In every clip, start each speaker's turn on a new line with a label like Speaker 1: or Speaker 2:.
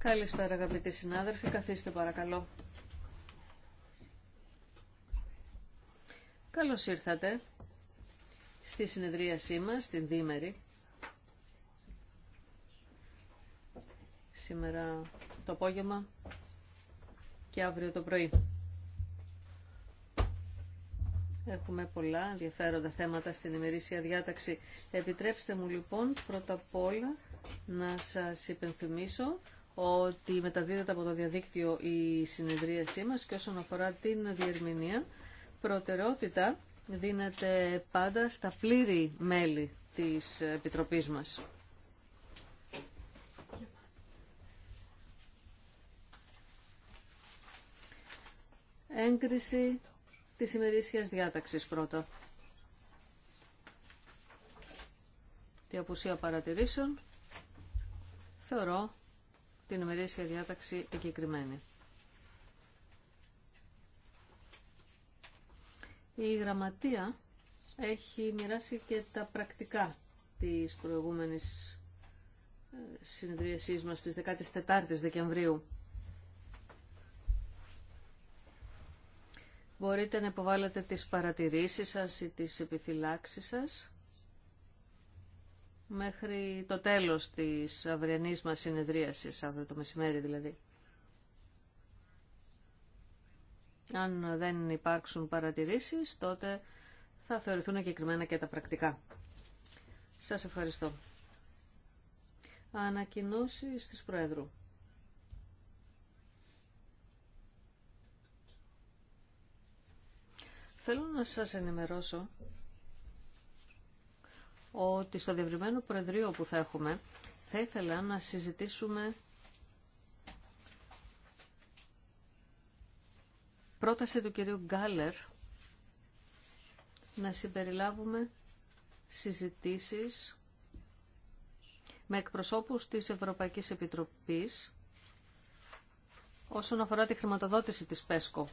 Speaker 1: Καλησπέρα αγαπητοί συνάδελφοι, καθίστε παρακαλώ. Καλώς ήρθατε στη συνεδρίασή μας, την Δήμερη. Σήμερα το απόγευμα και αύριο το πρωί. Έχουμε πολλά ενδιαφέροντα θέματα στην ημερήσια διάταξη. Επιτρέψτε μου λοιπόν πρώτα απ' όλα να σας υπενθυμίσω ότι μεταδίδεται από το διαδίκτυο η συνεδρίασή μας και όσον αφορά την διερμηνία, προτεραιότητα δίνεται πάντα στα πλήρη μέλη της Επιτροπής μας. Έγκριση της ημερήσιας διάταξης πρώτα. Τη απουσία παρατηρήσεων θεωρώ την ημερήσια διάταξη εγκεκριμένη. Η γραμματεία έχει μοιράσει και τα πρακτικά της προηγούμενης ε, συνεδρίασής μας της 14 Δεκεμβρίου. Μπορείτε να υποβάλλετε τις παρατηρήσεις σας ή τις επιφυλάξεις σας μέχρι το τέλος της αυριανής μας συνεδρίασης, αύριο το μεσημέρι δηλαδή. Αν δεν υπάρξουν παρατηρήσεις, τότε θα θεωρηθούν εγκεκριμένα και τα πρακτικά. Σας ευχαριστώ. Ανακοινώσεις της Προέδρου. Θέλω να σας ενημερώσω ότι στο διευρυμένο Προεδρείο που θα έχουμε θα ήθελα να συζητήσουμε πρόταση του κυρίου Γκάλερ να συμπεριλάβουμε συζητήσεις με εκπροσώπους της Ευρωπαϊκής Επιτροπής όσον αφορά τη χρηματοδότηση της ΠΕΣΚΟ.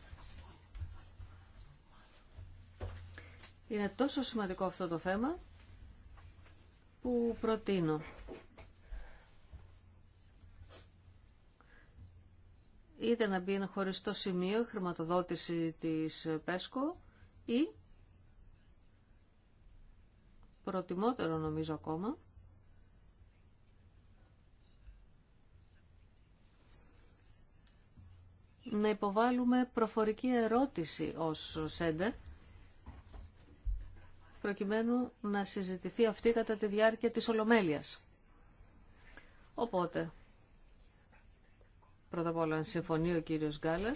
Speaker 1: Είναι τόσο σημαντικό αυτό το θέμα που προτείνω. Είτε να μπει ένα χωριστό σημείο χρηματοδότηση της ΠΕΣΚΟ ή προτιμότερο νομίζω ακόμα να υποβάλουμε προφορική ερώτηση ως ΣΕΝΤΕ προκειμένου να συζητηθεί αυτή κατά τη διάρκεια της Ολομέλειας. Οπότε, πρώτα απ' όλα, αν συμφωνεί ο κύριος Γκάλερ,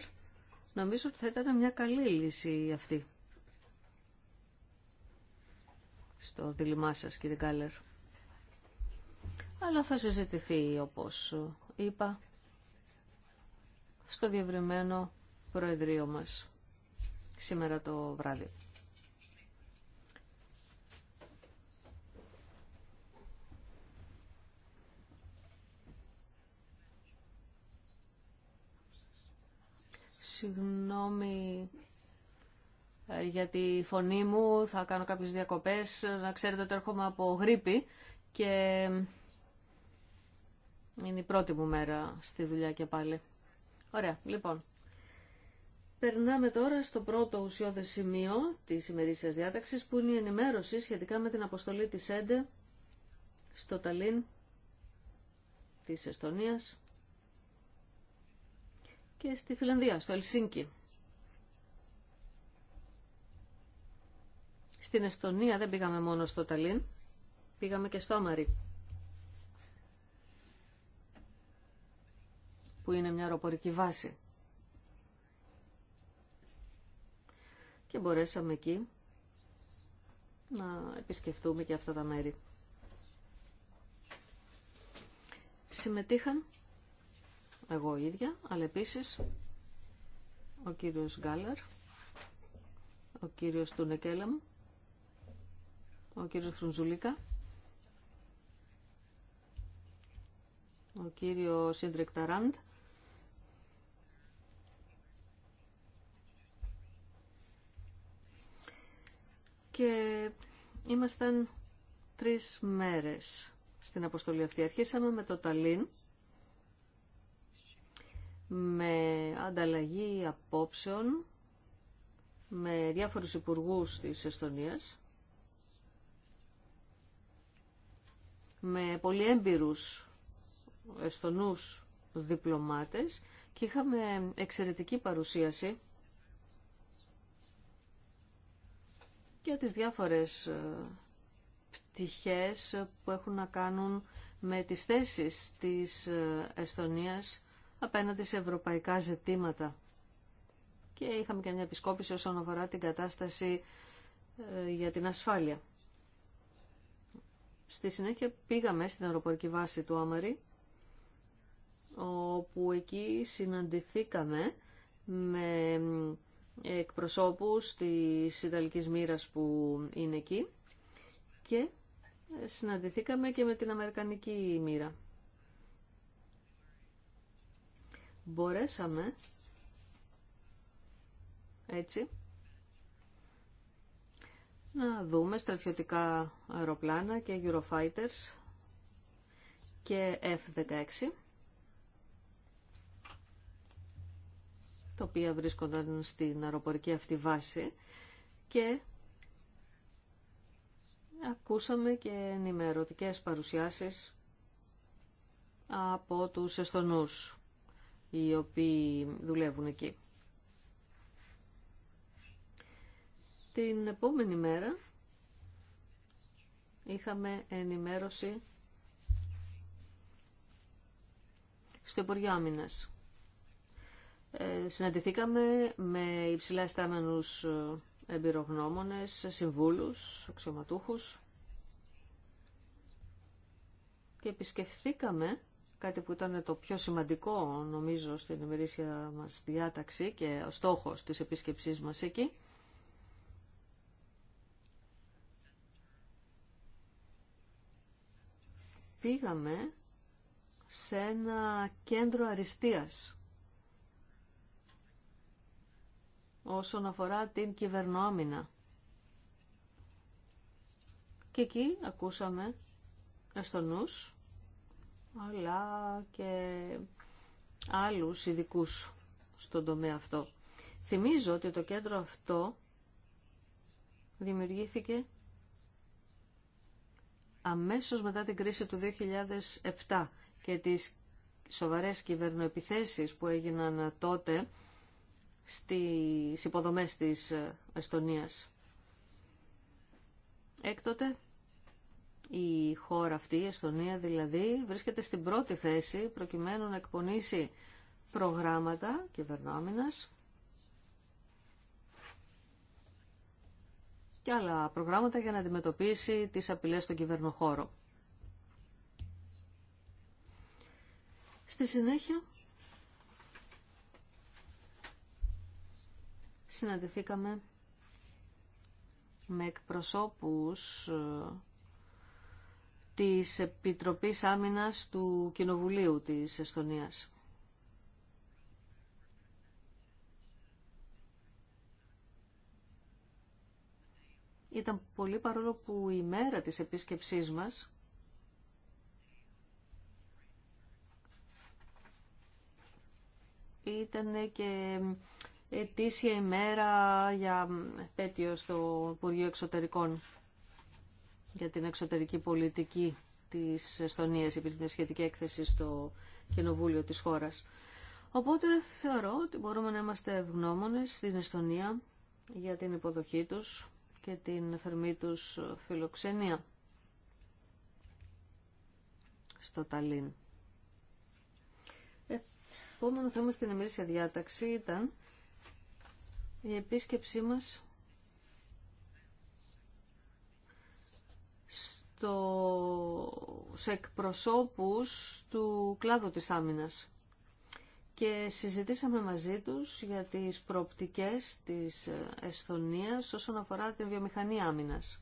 Speaker 1: νομίζω ότι θα ήταν μια καλή λύση αυτή. Στο δίλημά σας, κύριε Γκάλερ. Αλλά θα συζητηθεί, όπως είπα, στο διευρυμένο Προεδρείο μας σήμερα το βράδυ. συγγνώμη ε, για τη φωνή μου, θα κάνω κάποιες διακοπές. Να ξέρετε ότι έρχομαι από γρήπη και είναι η πρώτη μου μέρα στη δουλειά και πάλι. Ωραία, λοιπόν. Περνάμε τώρα στο πρώτο ουσιώδες σημείο της ημερήσιας διάταξης που είναι η ενημέρωση σχετικά με την αποστολή της ΕΝΤΕ στο Ταλίν της Εστονίας και στη Φιλανδία, στο Ελσίνκι. Στην Εστονία δεν πήγαμε μόνο στο Ταλίν, πήγαμε και στο Αμαρί. που είναι μια αεροπορική βάση. Και μπορέσαμε εκεί να επισκεφτούμε και αυτά τα μέρη. Συμμετείχαν εγώ ίδια, αλλά επίσης ο κύριος Γκάλλαρ, ο κύριος Τουνεκέλαμ, ο κύριος Χρουνζουλίκα, ο κύριος Σίντρικ Ταράντ, και ήμασταν τρεις μέρες στην αποστολή αυτή. Αρχίσαμε με το Ταλίν, με ανταλλαγή απόψεων με διάφορους υπουργούς της Εστονίας, με πολύ έμπειρους Εστονούς διπλωμάτες και είχαμε εξαιρετική παρουσίαση για τις διάφορες ε, πτυχές που έχουν να κάνουν με τις θέσεις της ε, Εστονίας απέναντι σε ευρωπαϊκά ζητήματα. Και είχαμε και μια επισκόπηση όσον αφορά την κατάσταση ε, για την ασφάλεια. Στη συνέχεια πήγαμε στην αεροπορική βάση του Άμαρη, όπου εκεί συναντηθήκαμε με εκπροσώπους της Ιταλικής Μοίρας που είναι εκεί και συναντηθήκαμε και με την Αμερικανική Μοίρα. μπορέσαμε έτσι να δούμε στρατιωτικά αεροπλάνα και Eurofighters και F-16 τα οποία βρίσκονταν στην αεροπορική αυτή βάση και ακούσαμε και ενημερωτικές παρουσιάσεις από τους εστονούς οι οποίοι δουλεύουν εκεί. Την επόμενη μέρα είχαμε ενημέρωση στο Υπουργείο Άμυνας. Ε, συναντηθήκαμε με υψηλά στάμενους ε, εμπειρογνώμονες, συμβούλους, αξιωματούχους και επισκεφθήκαμε κάτι που ήταν το πιο σημαντικό νομίζω στην ημερήσια μας διάταξη και ο στόχος της επίσκεψής μας εκεί. Πήγαμε σε ένα κέντρο αριστείας όσον αφορά την κυβερνόμηνα Και εκεί ακούσαμε νους αλλά και άλλους ειδικού στον τομέα αυτό. Θυμίζω ότι το κέντρο αυτό δημιουργήθηκε αμέσως μετά την κρίση του 2007 και τις σοβαρές κυβερνοεπιθέσεις που έγιναν τότε στις υποδομές της Εστονίας. Έκτοτε η χώρα αυτή, η Εστονία δηλαδή, βρίσκεται στην πρώτη θέση προκειμένου να εκπονήσει προγράμματα κυβερνόμενας και άλλα προγράμματα για να αντιμετωπίσει τις απειλές στον κυβερνοχώρο. Στη συνέχεια συναντηθήκαμε με εκπροσώπους ε, της Επιτροπής Άμυνας του Κοινοβουλίου της Εστονίας. Ήταν πολύ παρόλο που η μέρα της επίσκεψής μας ήταν και ετήσια ημέρα για πέτειο στο Υπουργείο Εξωτερικών για την εξωτερική πολιτική της Εστονίας. Υπήρχε σχετική έκθεση στο Κοινοβούλιο της χώρας. Οπότε θεωρώ ότι μπορούμε να είμαστε ευγνώμονες στην Εστονία για την υποδοχή τους και την θερμή τους φιλοξενία στο Ταλίν. Επόμενο θέμα στην εμερήσια διάταξη ήταν η επίσκεψή μας το, σε εκπροσώπους του κλάδου της άμυνας και συζητήσαμε μαζί τους για τις προοπτικές της Εσθονίας όσον αφορά την βιομηχανία άμυνας.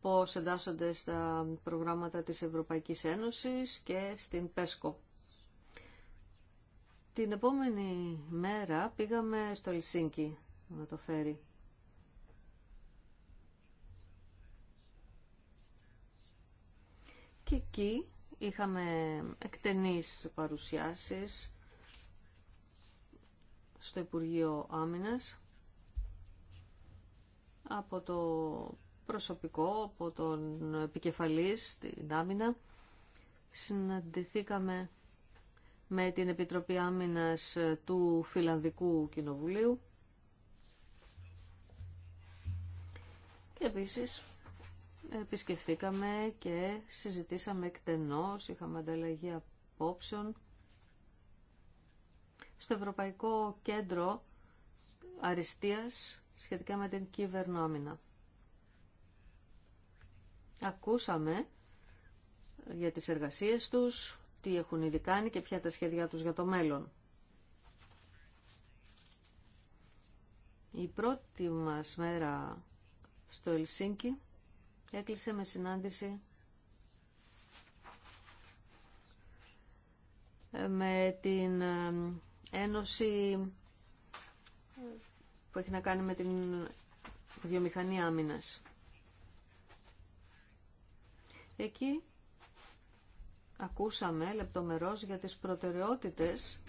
Speaker 1: πώς εντάσσονται στα προγράμματα της Ευρωπαϊκής Ένωσης και στην ΠΕΣΚΟ. Την επόμενη μέρα πήγαμε στο Λισίνκι να το φέρει. Και εκεί είχαμε εκτενείς παρουσιάσεις στο Υπουργείο Άμυνας από το προσωπικό, από τον επικεφαλής την Άμυνα. Συναντηθήκαμε με την Επιτροπή Άμυνας του Φιλανδικού Κοινοβουλίου. Και επίσης επισκεφθήκαμε και συζητήσαμε εκτενώς, είχαμε ανταλλαγή απόψεων στο Ευρωπαϊκό Κέντρο Αριστείας σχετικά με την κύβερνόμηνα. Ακούσαμε για τις εργασίες τους, τι έχουν ήδη κάνει και ποια τα σχέδιά τους για το μέλλον. Η πρώτη μας μέρα στο Ελσίνκι έκλεισε με συνάντηση με την ε, Ένωση που έχει να κάνει με την βιομηχανία άμυνας. Εκεί ακούσαμε λεπτομερώς για τις προτεραιότητες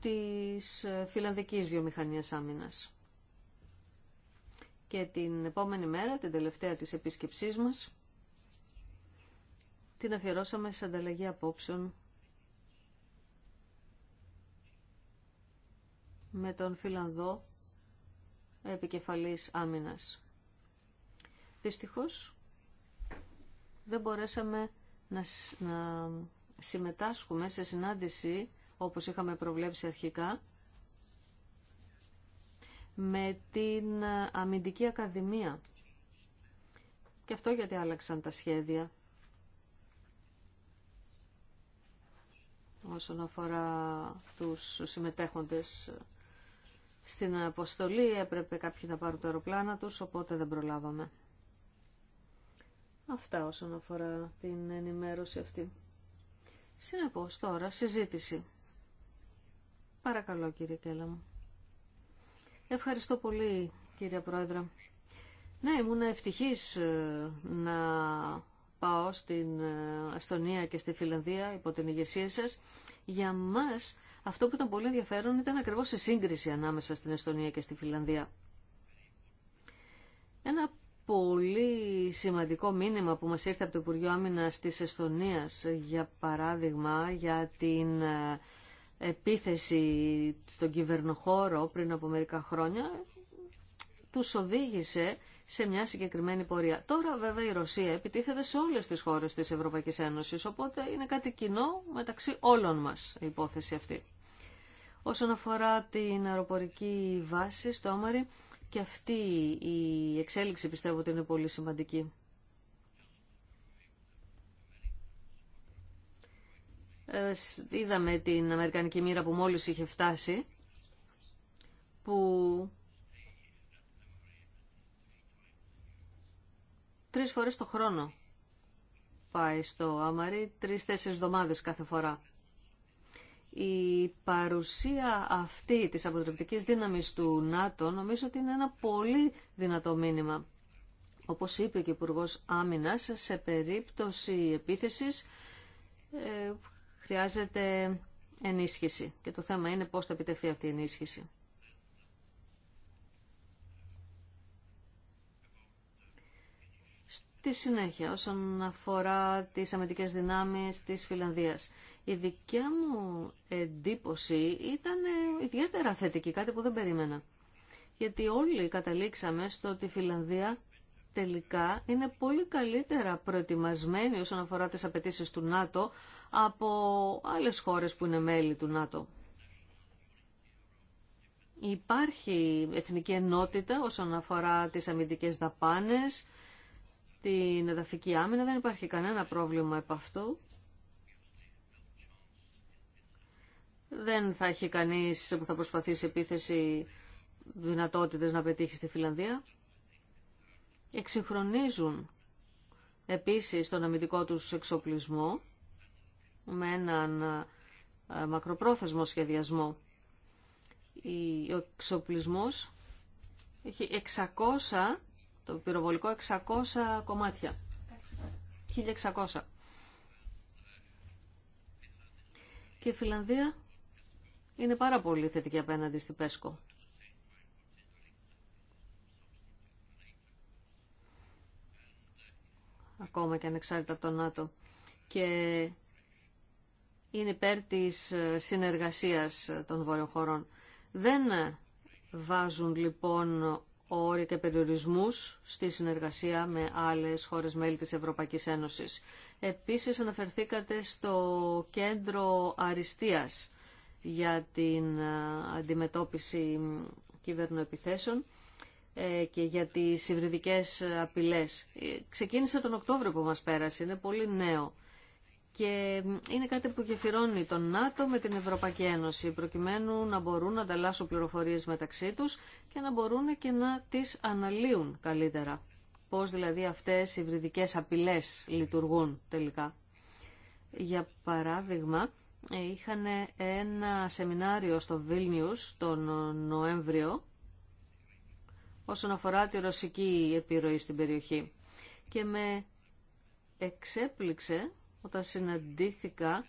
Speaker 1: της φιλανδικής βιομηχανίας άμυνας. Και την επόμενη μέρα, την τελευταία της επίσκεψής μας, την αφιερώσαμε σε ανταλλαγή απόψεων με τον Φιλανδό επικεφαλής άμυνας. Δυστυχώς, δεν μπορέσαμε να, συμμετάσχουμε σε συνάντηση όπως είχαμε προβλέψει αρχικά με την Αμυντική Ακαδημία. Και αυτό γιατί άλλαξαν τα σχέδια. όσον αφορά τους συμμετέχοντες στην αποστολή έπρεπε κάποιοι να πάρουν το αεροπλάνα τους, οπότε δεν προλάβαμε. Αυτά όσον αφορά την ενημέρωση αυτή. Συνεπώς τώρα συζήτηση. Παρακαλώ κύριε Κέλα μου. Ευχαριστώ πολύ κύριε Πρόεδρε. Ναι, ήμουν ευτυχής ε, να πάω στην Αστονία ε, και στη Φιλανδία υπό την ηγεσία σας. Για μας αυτό που ήταν πολύ ενδιαφέρον ήταν ακριβώς η σύγκριση ανάμεσα στην Αστονία και στη Φιλανδία. Ένα πολύ σημαντικό μήνυμα που μας ήρθε από το Υπουργείο Άμυνας της Εστονίας, για παράδειγμα, για την ε, επίθεση στον κυβερνοχώρο πριν από μερικά χρόνια, του οδήγησε σε μια συγκεκριμένη πορεία. Τώρα βέβαια η Ρωσία επιτίθεται σε όλες τις χώρες της Ευρωπαϊκής Ένωσης, οπότε είναι κάτι κοινό μεταξύ όλων μας η υπόθεση αυτή. Όσον αφορά την αεροπορική βάση στο Όμαρη, και αυτή η εξέλιξη πιστεύω ότι είναι πολύ σημαντική. είδαμε την Αμερικανική μοίρα που μόλις είχε φτάσει, που τρεις φορές το χρόνο πάει στο Άμαρι, τρεις-τέσσερις εβδομάδες κάθε φορά η παρουσία αυτή της αποτρεπτικής δύναμης του ΝΑΤΟ νομίζω ότι είναι ένα πολύ δυνατό μήνυμα. Όπως είπε και ο υπουργό Άμυνα, σε περίπτωση επίθεσης ε, χρειάζεται ενίσχυση. Και το θέμα είναι πώς θα επιτευχθεί αυτή η ενίσχυση. Στη συνέχεια, όσον αφορά τις αμυντικές δυνάμεις της Φιλανδίας. Η δικιά μου εντύπωση ήταν ε, ιδιαίτερα θετική, κάτι που δεν περίμενα. Γιατί όλοι καταλήξαμε στο ότι η Φιλανδία τελικά είναι πολύ καλύτερα προετοιμασμένη όσον αφορά τις απαιτήσει του ΝΑΤΟ από άλλες χώρες που είναι μέλη του ΝΑΤΟ. Υπάρχει εθνική ενότητα όσον αφορά τις αμυντικές δαπάνες, την εδαφική άμυνα, δεν υπάρχει κανένα πρόβλημα επ' αυτού δεν θα έχει κανείς που θα προσπαθήσει επίθεση δυνατότητες να πετύχει στη Φιλανδία. Εξυγχρονίζουν επίσης τον αμυντικό τους εξοπλισμό με έναν ε, μακροπρόθεσμο σχεδιασμό. Ο εξοπλισμός έχει 600, το πυροβολικό 600 κομμάτια. 1600. Και η Φιλανδία είναι πάρα πολύ θετική απέναντι στην ΠΕΣΚΟ. Ακόμα και ανεξάρτητα από τον ΝΑΤΟ. Και είναι υπέρ της ε, συνεργασίας των βόρειων χωρών. Δεν βάζουν λοιπόν όρια και περιορισμούς στη συνεργασία με άλλες χώρες μέλη της Ευρωπαϊκής Ένωσης. Επίσης αναφερθήκατε στο κέντρο αριστείας για την ε, αντιμετώπιση κυβερνοεπιθέσεων ε, και για τις υβριδικές απειλές. Ε, ξεκίνησε τον Οκτώβριο που μας πέρασε, είναι πολύ νέο. Και είναι κάτι που γεφυρώνει τον ΝΑΤΟ με την Ευρωπαϊκή Ένωση, προκειμένου να μπορούν να ανταλλάσσουν πληροφορίες μεταξύ τους και να μπορούν και να τις αναλύουν καλύτερα. Πώς δηλαδή αυτές οι υβριδικές απειλές λειτουργούν τελικά. Για παράδειγμα, είχαν ένα σεμινάριο στο Βίλνιους τον Νοέμβριο όσον αφορά τη ρωσική επιρροή στην περιοχή. Και με εξέπληξε όταν συναντήθηκα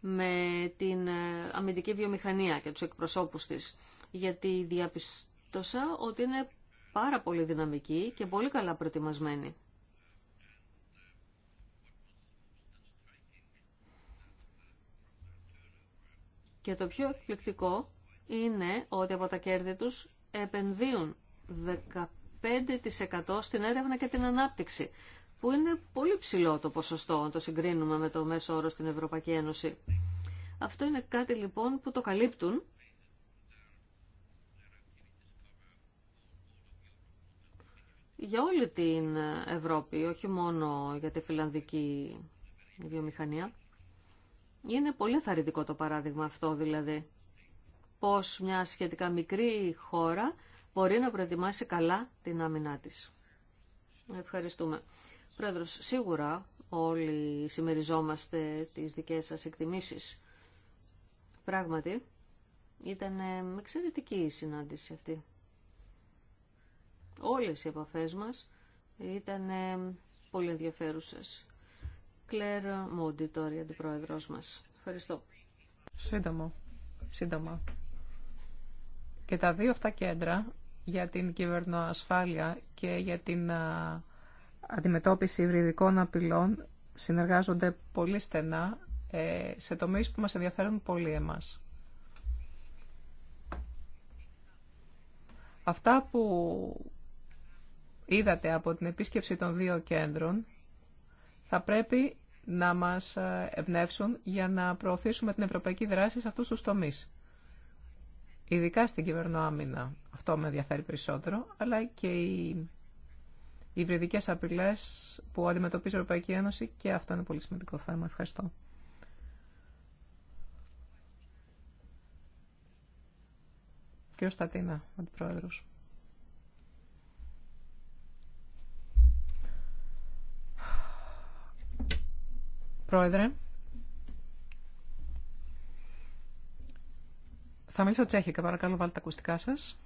Speaker 1: με την αμυντική βιομηχανία και τους εκπροσώπους της, γιατί διαπιστώσα ότι είναι πάρα πολύ δυναμική και πολύ καλά προετοιμασμένη. Και το πιο εκπληκτικό είναι ότι από τα κέρδη τους επενδύουν 15% στην έρευνα και την ανάπτυξη, που είναι πολύ ψηλό το ποσοστό, αν το συγκρίνουμε με το μέσο όρο στην Ευρωπαϊκή Ένωση. Αυτό είναι κάτι λοιπόν που το καλύπτουν για όλη την Ευρώπη, όχι μόνο για τη φιλανδική βιομηχανία. Είναι πολύ θαρρυντικό το παράδειγμα αυτό δηλαδή. Πώς μια σχετικά μικρή χώρα μπορεί να προετοιμάσει καλά την άμυνά της. Ευχαριστούμε. Πρόεδρος, σίγουρα όλοι συμμεριζόμαστε τις δικές σας εκτιμήσεις. Πράγματι, ήταν ε, εξαιρετική η συνάντηση αυτή. Όλες οι επαφές μας ήταν ε, πολύ ενδιαφέρουσες. Κλέρ Μούντι, τώρα η αντιπρόεδρος μας. Ευχαριστώ. Σύντομο.
Speaker 2: Σύντομα. Και τα δύο αυτά κέντρα για την κυβερνοασφάλεια και για την αντιμετώπιση υβριδικών απειλών συνεργάζονται πολύ στενά ε, σε τομείς που μας ενδιαφέρουν πολύ εμάς. Αυτά που είδατε από την επίσκεψη των δύο κέντρων θα πρέπει να μας ευνεύσουν για να προωθήσουμε την ευρωπαϊκή δράση σε αυτούς τους τομείς. Ειδικά στην κυβερνοάμυνα. Αυτό με ενδιαφέρει περισσότερο, αλλά και οι υβριδικές απειλές που αντιμετωπίζει η Ευρωπαϊκή Ένωση και αυτό είναι πολύ σημαντικό θέμα. Ευχαριστώ. Κύριο Στατίνα, αντιπρόεδρος. Πρόεδρε. Θα μιλήσω τσέχικα, παρακαλώ βάλτε τα ακουστικά σας.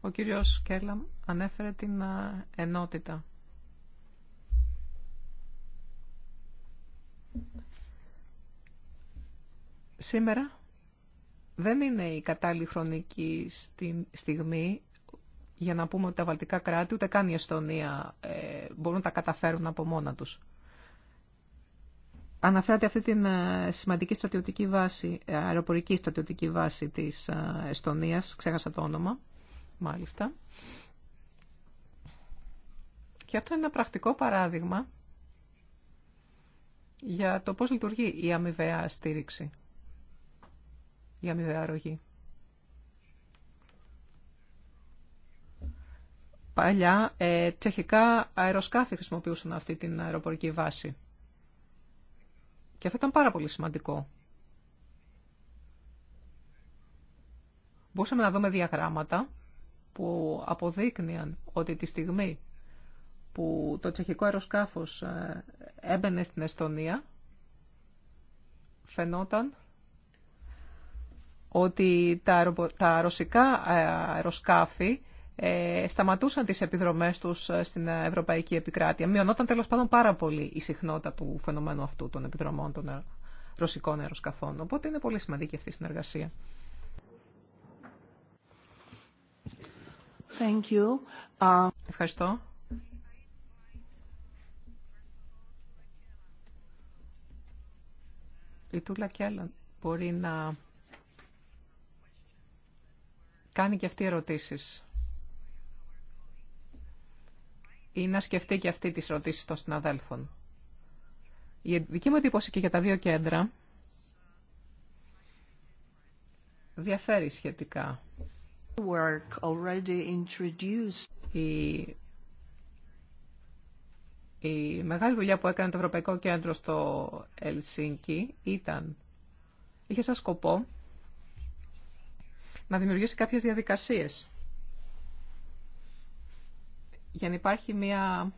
Speaker 2: Ο κύριος Κέρλαμ ανέφερε την ενότητα. Σήμερα δεν είναι η κατάλληλη χρονική στιγμή για να πούμε ότι τα βαλτικά κράτη, ούτε καν η Εστονία, ε, μπορούν να τα καταφέρουν από μόνα τους. Αναφέρατε αυτή την ε, σημαντική στρατιωτική βάση, ε, αεροπορική στρατιωτική βάση της Εστονίας, ξέχασα το όνομα, μάλιστα. Και αυτό είναι ένα πρακτικό παράδειγμα για το πώς λειτουργεί η αμοιβαία στήριξη, η αμοιβαία αρρωγή. Παλιά ε, τσεχικά αεροσκάφη χρησιμοποιούσαν αυτή την αεροπορική βάση. Και αυτό ήταν πάρα πολύ σημαντικό. Μπορούσαμε να δούμε διαγράμματα που αποδείκνυαν ότι τη στιγμή που το τσεχικό αεροσκάφος ε, έμπαινε στην Εστονία, φαινόταν ότι τα, τα ρωσικά ε, αεροσκάφη ε, σταματούσαν τις επιδρομές τους ε, στην ευρωπαϊκή επικράτεια. Μειωνόταν τέλος πάντων πάρα πολύ η συχνότητα του φαινομένου αυτού των επιδρομών των ε, ρωσικών αεροσκαφών. Οπότε είναι πολύ σημαντική αυτή η συνεργασία. Thank you. Ευχαριστώ. Η Τούλα μπορεί να κάνει και αυτή ερωτήσεις ή να σκεφτεί και αυτή τις ερωτήσεις των συναδέλφων. Η δική μου εντύπωση και για τα δύο κέντρα διαφέρει σχετικά. introduced. Η... η μεγάλη δουλειά που έκανε το Ευρωπαϊκό Κέντρο στο Ελσίνκι ήταν, είχε σαν σκοπό να δημιουργήσει κάποιες διαδικασίες για να υπάρχει μια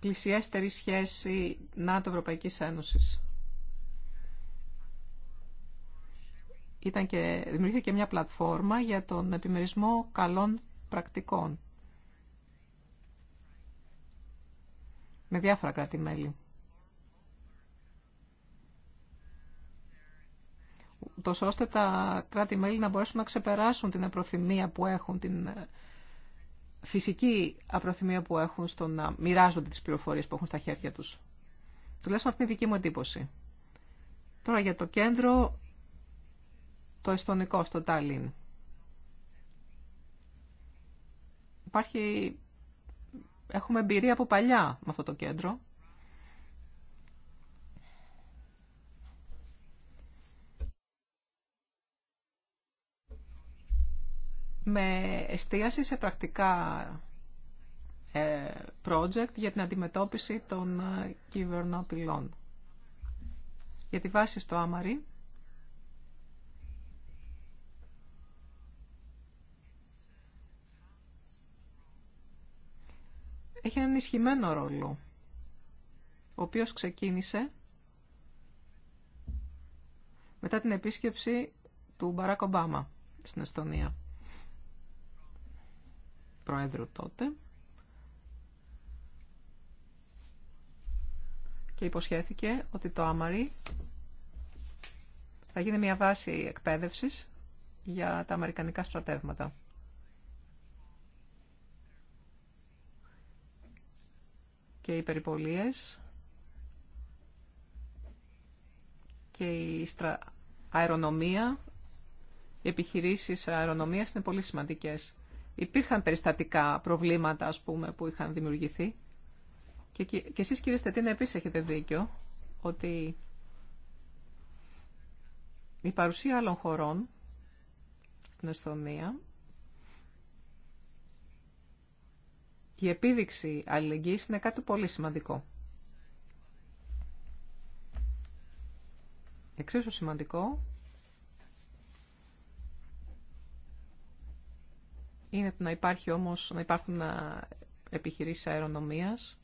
Speaker 2: πλησιέστερη σχέση ΝΑΤΟ-Ευρωπαϊκής Ένωσης. Ήταν και, δημιουργήθηκε μια πλατφόρμα για τον επιμερισμό καλών πρακτικών με διάφορα κράτη-μέλη. τόσο ώστε τα κράτη-μέλη να μπορέσουν να ξεπεράσουν την απροθυμία που έχουν, την φυσική απροθυμία που έχουν στο να μοιράζονται τις πληροφορίες που έχουν στα χέρια τους. Τουλάχιστον αυτή είναι η δική μου εντύπωση. Τώρα για το κέντρο, το εστονικό στο Τάλιν. Υπάρχει... Έχουμε εμπειρία από παλιά με αυτό το κέντρο. με εστίαση σε πρακτικά ε, project για την αντιμετώπιση των ε, κυβερνοπυλών. Για τη βάση στο Άμαρι, έχει έναν ισχυμένο ρόλο, ο οποίος ξεκίνησε μετά την επίσκεψη του Μπαράκ Ομπάμα στην Εστονία. Προέδρου τότε και υποσχέθηκε ότι το Άμαρι θα γίνει μια βάση εκπαίδευσης για τα αμερικανικά στρατεύματα. Και οι περιπολίες και η αερονομία, οι επιχειρήσεις αερονομίας είναι πολύ σημαντικές υπήρχαν περιστατικά προβλήματα, ας πούμε, που είχαν δημιουργηθεί. Και, και εσείς, κύριε Στετίνα, επίσης έχετε δίκιο ότι η παρουσία άλλων χωρών στην Εσθονία και η επίδειξη αλληλεγγύης είναι κάτι πολύ σημαντικό. Εξίσου σημαντικό είναι να υπάρχει όμως, να υπάρχουν επιχειρήσεις αερονομίας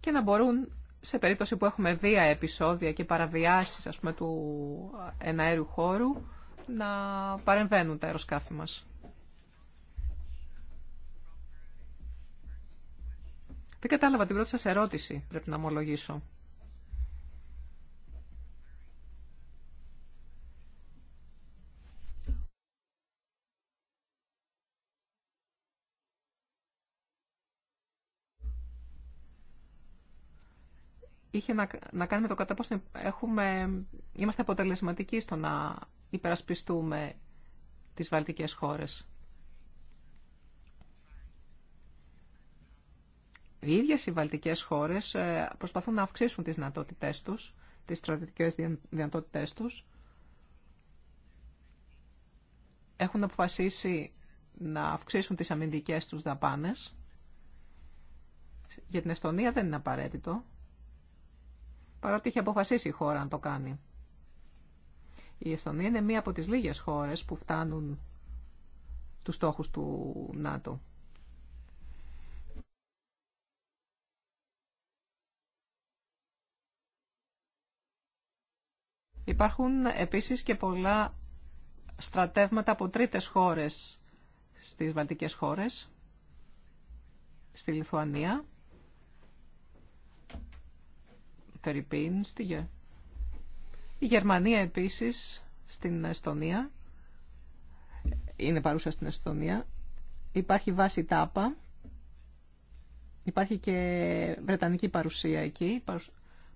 Speaker 2: και να μπορούν σε περίπτωση που έχουμε βία επεισόδια και παραβιάσεις ας πούμε του εναέριου χώρου να παρεμβαίνουν τα αεροσκάφη μας. Δεν κατάλαβα την πρώτη σας ερώτηση, πρέπει να ομολογήσω. είχε να, να κάνει με το κατά πόσο έχουμε, είμαστε αποτελεσματικοί στο να υπερασπιστούμε τις βαλτικές χώρες. Οι ίδιες οι βαλτικές χώρες ε, προσπαθούν να αυξήσουν τις δυνατότητές τους, τις στρατιωτικές δυνατότητές τους. Έχουν αποφασίσει να αυξήσουν τις αμυντικές τους δαπάνες. Για την Εστονία δεν είναι απαραίτητο παρότι είχε αποφασίσει η χώρα να το κάνει. Η Εστονία είναι μία από τις λίγες χώρες που φτάνουν τους στόχους του ΝΑΤΟ. Υπάρχουν επίσης και πολλά στρατεύματα από τρίτες χώρες στις βαλτικές χώρες, στη Λιθουανία, στη Η Γερμανία επίσης στην Εστονία, είναι παρούσα στην Εστονία. Υπάρχει βάση ΤΑΠΑ, υπάρχει και βρετανική παρουσία εκεί,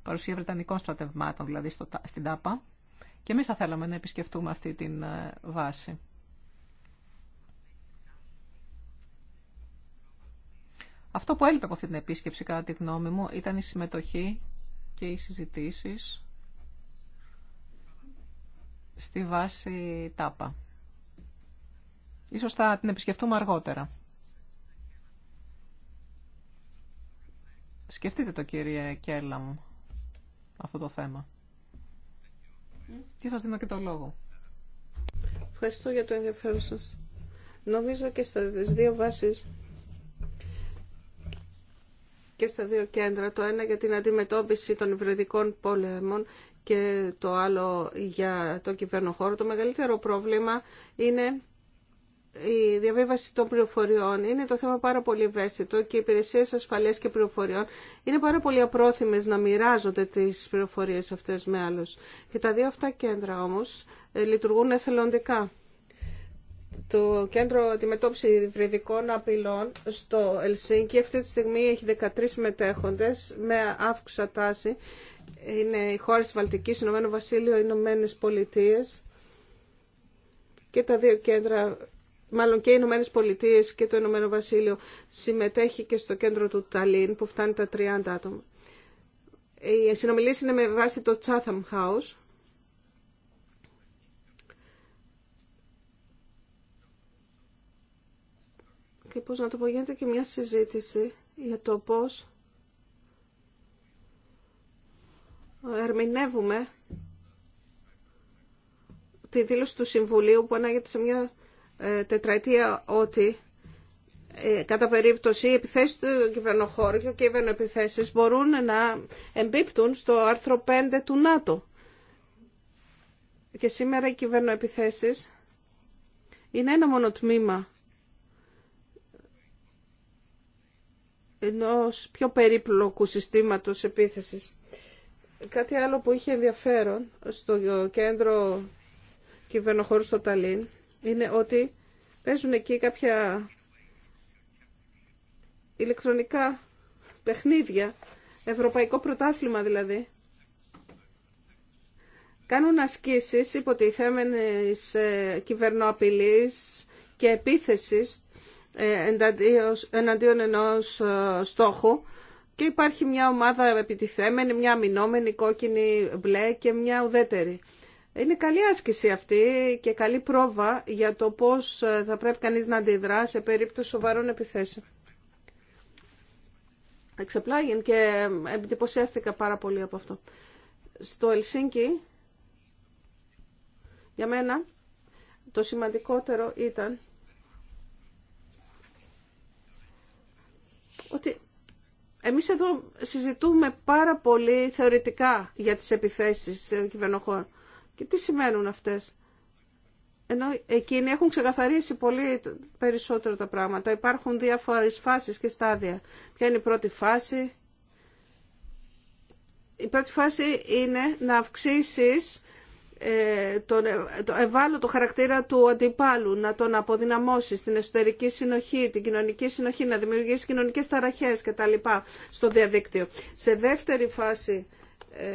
Speaker 2: παρουσία βρετανικών στρατευμάτων δηλαδή στο, στην ΤΑΠΑ. Και εμείς θα θέλαμε να επισκεφτούμε αυτή την ε, βάση. Αυτό που έλειπε από αυτή την επίσκεψη, κατά τη γνώμη μου, ήταν η συμμετοχή και οι συζητήσεις στη βάση ΤΑΠΑ. Ίσως θα την επισκεφτούμε αργότερα. Σκεφτείτε το κύριε μου αυτό το θέμα.
Speaker 3: Και σας δίνω και το λόγο. Ευχαριστώ για το ενδιαφέρον σας. Νομίζω και στις δύο βάσεις και στα δύο κέντρα, το ένα για την αντιμετώπιση των υβριδικών πόλεμων και το άλλο για το κυβερνοχώρο. Το μεγαλύτερο πρόβλημα είναι η διαβίβαση των πληροφοριών. Είναι το θέμα πάρα πολύ ευαίσθητο και οι υπηρεσίες ασφαλείας και πληροφοριών είναι πάρα πολύ απρόθυμες να μοιράζονται τις πληροφορίες αυτές με άλλους. Και τα δύο αυτά κέντρα όμως ε, λειτουργούν εθελοντικά το Κέντρο Αντιμετώπιση βρυδικών Απειλών στο Ελσίνκι αυτή τη στιγμή έχει 13 συμμετέχοντες με αύξουσα τάση. Είναι οι χώρες της Βαλτικής, Ηνωμένο Βασίλειο, Ηνωμένε Πολιτείε και τα δύο κέντρα, μάλλον και οι Ηνωμένε Πολιτείε και το Ηνωμένο Βασίλειο συμμετέχει και στο κέντρο του Ταλίν που φτάνει τα 30 άτομα. Οι συνομιλίες είναι με βάση το Chatham House και πώς να το πω γίνεται και μια συζήτηση για το πώς ερμηνεύουμε τη δήλωση του Συμβουλίου που ανάγεται σε μια ε, τετραετία ότι ε, κατά περίπτωση οι επιθέσεις του κυβερνοχώρου και οι κυβερνοεπιθέσεις μπορούν να εμπίπτουν στο άρθρο 5 του ΝΑΤΟ. Και σήμερα οι κυβερνοεπιθέσεις είναι ένα μόνο τμήμα ενός πιο περίπλοκου συστήματος επίθεσης. Κάτι άλλο που είχε ενδιαφέρον στο κέντρο κυβερνοχώρου στο Ταλίν είναι ότι παίζουν εκεί κάποια ηλεκτρονικά παιχνίδια, ευρωπαϊκό πρωτάθλημα δηλαδή. Κάνουν ασκήσεις υποτιθέμενες ε, κυβερνοαπειλής και επίθεσης εναντίον ενός ε, στόχου και υπάρχει μια ομάδα επιτιθέμενη, μια αμυνόμενη, κόκκινη, μπλε και μια ουδέτερη. Είναι καλή άσκηση αυτή και καλή πρόβα για το πώς ε, θα πρέπει κανείς να αντιδρά σε περίπτωση σοβαρών επιθέσεων. Εξεπλάγει και εντυπωσιάστηκα πάρα πολύ από αυτό. Στο Ελσίνκι, για μένα, το σημαντικότερο ήταν ότι εμείς εδώ συζητούμε πάρα πολύ θεωρητικά για τις επιθέσεις κυβερνοχώρου. Και τι σημαίνουν αυτές. Ενώ εκείνοι έχουν ξεκαθαρίσει πολύ περισσότερο τα πράγματα. Υπάρχουν διάφορες φάσεις και στάδια. Ποια είναι η πρώτη φάση. Η πρώτη φάση είναι να αυξήσεις ε, τον, ε, το ευάλωτο χαρακτήρα του αντιπάλου, να τον αποδυναμώσει στην εσωτερική συνοχή, την κοινωνική συνοχή, να δημιουργήσει κοινωνικές ταραχές κτλ. στο διαδίκτυο. Σε δεύτερη φάση ε,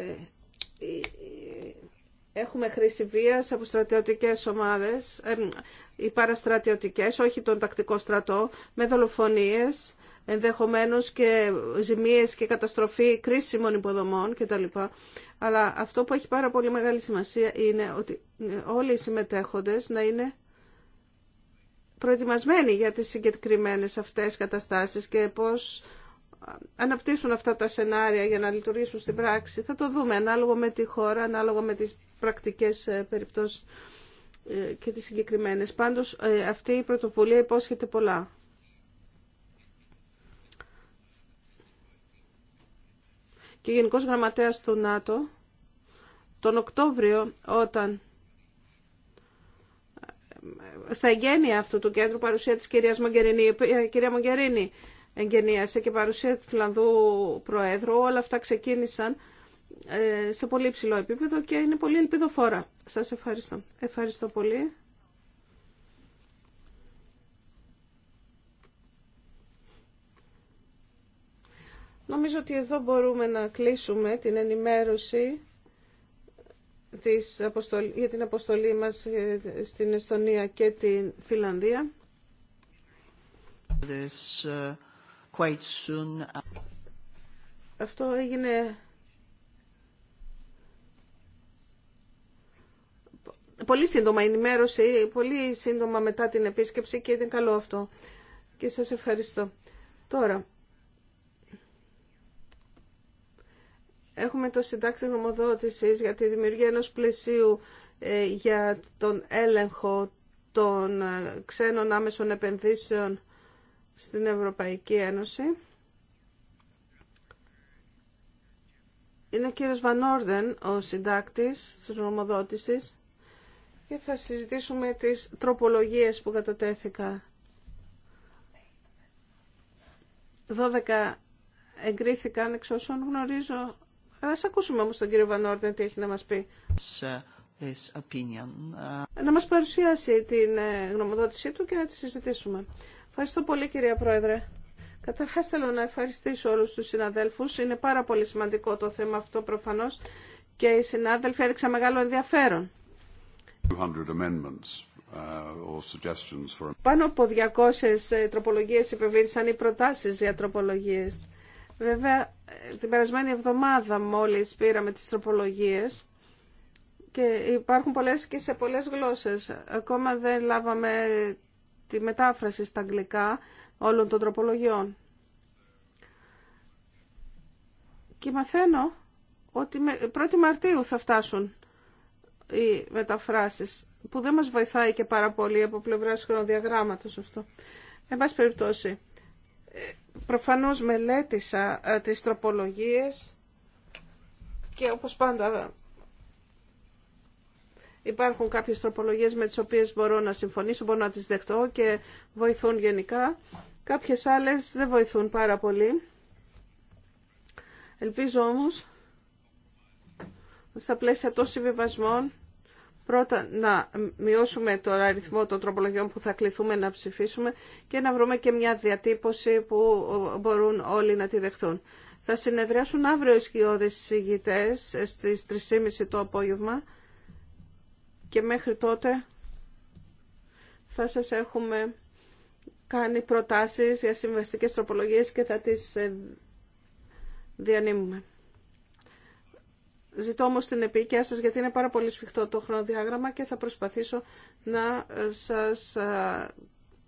Speaker 3: έχουμε χρήση βίας από στρατιωτικές ομάδες, οι παραστρατιωτικές, όχι τον τακτικό στρατό, με δολοφονίες, ενδεχομένως και ζημίες και καταστροφή κρίσιμων υποδομών κτλ. Αλλά αυτό που έχει πάρα πολύ μεγάλη σημασία είναι ότι όλοι οι συμμετέχοντες να είναι προετοιμασμένοι για τις συγκεκριμένες αυτές καταστάσεις και πώς αναπτύσσουν αυτά τα σενάρια για να λειτουργήσουν στην πράξη. Θα το δούμε ανάλογα με τη χώρα, ανάλογα με τις πρακτικές ε, περιπτώσεις ε, και τις συγκεκριμένες. Πάντως ε, αυτή η πρωτοβουλία υπόσχεται πολλά. και Γενικός Γραμματέας του ΝΑΤΟ τον Οκτώβριο όταν ε, στα εγγένεια αυτού του κέντρου παρουσία της κυρίας Μογκερίνη, η κυρία Μογκερίνη εγγενίασε και παρουσία του Φιλανδού Προέδρου, όλα αυτά ξεκίνησαν ε, σε πολύ ψηλό επίπεδο και είναι πολύ ελπιδοφόρα. Σας ευχαριστώ. Ευχαριστώ πολύ. Νομίζω ότι εδώ μπορούμε να κλείσουμε την ενημέρωση της για την αποστολή μας ε, στην Εστονία και την Φιλανδία. This, ε, Αυτό έγινε πολύ σύντομα ενημέρωση, πολύ σύντομα μετά την επίσκεψη και ήταν καλό αυτό. Και σας ευχαριστώ. Τώρα, Έχουμε το συντάκτη νομοδότησης για τη δημιουργία ενός πλαισίου ε, για τον έλεγχο των ε, ξένων άμεσων επενδύσεων στην Ευρωπαϊκή Ένωση. Είναι ο κύριος Βανόρδεν, ο συντάκτης της νομοδότησης και θα συζητήσουμε τις τροπολογίες που κατατέθηκαν. 12 εγκρίθηκαν εξ όσων γνωρίζω Ας ακούσουμε όμως τον κύριο Βανόρντεν τι έχει να μας πει. Να μας παρουσιάσει την ε, γνωμοδότησή του και να τη συζητήσουμε. Ευχαριστώ πολύ κυρία Πρόεδρε. Καταρχάς θέλω να ευχαριστήσω όλους τους συναδέλφους. Είναι πάρα πολύ σημαντικό το θέμα αυτό προφανώς και οι συνάδελφοι έδειξαν μεγάλο ενδιαφέρον. Uh, Πάνω από 200 ε, τροπολογίες υπευλήθησαν οι προτάσεις για τροπολογίες Βέβαια, την περασμένη εβδομάδα μόλις πήραμε τις τροπολογίες και υπάρχουν πολλές και σε πολλές γλώσσες. Ακόμα δεν λάβαμε τη μετάφραση στα αγγλικά όλων των τροπολογιών. Και μαθαίνω ότι 1η Μαρτίου θα φτάσουν οι μεταφράσεις, που δεν μας βοηθάει και πάρα πολύ από πλευράς χρονοδιαγράμματος αυτό. Εν πάση περιπτώσει, Προφανώς μελέτησα ε, τις τροπολογίες και όπως πάντα υπάρχουν κάποιες τροπολογίες με τις οποίες μπορώ να συμφωνήσω, μπορώ να τις δεχτώ και βοηθούν γενικά. Κάποιες άλλες δεν βοηθούν πάρα πολύ. Ελπίζω όμως στα πλαίσια των συμβιβασμών πρώτα να μειώσουμε τον αριθμό των τροπολογιών που θα κληθούμε να ψηφίσουμε και να βρούμε και μια διατύπωση που μπορούν όλοι να τη δεχθούν. Θα συνεδριάσουν αύριο οι σκιώδες συγγητές στις 3.30 το απόγευμα και μέχρι τότε θα σας έχουμε κάνει προτάσεις για συμβαστικές τροπολογίες και θα τις ε, διανύμουμε. Ζητώ όμως την επίκαια σας γιατί είναι πάρα πολύ σφιχτό το χρονοδιάγραμμα και θα προσπαθήσω να ε, σας ε,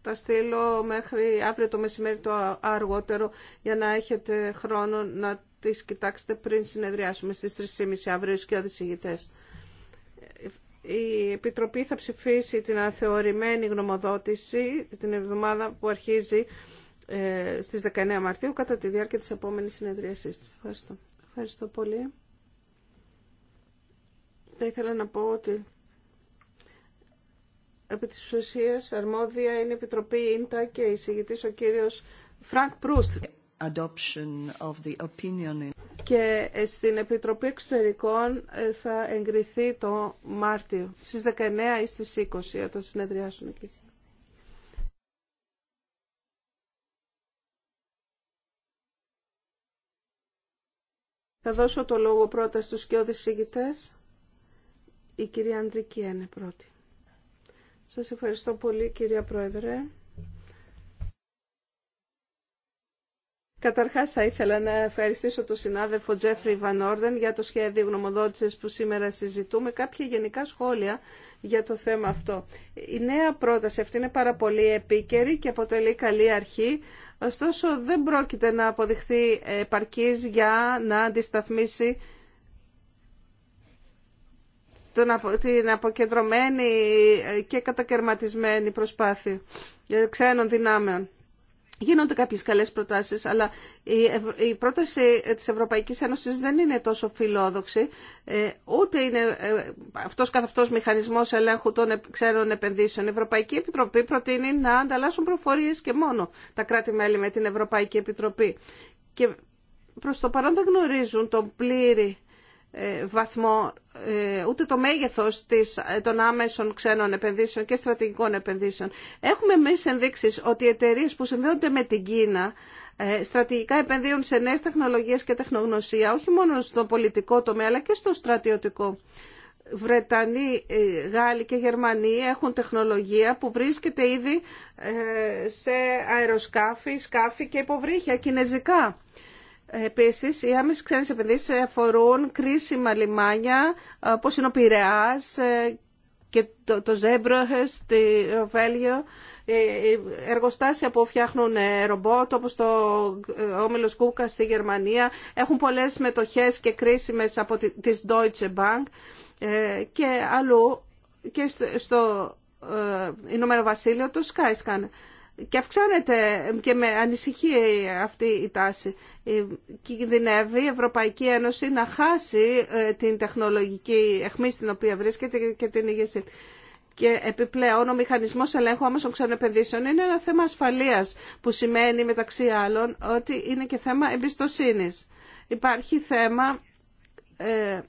Speaker 3: τα στείλω μέχρι αύριο το μεσημέρι το αργότερο για να έχετε χρόνο να τις κοιτάξετε πριν συνεδριάσουμε στις 3.30 αύριο και οδησηγητές. Η Επιτροπή θα ψηφίσει την αναθεωρημένη γνωμοδότηση την εβδομάδα που αρχίζει ε, στις 19 Μαρτίου κατά τη διάρκεια της επόμενης συνεδρίασής της. Ευχαριστώ. Ευχαριστώ πολύ. Θα ήθελα να πω ότι επί της ουσίας αρμόδια είναι η Επιτροπή Ίντα και η συγητής ο κύριος Φρανκ Προύστ. Και ε, στην Επιτροπή Εξωτερικών ε, θα εγκριθεί το Μάρτιο, στις 19 ή στις 20, ε, θα τα συνεδριάσουν εκεί. Θα δώσω το λόγο πρώτα στους και όδης η κυρία Αντρική είναι πρώτη. Σας ευχαριστώ πολύ κυρία Πρόεδρε. Καταρχάς θα ήθελα να ευχαριστήσω τον συνάδελφο Τζέφρι Βανόρδεν για το σχέδιο γνωμοδότησης που σήμερα συζητούμε. Κάποια γενικά σχόλια για το θέμα αυτό. Η νέα πρόταση αυτή είναι πάρα πολύ επίκαιρη και αποτελεί καλή αρχή. Ωστόσο δεν πρόκειται να αποδειχθεί επαρκής για να αντισταθμίσει την αποκεντρωμένη και κατακαιρματισμένη προσπάθεια ε, ξένων δυνάμεων. Γίνονται κάποιες καλές προτάσεις, αλλά η πρόταση της Ευρωπαϊκής Ένωσης δεν είναι τόσο φιλόδοξη, ε, ούτε είναι ε, αυτός καθ' αυτός μηχανισμός ελέγχου των ξένων επενδύσεων. Η Ευρωπαϊκή Επιτροπή προτείνει να ανταλλάσσουν προφορίες και μόνο τα κράτη-μέλη με την Ευρωπαϊκή Επιτροπή. Και προς το παρόν δεν γνωρίζουν τον πλήρη βαθμό ε, ούτε το μέγεθος της, ε, των άμεσων ξένων επενδύσεων και στρατηγικών επενδύσεων. Έχουμε εμεί ενδείξεις ότι οι εταιρείε που συνδέονται με την Κίνα ε, στρατηγικά επενδύουν σε νέες τεχνολογίες και τεχνογνωσία, όχι μόνο στο πολιτικό τομέα, αλλά και στο στρατιωτικό. Βρετανοί, Γάλλοι και Γερμανοί έχουν τεχνολογία που βρίσκεται ήδη σε αεροσκάφη, σκάφη και υποβρύχια κινέζικα. Επίση, οι άμεσες ξένες επενδύσει αφορούν κρίσιμα λιμάνια, ε, όπω είναι ο Πειραιά ε, και το, το Ζέμπροχε στη Βέλγιο, ε, εργοστάσια που φτιάχνουν ρομπότ όπως το Όμιλος Κούκα στη Γερμανία, έχουν πολλές μετοχές και κρίσιμες από τις Deutsche Bank και αλλού και στο Ηνωμένο Βασίλειο το Skyscan και αυξάνεται και με ανησυχεί αυτή η τάση. Κινδυνεύει η Ευρωπαϊκή Ένωση να χάσει ε, την τεχνολογική αιχμή στην οποία βρίσκεται και την ηγεσία. Και επιπλέον ο μηχανισμό ελέγχου άμεσων ξανεπενδύσεων είναι ένα θέμα ασφαλεία που σημαίνει μεταξύ άλλων ότι είναι και θέμα εμπιστοσύνη. Υπάρχει θέμα ε,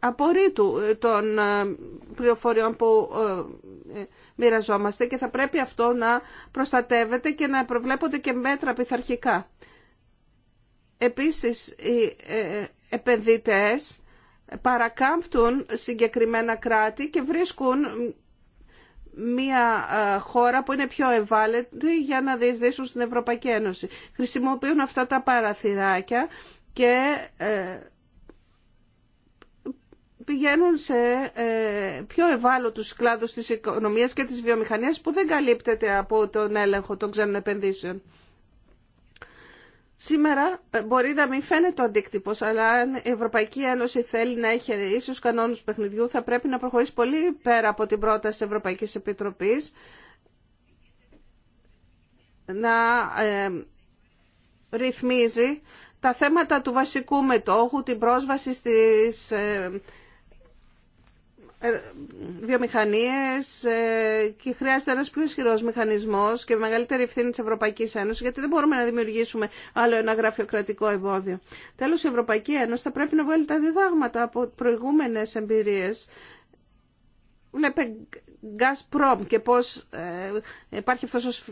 Speaker 3: απορρίτου ε, των ε, πληροφοριών που ε, μοιραζόμαστε και θα πρέπει αυτό να προστατεύεται και να προβλέπονται και μέτρα πειθαρχικά. Επίσης, οι επενδυτές παρακάμπτουν συγκεκριμένα κράτη και βρίσκουν μια χώρα που είναι πιο ευάλωτη για να διεισδύσουν στην Ευρωπαϊκή Ένωση. Χρησιμοποιούν αυτά τα παραθυράκια και πηγαίνουν σε ε, πιο ευάλωτους κλάδους της οικονομίας και της βιομηχανίας που δεν καλύπτεται από τον έλεγχο των ξένων επενδύσεων. Σήμερα ε, μπορεί να μην φαίνεται ο αντίκτυπο, αλλά αν η Ευρωπαϊκή Ένωση θέλει να έχει ίσου κανόνου παιχνιδιού, θα πρέπει να προχωρήσει πολύ πέρα από την πρόταση τη Ευρωπαϊκή Επιτροπή να ε, ρυθμίζει τα θέματα του βασικού μετόχου, την πρόσβαση στις ε, βιομηχανίες ε, και χρειάζεται ένας πιο ισχυρό μηχανισμός και μεγαλύτερη ευθύνη της Ευρωπαϊκής Ένωσης γιατί δεν μπορούμε να δημιουργήσουμε άλλο ένα γραφειοκρατικό εμπόδιο. Τέλος, η Ευρωπαϊκή Ένωση θα πρέπει να βγάλει τα διδάγματα από προηγούμενες εμπειρίες. Βλέπε Gazprom και πώς ε, υπάρχει αυτός ο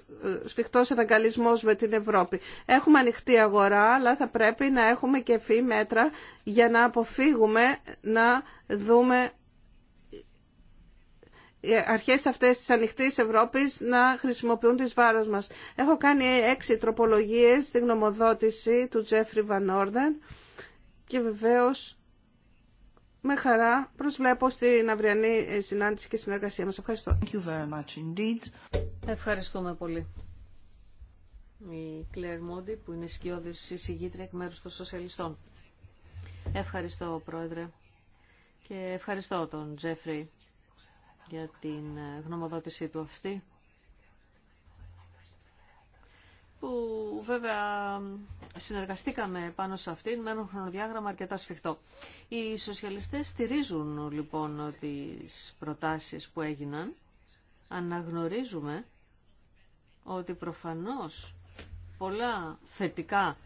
Speaker 3: σφιχτός αναγκαλισμός με την Ευρώπη. Έχουμε ανοιχτή αγορά, αλλά θα πρέπει να έχουμε και φύ μέτρα για να αποφύγουμε να δούμε οι αρχές αυτές της ανοιχτής Ευρώπης να χρησιμοποιούν τις βάρος μας. Έχω κάνει έξι τροπολογίες στη γνωμοδότηση του Τζέφρι Βαν και βεβαίως με χαρά προσβλέπω στην αυριανή συνάντηση και συνεργασία μας. Ευχαριστώ. Thank you very
Speaker 1: much indeed. Ευχαριστούμε πολύ. Η Κλέρ Μόντι που είναι σκιώδης συζητήτρια εκ μέρους των Σοσιαλιστών. Ευχαριστώ Πρόεδρε και ευχαριστώ τον Τζέφρι για την ε, γνωμοδότησή του αυτή που βέβαια συνεργαστήκαμε πάνω σε αυτήν με ένα χρονοδιάγραμμα αρκετά σφιχτό. Οι σοσιαλιστές στηρίζουν λοιπόν τις προτάσεις που έγιναν. Αναγνωρίζουμε ότι προφανώς πολλά θετικά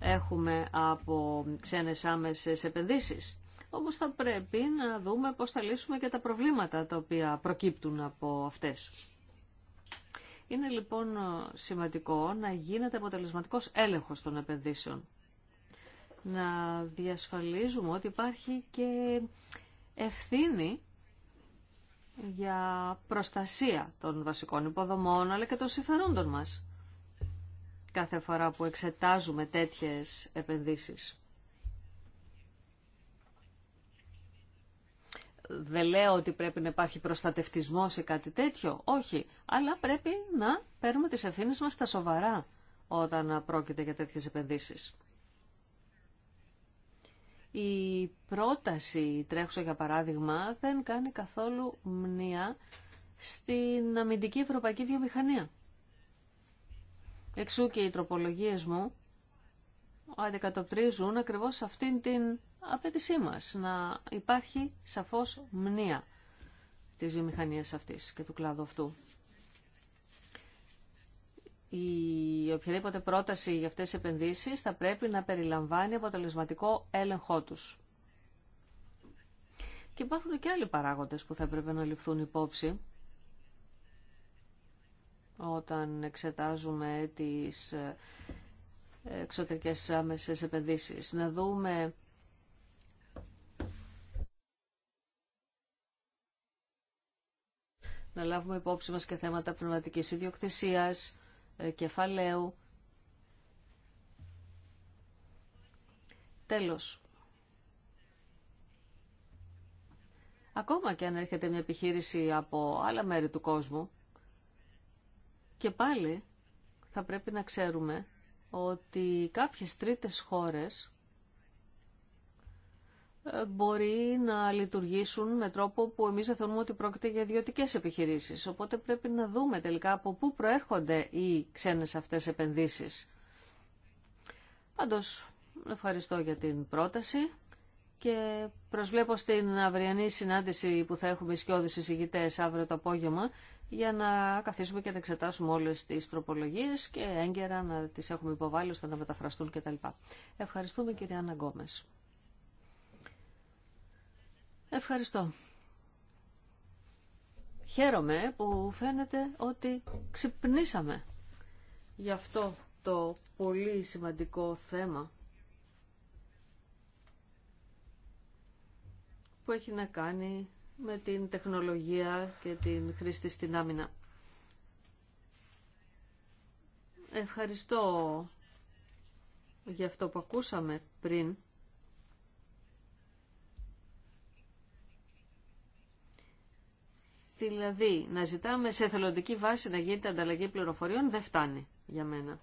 Speaker 1: έχουμε από ξένες άμεσες επενδύσεις. Όμως θα πρέπει να δούμε πώς θα λύσουμε και τα προβλήματα τα οποία προκύπτουν από αυτές. Είναι λοιπόν σημαντικό να γίνεται αποτελεσματικός έλεγχος των επενδύσεων. Να διασφαλίζουμε ότι υπάρχει και ευθύνη για προστασία των βασικών υποδομών αλλά και των συμφερόντων μας κάθε φορά που εξετάζουμε τέτοιες επενδύσεις. δεν λέω ότι πρέπει να υπάρχει προστατευτισμό σε κάτι τέτοιο, όχι, αλλά πρέπει να παίρνουμε τις ευθύνες μας στα σοβαρά όταν πρόκειται για τέτοιες επενδύσεις. Η πρόταση τρέχουσα για παράδειγμα δεν κάνει καθόλου μνήα στην αμυντική ευρωπαϊκή βιομηχανία. Εξού και οι τροπολογίες μου αντικατοπτρίζουν ακριβώς αυτήν την απέτησή μας, να υπάρχει σαφώς μνήα της βιομηχανίας αυτής και του κλάδου αυτού. Η οποιαδήποτε πρόταση για αυτές τις επενδύσεις θα πρέπει να περιλαμβάνει αποτελεσματικό έλεγχό τους. Και υπάρχουν και άλλοι παράγοντες που θα πρέπει να ληφθούν υπόψη όταν εξετάζουμε τις ε, εξωτερικές άμεσες επενδύσεις. Να δούμε να λάβουμε υπόψη μας και θέματα πνευματικής ιδιοκτησίας, ε, κεφαλαίου. Τέλος. Ακόμα και αν έρχεται μια επιχείρηση από άλλα μέρη του κόσμου, και πάλι θα πρέπει να ξέρουμε ότι κάποιες τρίτες χώρες ε, μπορεί να λειτουργήσουν με τρόπο που εμείς θεωρούμε ότι πρόκειται για ιδιωτικέ επιχειρήσεις. Οπότε πρέπει να δούμε τελικά από πού προέρχονται οι ξένες αυτές επενδύσεις. Πάντως, ευχαριστώ για την πρόταση και προσβλέπω στην αυριανή συνάντηση που θα έχουμε σκιώδεις συζητητές αύριο το απόγευμα για να καθίσουμε και να εξετάσουμε όλες τις τροπολογίες και έγκαιρα να τις έχουμε υποβάλει ώστε να μεταφραστούν κτλ. Ευχαριστούμε κυρία Άννα Ευχαριστώ. Χαίρομαι που φαίνεται ότι ξυπνήσαμε για αυτό το πολύ σημαντικό θέμα που έχει να κάνει με την τεχνολογία και την χρήση στην άμυνα. Ευχαριστώ για αυτό που ακούσαμε πριν. Δηλαδή, να ζητάμε σε θελοντική βάση να γίνεται ανταλλαγή πληροφοριών δεν φτάνει για μένα.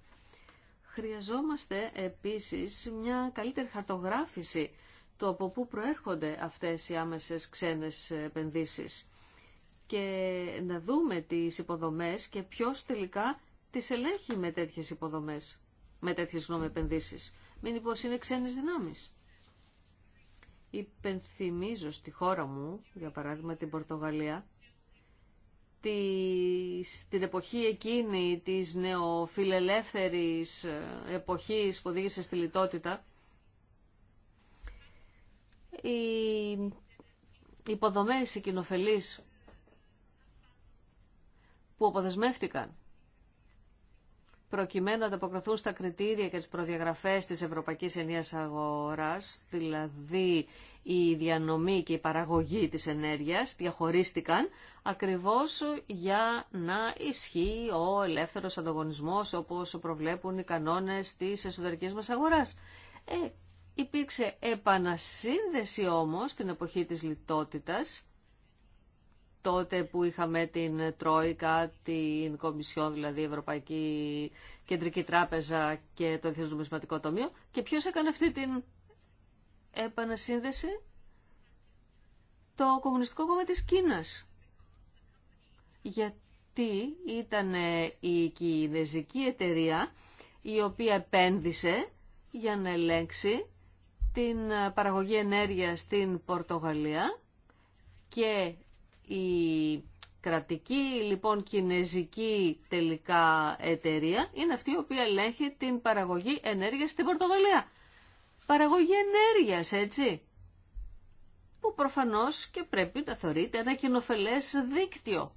Speaker 1: Χρειαζόμαστε επίσης μια καλύτερη χαρτογράφηση το από πού προέρχονται αυτές οι άμεσες ξένες επενδύσεις και να δούμε τις υποδομές και ποιος τελικά τις ελέγχει με τέτοιες υποδομές, με τέτοιες γνώμη επενδύσεις. Μην πως είναι ξένες δυνάμεις. Υπενθυμίζω στη χώρα μου, για παράδειγμα την Πορτογαλία, τη, στην εποχή εκείνη της νεοφιλελεύθερης εποχής που οδήγησε στη λιτότητα, οι υποδομές οι κοινοφελείς που αποδεσμεύτηκαν προκειμένου να ανταποκριθούν στα κριτήρια και τις προδιαγραφές της Ευρωπαϊκής Ενίας Αγοράς, δηλαδή η διανομή και η παραγωγή της ενέργειας, διαχωρίστηκαν ακριβώς για να ισχύει ο ελεύθερος ανταγωνισμός όπως προβλέπουν οι κανόνες της εσωτερικής μας αγοράς. Ε, Υπήρξε επανασύνδεση όμως την εποχή της λιτότητας, τότε που είχαμε την Τρόικα, την Κομισιόν, δηλαδή Ευρωπαϊκή Κεντρική Τράπεζα και το Εθνικό Νομισματικό Τομείο. Και ποιος έκανε αυτή την επανασύνδεση? Το Κομμουνιστικό Κόμμα της Κίνας. Γιατί ήταν η κινέζικη εταιρεία η οποία επένδυσε για να ελέγξει την ε, παραγωγή ενέργειας στην Πορτογαλία και η κρατική λοιπόν κινέζικη τελικά εταιρεία είναι αυτή η οποία ελέγχει την παραγωγή ενέργειας στην Πορτογαλία. Παραγωγή ενέργειας έτσι που προφανώς και πρέπει να θεωρείται ένα κοινοφελές δίκτυο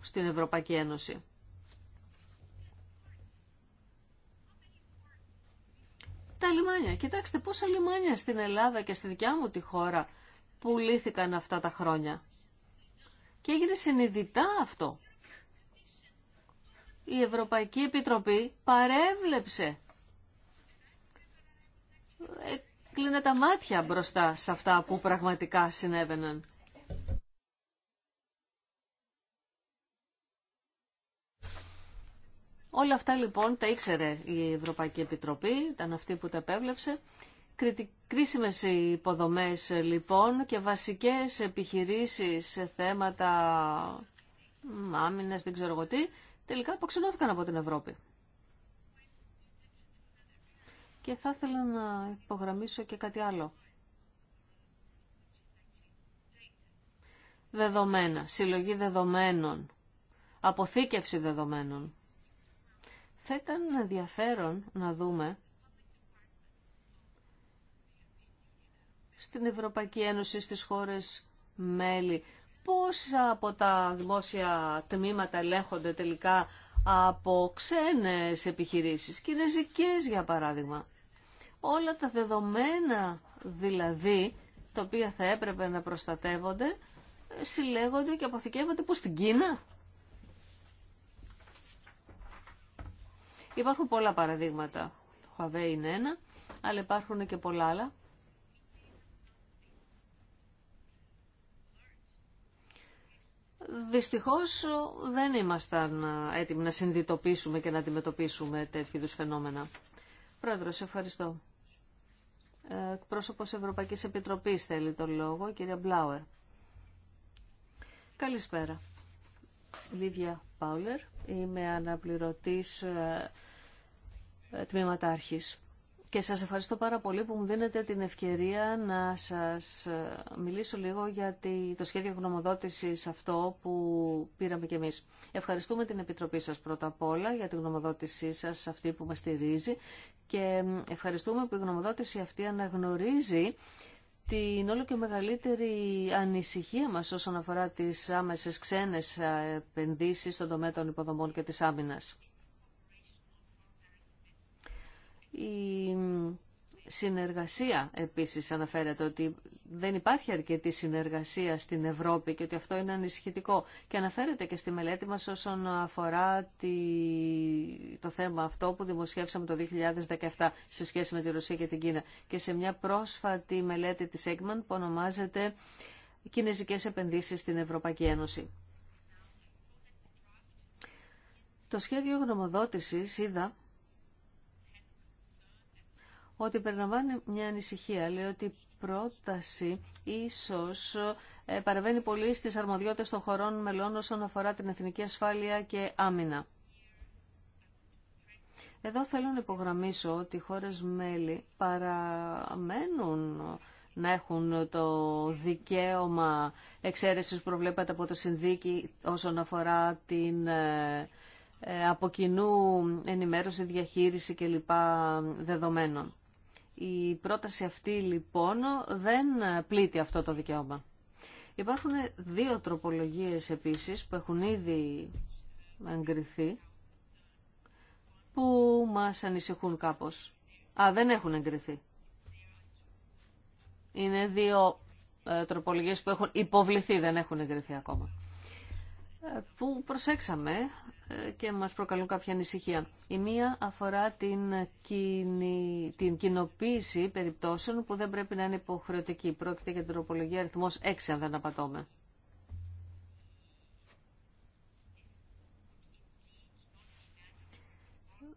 Speaker 1: στην Ευρωπαϊκή Ένωση. τα λιμάνια. Κοιτάξτε πόσα λιμάνια στην Ελλάδα και στη δικιά μου τη χώρα πουλήθηκαν αυτά τα χρόνια. Και έγινε συνειδητά αυτό. Η Ευρωπαϊκή Επιτροπή παρέβλεψε. Ε, κλείνε τα μάτια μπροστά σε αυτά που πραγματικά συνέβαιναν. Όλα αυτά λοιπόν τα ήξερε η Ευρωπαϊκή Επιτροπή, ήταν αυτή που τα επέβλεψε. Κρίσιμες υποδομές λοιπόν και βασικές επιχειρήσεις σε θέματα άμυνα, δεν ξέρω εγώ τι, τελικά αποξενώθηκαν από την Ευρώπη. Και θα ήθελα να υπογραμμίσω και κάτι άλλο. Δεδομένα, συλλογή δεδομένων, αποθήκευση δεδομένων. Θα ήταν ενδιαφέρον να δούμε στην Ευρωπαϊκή Ένωση, στις χώρες μέλη, πόσα από τα δημόσια τμήματα ελέγχονται τελικά από ξένες επιχειρήσεις, κινέζικες για παράδειγμα. Όλα τα δεδομένα δηλαδή, τα οποία θα έπρεπε να προστατεύονται, συλλέγονται και αποθηκεύονται που στην Κίνα. Υπάρχουν πολλά παραδείγματα. Το Χαβέ είναι ένα, αλλά υπάρχουν και πολλά άλλα. Δυστυχώς δεν ήμασταν έτοιμοι να συνειδητοποιήσουμε και να αντιμετωπίσουμε τέτοιου είδους φαινόμενα. σε ευχαριστώ. Ε, Πρόσωπος Ευρωπαϊκής Επιτροπής θέλει τον λόγο, κυρία Μπλάουερ. Καλησπέρα. Λίβια Πάουλερ, είμαι αναπληρωτής ε, ε, τμήματάρχης. Και σας ευχαριστώ πάρα πολύ που μου δίνετε την ευκαιρία να σας ε, μιλήσω λίγο για το σχέδιο γνωμοδότησης αυτό που πήραμε κι εμείς. Ευχαριστούμε την Επιτροπή σας πρώτα απ' όλα για την γνωμοδότησή σας αυτή που μας στηρίζει και ευχαριστούμε που η γνωμοδότηση αυτή αναγνωρίζει την όλο και μεγαλύτερη ανησυχία μας όσον αφορά τις άμεσες ξένες ε, επενδύσεις στον τομέα των υποδομών και της άμυνας. Η συνεργασία επίσης αναφέρεται ότι δεν υπάρχει αρκετή συνεργασία στην Ευρώπη και ότι αυτό είναι ανησυχητικό. Και αναφέρεται και στη μελέτη μας όσον αφορά τη... το θέμα αυτό που δημοσιεύσαμε το 2017 σε σχέση με τη Ρωσία και την Κίνα. Και σε μια πρόσφατη μελέτη της Egman που ονομάζεται «Κινέζικες επενδύσεις στην Ευρωπαϊκή Ένωση». Το σχέδιο γνωμοδότησης είδα ότι περιλαμβάνει μια ανησυχία. Λέει ότι η πρόταση ίσως ε, παραβαίνει πολύ στις αρμοδιότητες των χωρών μελών όσον αφορά την εθνική ασφάλεια και άμυνα. Εδώ θέλω να υπογραμμίσω ότι οι χώρες μέλη παραμένουν να έχουν το δικαίωμα εξαίρεσης που προβλέπεται από το συνδίκη όσον αφορά την ε, ε, από κοινού ενημέρωση, διαχείριση κλπ. δεδομένων. Η πρόταση αυτή λοιπόν δεν πλήττει αυτό το δικαίωμα. Υπάρχουν δύο τροπολογίες επίσης που έχουν ήδη εγκριθεί που μας ανησυχούν κάπως. Α, δεν έχουν εγκριθεί. Είναι δύο ε, τροπολογίες που έχουν υποβληθεί, δεν έχουν εγκριθεί ακόμα. Ε, που προσέξαμε και μας προκαλούν κάποια ανησυχία. Η μία αφορά την, την κοινοποίηση περιπτώσεων που δεν πρέπει να είναι υποχρεωτική. Πρόκειται για την τροπολογία αριθμός 6, αν δεν απατώμε.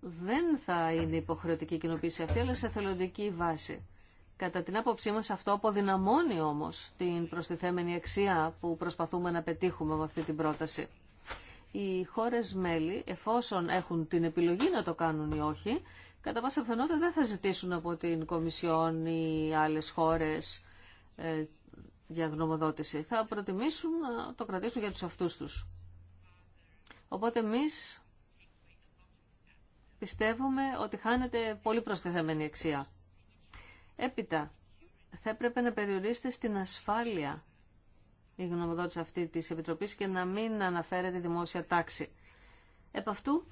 Speaker 1: Δεν θα είναι υποχρεωτική η κοινοποίηση αυτή, αλλά σε θελοντική βάση. Κατά την άποψή μας αυτό αποδυναμώνει όμως την προστιθέμενη αξία που προσπαθούμε να πετύχουμε με αυτή την πρόταση οι χώρες μέλη, εφόσον έχουν την επιλογή να το κάνουν ή όχι, κατά πάσα πιθανότητα δεν θα ζητήσουν από την Κομισιόν ή άλλες χώρες ε, για γνωμοδότηση. Θα προτιμήσουν να το κρατήσουν για τους αυτούς τους. Οπότε εμείς πιστεύουμε ότι χάνεται πολύ προστιθεμένη αξία. Έπειτα, θα έπρεπε να περιορίσετε στην ασφάλεια η γνωμοδότηση αυτή της Επιτροπής και να μην αναφέρεται δημόσια τάξη. Επ' αυτού,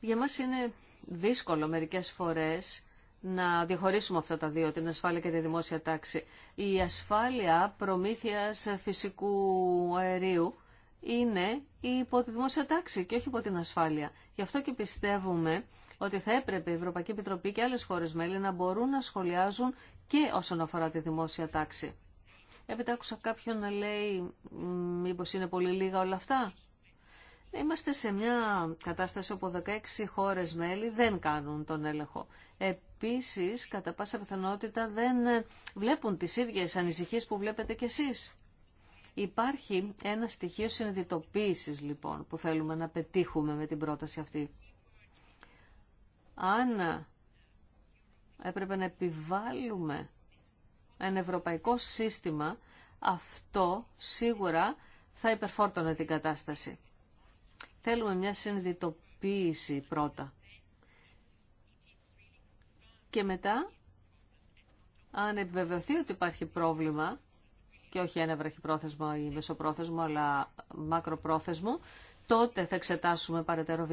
Speaker 1: για μας είναι δύσκολο μερικές φορές να διαχωρίσουμε αυτά τα δύο, την ασφάλεια και τη δημόσια τάξη. Η ασφάλεια προμήθειας φυσικού αερίου είναι υπό τη δημόσια τάξη και όχι υπό την ασφάλεια. Γι' αυτό και πιστεύουμε ότι θα έπρεπε η Ευρωπαϊκή Επιτροπή και άλλες χώρες μέλη να μπορούν να σχολιάζουν και όσον αφορά τη δημόσια τάξη. Έπειτα άκουσα κάποιον να λέει μήπως είναι πολύ λίγα όλα αυτά. Είμαστε σε μια κατάσταση όπου 16 χώρες μέλη δεν κάνουν τον έλεγχο. Επίσης, κατά πάσα πιθανότητα δεν βλέπουν τις ίδιες ανησυχίες που βλέπετε κι εσείς. Υπάρχει ένα στοιχείο συνειδητοποίησης λοιπόν που θέλουμε να πετύχουμε με την πρόταση αυτή. Αν έπρεπε να επιβάλλουμε ένα ευρωπαϊκό σύστημα, αυτό σίγουρα θα υπερφόρτωνε την κατάσταση. Θέλουμε μια συνειδητοποίηση πρώτα. Και μετά, αν επιβεβαιωθεί ότι υπάρχει πρόβλημα, και όχι ένα βραχυπρόθεσμο ή μεσοπρόθεσμο, αλλά μακροπρόθεσμο, τότε θα εξετάσουμε παρετέρω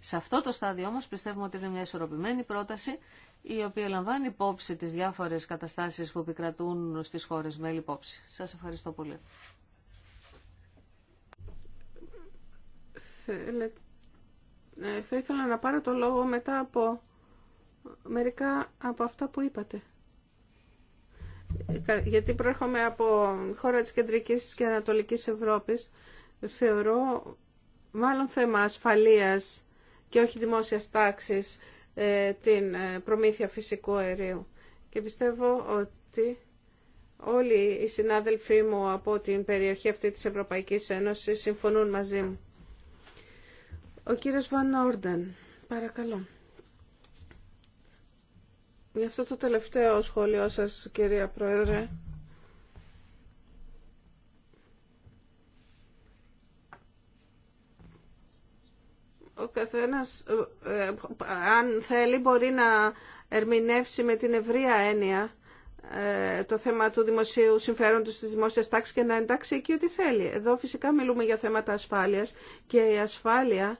Speaker 1: Σε αυτό το στάδιο όμως πιστεύουμε ότι είναι μια ισορροπημένη πρόταση η οποία λαμβάνει υπόψη τις διάφορες καταστάσεις που επικρατούν στις χώρες μέλη υπόψη. Σας ευχαριστώ πολύ.
Speaker 3: Ε, θα ήθελα να πάρω το λόγο μετά από μερικά από αυτά που είπατε. Ε, γιατί προέρχομαι από χώρα της Κεντρικής και Ανατολικής Ευρώπης, θεωρώ μάλλον θέμα ασφαλείας και όχι δημόσιας τάξης ε, την ε, προμήθεια φυσικού αερίου. Και πιστεύω ότι όλοι οι συνάδελφοί μου από την περιοχή αυτή της Ευρωπαϊκής Ένωσης συμφωνούν μαζί μου. Ο κύριος Βαν Όρντεν, παρακαλώ. Για αυτό το τελευταίο σχόλιο σας, κυρία Πρόεδρε, ο καθένας, ε, ε, αν θέλει, μπορεί να ερμηνεύσει με την ευρία έννοια ε, το θέμα του δημοσίου συμφέροντος της δημόσιας τάξης και να εντάξει εκεί ό,τι θέλει. Εδώ φυσικά μιλούμε για θέματα ασφάλειας και η ασφάλεια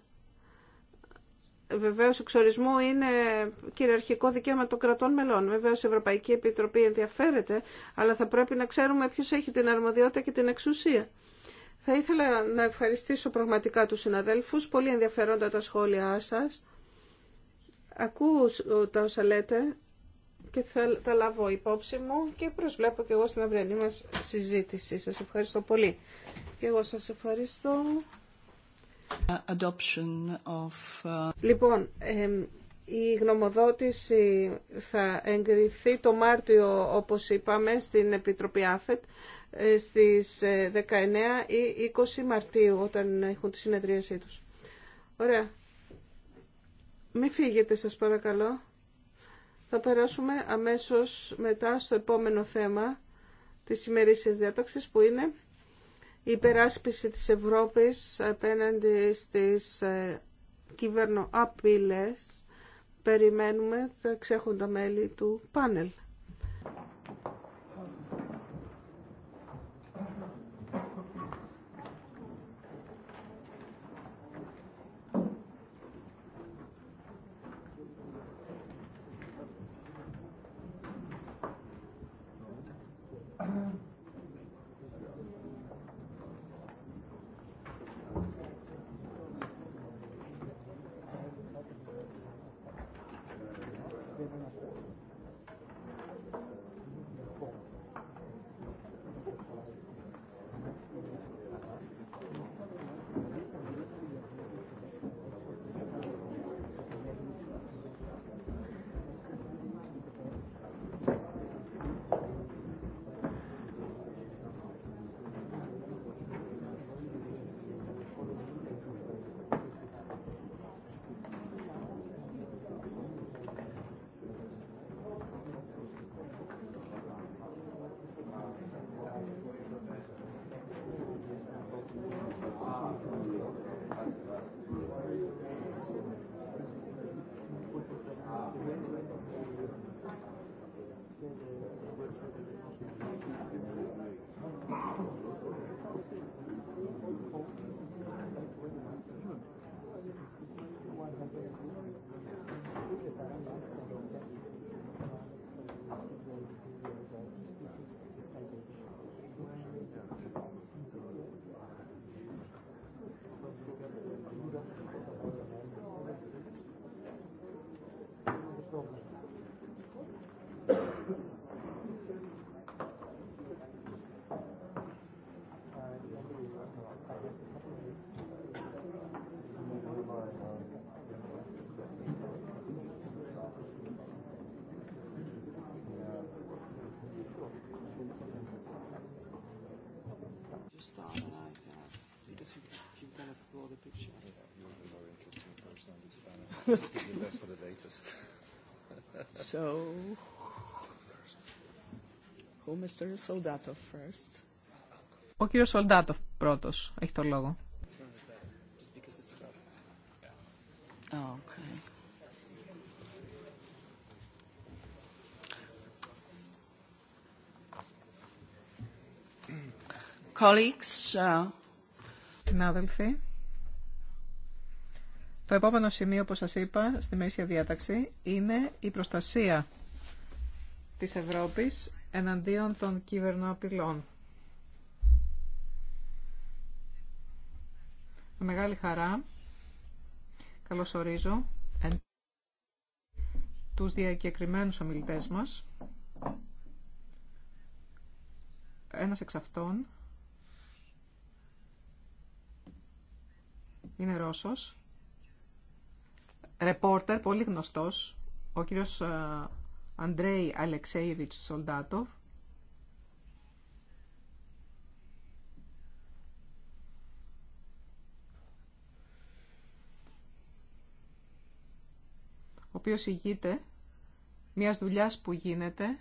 Speaker 3: βεβαίως εξορισμού είναι κυριαρχικό δικαίωμα των κρατών μελών. Βεβαίως η Ευρωπαϊκή Επιτροπή ενδιαφέρεται, αλλά θα πρέπει να ξέρουμε ποιος έχει την αρμοδιότητα και την εξουσία. Θα ήθελα να ευχαριστήσω πραγματικά τους συναδέλφους. Πολύ ενδιαφέροντα τα σχόλιά σας. Ακούω τα όσα λέτε και θα τα λάβω υπόψη μου και προσβλέπω και εγώ στην αυριανή μας συζήτηση. Σας ευχαριστώ πολύ. Και εγώ σας ευχαριστώ. Uh, λοιπόν, η γνωμοδότηση θα εγκριθεί το Μάρτιο, όπως είπαμε, στην Επιτροπή ΑΦΕΤ στις 19 ε, ή 20 Μαρτίου όταν έχουν τη συνεδρίασή τους. Ωραία. Μην φύγετε σας παρακαλώ. Θα περάσουμε αμέσως μετά στο επόμενο θέμα της ημερήσιας διάταξης που είναι η 20 μαρτιου οταν εχουν τη συνεδριαση τους ωραια μη φυγετε σας παρακαλω θα περασουμε αμεσως μετα στο επομενο θεμα της Ευρώπης απέναντι στις ε, κυβερνοαπειλές. Περιμένουμε τα ξέχοντα μέλη του πάνελ.
Speaker 2: Ο κύριος Σολντάτοφ πρώτος έχει το λόγο. Colleagues, uh, Συνάδελφοι, το επόμενο σημείο, όπως σας είπα, στη μέση διάταξη, είναι η προστασία της Ευρώπης εναντίον των κυβερνοαπειλών. Με μεγάλη χαρά, καλωσορίζω τους διακεκριμένους ομιλητές μας. Ένας εξ αυτών είναι Ρώσος, ρεπόρτερ, πολύ γνωστός, ο κύριος ε, Αντρέι Αλεξέιβιτς Σολτάτοβ, ο οποίος ηγείται μιας δουλειάς που γίνεται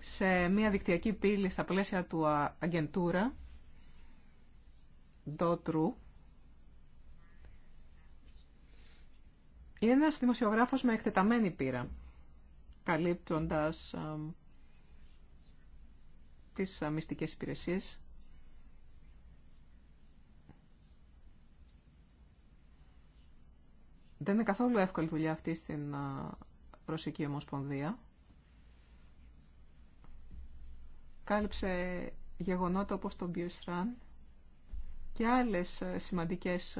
Speaker 2: σε μια δικτυακή πύλη στα πλαίσια του Αγγεντούρα, ΔΟΤΡΟΥ, Είναι ένας δημοσιογράφος με εκτεταμένη πείρα, καλύπτοντας α, τις α, μυστικές υπηρεσίες. Δεν είναι καθόλου εύκολη δουλειά αυτή στην α, Ρωσική Ομοσπονδία. Κάλυψε γεγονότα όπως τον Μπιουστράν και άλλες σημαντικές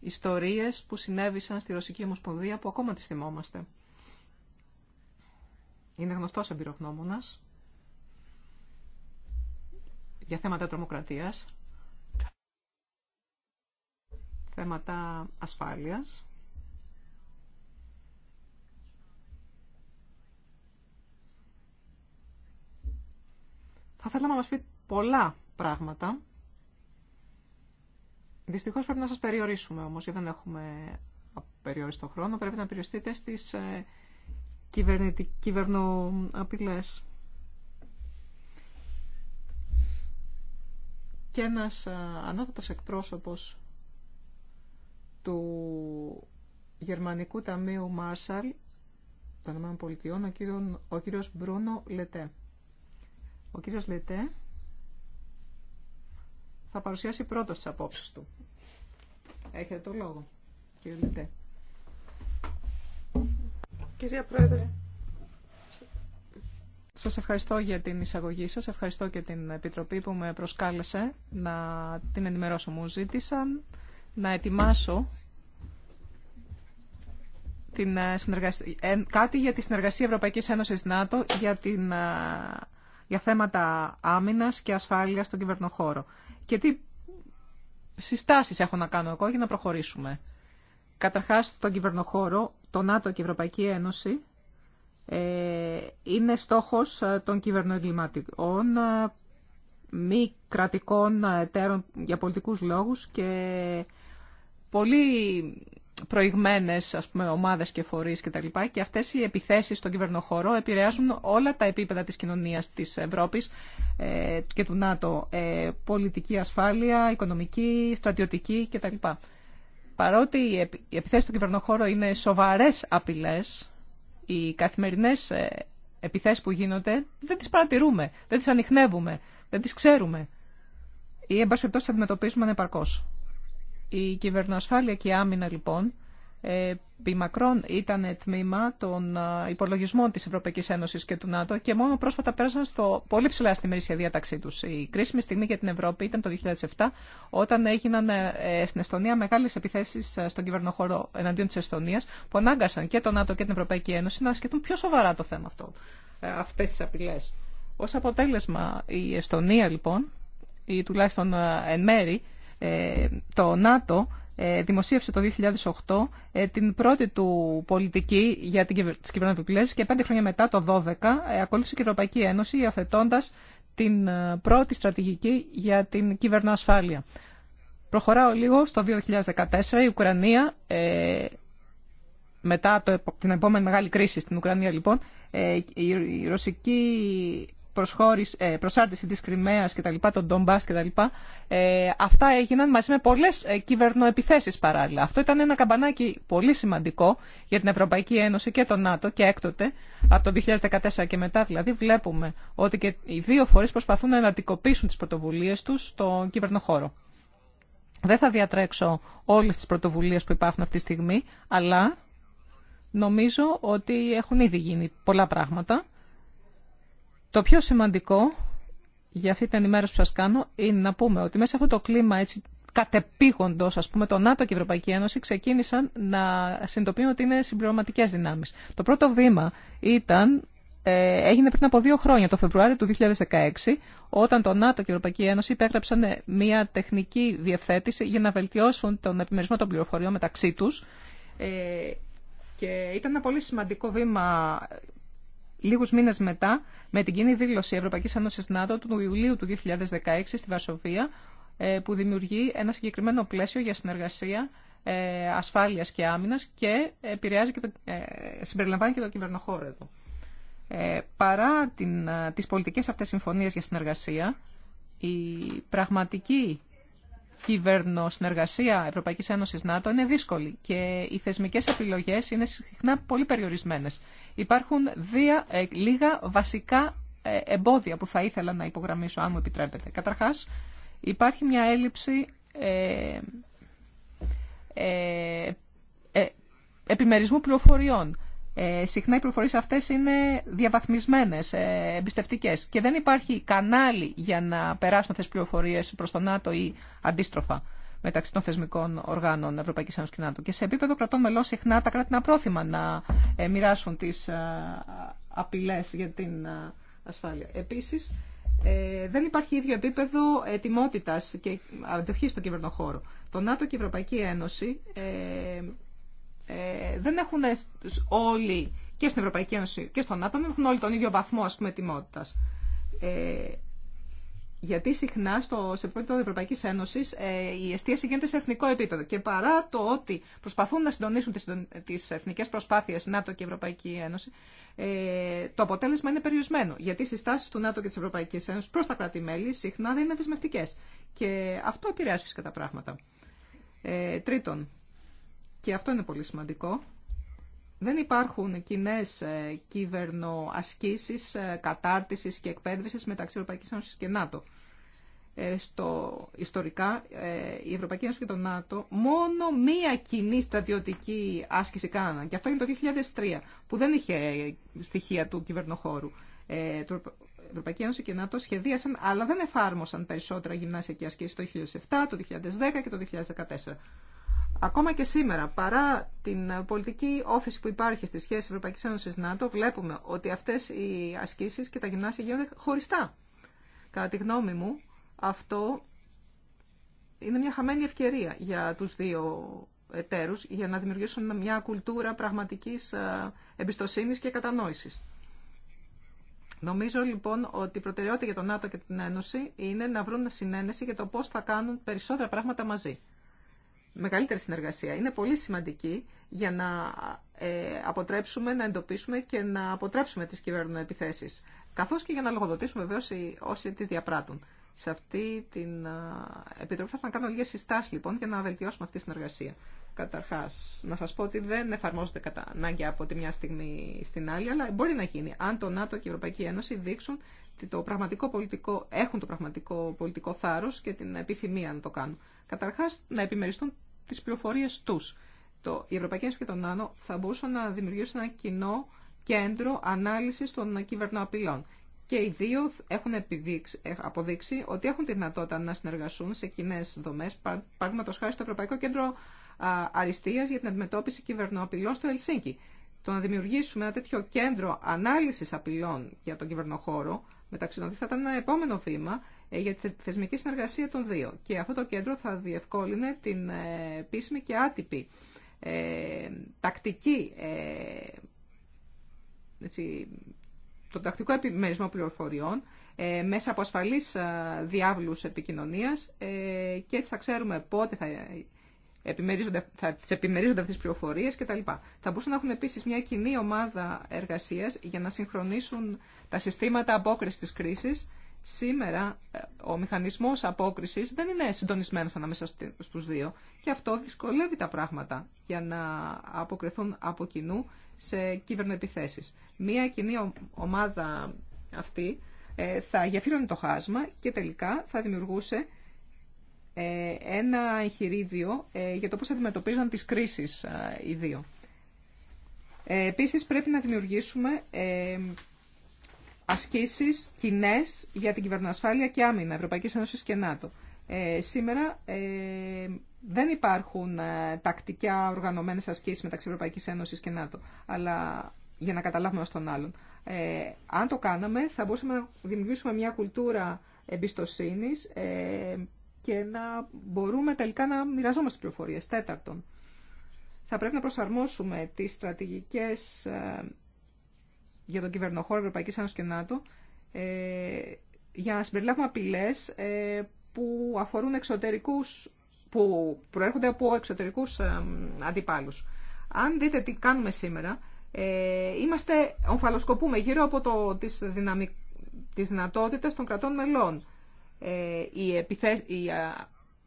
Speaker 2: ιστορίες που συνέβησαν στη Ρωσική Ομοσπονδία που ακόμα τις θυμόμαστε. Είναι γνωστός εμπειρογνώμονας για θέματα τρομοκρατίας, θέματα ασφάλειας. Θα θέλαμε να μας πει πολλά πράγματα Δυστυχώς πρέπει να σας περιορίσουμε όμως, γιατί δεν έχουμε περιόριστο χρόνο. Πρέπει να περιοριστείτε στις ε, κυβερνοαπειλές. Και ένας ε, ανώτατος εκπρόσωπος του Γερμανικού Ταμείου Μάρσαλ των ΗΠΑ, ο ο κύριος Μπρούνο Λετέ. Ο κύριος Λετέ θα παρουσιάσει πρώτος τις απόψεις του. Έχετε το λόγο, κύριε Λιτέ.
Speaker 3: Κυρία Πρόεδρε.
Speaker 2: Σας ευχαριστώ για την εισαγωγή σας, ευχαριστώ και την Επιτροπή που με προσκάλεσε να την ενημερώσω. Μου ζήτησαν να ετοιμάσω την ε, συνεργασία, ε, κάτι για τη συνεργασία Ευρωπαϊκής Ένωσης ΝΑΤΟ για, την, ε, για θέματα άμυνας και ασφάλειας στον κυβερνοχώρο και τι συστάσεις έχω να κάνω εγώ για να προχωρήσουμε. Καταρχάς, τον κυβερνοχώρο, το ΝΑΤΟ και η Ευρωπαϊκή Ένωση ε, είναι στόχος ε, των κυβερνοεγκληματικών, ε, μη κρατικών εταίρων για πολιτικούς λόγους και πολύ Προηγμένε ομάδε ομάδες και φορεί κτλ. Και, και αυτές οι επιθέσεις στον κυβερνοχώρο επηρεάζουν όλα τα επίπεδα της κοινωνίας της Ευρώπης ε, και του ΝΑΤΟ. Ε, πολιτική ασφάλεια, οικονομική, στρατιωτική κτλ. Παρότι οι επιθέσει στον κυβερνοχώρο είναι σοβαρέ απειλέ, οι καθημερινές ε, επιθέσει που γίνονται δεν τι παρατηρούμε, δεν τι ανοιχνεύουμε, δεν τι ξέρουμε ή εν πάση περιπτώσει αντιμετωπίζουμε ανεπαρκώς. Η κυβερνοασφάλεια και η άμυνα λοιπόν ε, επί μακρόν ήταν τμήμα των ε, υπολογισμών της Ευρωπαϊκής Ένωσης και του ΝΑΤΟ και μόνο πρόσφατα πέρασαν στο πολύ ψηλά στη μερίσια διάταξή τους. Η κρίσιμη στιγμή για την Ευρώπη ήταν το 2007 όταν έγιναν ε, στην Εστονία μεγάλες επιθέσεις στον κυβερνοχώρο εναντίον της Εστονίας που ανάγκασαν και το ΝΑΤΟ και την Ευρωπαϊκή Ένωση να σκεφτούν πιο σοβαρά το θέμα αυτό, αυτές τις απειλές. Ως αποτέλεσμα η Εστονία λοιπόν, ή τουλάχιστον εν μέρη, ε, το ΝΑΤΟ ε, δημοσίευσε το 2008 ε, την πρώτη του πολιτική για τις επιπλέσεις και πέντε χρόνια μετά το 2012 ακολούθησε η Ευρωπαϊκή Ένωση υιοθετώντα την πρώτη στρατηγική για την κυβερνοασφάλεια. Προχωράω λίγο στο 2014 η Ουκρανία μετά το, την επόμενη μεγάλη κρίση στην Ουκρανία λοιπόν η ρωσική ε, προσάρτηση της Κρυμαίας και τα λοιπά, τον Ντομπάς και τα λοιπά, ε, αυτά έγιναν μαζί με πολλές ε, κυβερνοεπιθέσεις παράλληλα. Αυτό ήταν ένα καμπανάκι πολύ σημαντικό για την Ευρωπαϊκή Ένωση και το ΝΑΤΟ και έκτοτε, από το 2014 και μετά δηλαδή, βλέπουμε ότι και οι δύο φορείς προσπαθούν να εναντικοποιήσουν τις πρωτοβουλίες τους στον κυβερνοχώρο. Δεν θα διατρέξω όλες τις πρωτοβουλίες που υπάρχουν αυτή τη στιγμή, αλλά νομίζω ότι έχουν ήδη γίνει πολλά πράγματα. Το πιο σημαντικό για αυτή την ενημέρωση που σας κάνω είναι να πούμε ότι μέσα σε αυτό το κλίμα έτσι κατεπήγοντος, ας πούμε, το ΝΑΤΟ και η Ευρωπαϊκή Ένωση ξεκίνησαν να συνειδητοποιούν ότι είναι συμπληρωματικέ δυνάμεις. Το πρώτο βήμα ήταν, ε, έγινε πριν από δύο χρόνια, το Φεβρουάριο του 2016, όταν το ΝΑΤΟ και η Ευρωπαϊκή Ένωση υπέγραψαν μια τεχνική διευθέτηση για να βελτιώσουν τον επιμερισμό των πληροφοριών μεταξύ τους ε, και ήταν ένα πολύ σημαντικό βήμα Λίγου μήνε μετά, με την κοινή δήλωση Ευρωπαϊκή Ένωση ΝΑΤΟ του Ιουλίου του 2016 στη Βαρσοβία, ε, που δημιουργεί ένα συγκεκριμένο πλαίσιο για συνεργασία ε, ασφάλεια και άμυνα και και το, ε, συμπεριλαμβάνει και το κυβερνοχώρο εδώ. παρά την, τις πολιτικές αυτές συμφωνίες για συνεργασία, η πραγματική κυβερνοσυνεργασία Ευρωπαϊκής Ένωσης ΝΑΤΟ είναι δύσκολη και οι θεσμικές επιλογές είναι συχνά πολύ περιορισμένες. Υπάρχουν δύο, ε, λίγα βασικά ε, εμπόδια που θα ήθελα να υπογραμμίσω, αν μου επιτρέπετε. Καταρχάς, υπάρχει μια έλλειψη ε, ε, ε επιμερισμού πληροφοριών. Ε, συχνά οι πληροφορίε αυτέ είναι διαβαθμισμένε, ε, και δεν υπάρχει κανάλι για να περάσουν αυτέ τι πληροφορίες προς το ΝΑΤΟ ή αντίστροφα μεταξύ των θεσμικών οργάνων Ευρωπαϊκή Ένωση. και ΝΑΤΟ. Και σε επίπεδο κρατών μελών συχνά τα κράτη είναι απρόθυμα να ε, μοιράσουν τις ε, απειλέ για την ασφάλεια. Επίσης, δεν υπάρχει ίδιο επίπεδο ετοιμότητα και αντοχή στον κυβερνοχώρο. Το ΝΑΤΟ και η Ευρωπαϊκή Ένωση ε, δεν έχουν όλοι και στην Ευρωπαϊκή Ένωση και στον ΝΑΤΟ έχουν όλοι τον ίδιο βαθμό ας πούμε τιμότητας. Ε, γιατί συχνά στο, σε επίπεδο της Ευρωπαϊκή Ένωση ε, η εστίαση γίνεται σε εθνικό επίπεδο. Και παρά το ότι προσπαθούν να συντονίσουν τι εθνικές προσπάθειες ΝΑΤΟ και Ευρωπαϊκή Ένωση, ε, το αποτέλεσμα είναι περιορισμένο. Γιατί οι συστάσει του ΝΑΤΟ και τη Ευρωπαϊκή Ένωση προ τα κράτη-μέλη συχνά δεν είναι δεσμευτικέ. Και αυτό επηρεάζει φυσικά τα πράγματα. Ε, τρίτον, και αυτό είναι πολύ σημαντικό, δεν υπάρχουν κοινέ ε, κυβερνοασκήσει, ε, κατάρτιση και εκπαίδευση μεταξύ Ευρωπαϊκή Ένωση και ΝΑΤΟ. Ε, στο, ιστορικά, η Ευρωπαϊκή Ένωση και το ΝΑΤΟ μόνο μία κοινή στρατιωτική άσκηση κάναν. Και αυτό είναι το 2003, που δεν είχε στοιχεία του κυβερνοχώρου. Ε, το Ευρωπαϊκή Ένωση και ΝΑΤΟ σχεδίασαν, αλλά δεν εφάρμοσαν περισσότερα γυμνάσια και ασκήσει το 2007, το 2010 και το 2014. Ακόμα και σήμερα, παρά την πολιτική όθηση που υπάρχει στη σχέση Ευρωπαϊκής Ένωσης ΝΑΤΟ, βλέπουμε ότι αυτές οι ασκήσεις και τα γυμνάσια γίνονται χωριστά. Κατά τη γνώμη μου, αυτό είναι μια χαμένη ευκαιρία για τους δύο εταίρους για να δημιουργήσουν μια κουλτούρα πραγματικής ε, εμπιστοσύνης και κατανόησης. Νομίζω λοιπόν ότι η προτεραιότητα για τον ΝΑΤΟ και την Ένωση είναι να βρουν συνένεση για το πώς θα κάνουν περισσότερα πράγματα μαζί μεγαλύτερη συνεργασία είναι πολύ σημαντική για να ε, αποτρέψουμε, να εντοπίσουμε και να αποτρέψουμε τις κυβερνοεπιθέσεις, καθώς και για να λογοδοτήσουμε βεβαίως όσοι τις διαπράττουν. Σε αυτή την επιτροπή θα ήθελα να κάνω λίγες συστάσεις λοιπόν για να βελτιώσουμε αυτή τη συνεργασία. Καταρχάς, να σας πω ότι δεν εφαρμόζεται κατά ανάγκη από τη μια στιγμή στην άλλη, αλλά μπορεί να γίνει αν το ΝΑΤΟ και η Ευρωπαϊκή Ένωση δείξουν το πραγματικό πολιτικό, έχουν το πραγματικό πολιτικό θάρρο και την επιθυμία να το κάνουν. Καταρχά να επιμεριστούν τι πληροφορίε του. Το, η Ευρωπαϊκή Ένωση και το ΝΑΝΟ θα μπορούσαν να δημιουργήσουν ένα κοινό κέντρο ανάλυση των κυβερνοαπειλών. Και οι δύο έχουν ε, αποδείξει ότι έχουν τη δυνατότητα να συνεργαστούν σε κοινέ δομέ, παραδείγματο χάρη στο Ευρωπαϊκό Κέντρο Αριστεία για την Αντιμετώπιση Κυβερνοαπειλών στο Ελσίνκι. Το να δημιουργήσουμε ένα τέτοιο κέντρο ανάλυση απειλών για τον κυβερνοχώρο μεταξύ των δύο θα ήταν ένα επόμενο βήμα ε, για τη θεσμική συνεργασία των δύο. Και αυτό το κέντρο θα διευκόλυνε την ε, επίσημη και άτυπη ε, τακτική, ε, έτσι, τον τακτικό επιμερισμό πληροφοριών ε, μέσα από ασφαλείς διάβλους επικοινωνίας και έτσι θα ξέρουμε πότε θα επιμερίζονται, θα τις επιμερίζονται αυτέ τι πληροφορίε κτλ. Θα μπορούσαν να έχουν επίσης μια κοινή ομάδα εργασία για να συγχρονίσουν τα συστήματα απόκρισης τη κρίση. Σήμερα ε, ο μηχανισμός απόκρισης δεν είναι συντονισμένος ανάμεσα στου δύο και αυτό δυσκολεύει τα πράγματα για να αποκριθούν από κοινού σε κυβερνοεπιθέσει. Μια κοινή ομάδα αυτή ε, θα γεφύρωνε το χάσμα και τελικά θα δημιουργούσε ε, ένα εγχειρίδιο ε, για το πώς αντιμετωπίζαν τις κρίσεις ε, οι δύο. Επίσης πρέπει να δημιουργήσουμε ασκήσεις κοινέ για την κυβερνοασφάλεια και άμυνα Ευρωπαϊκής Ένωσης και ΝΑΤΟ. σήμερα δεν υπάρχουν τακτικά οργανωμένες ασκήσεις μεταξύ Ευρωπαϊκής Ένωσης και ΝΑΤΟ, αλλά για να καταλάβουμε ως τον άλλον. αν το κάναμε, θα μπορούσαμε να δημιουργήσουμε μια κουλτούρα εμπιστοσύνης, και να μπορούμε τελικά να μοιραζόμαστε πληροφορίες. Τέταρτον, θα πρέπει να προσαρμόσουμε τις στρατηγικές ε, για τον κυβερνοχώρο Ευρωπαϊκής Ένωσης και ΝΑΤΟ ε, για να συμπεριλάβουμε απειλές ε, που αφορούν εξωτερικούς, που προέρχονται από εξωτερικούς αντιπάλους. Αν δείτε τι κάνουμε σήμερα, είμαστε, ομφαλοσκοπούμε γύρω από τις, τις δυνατότητες των κρατών μελών ε, οι, οι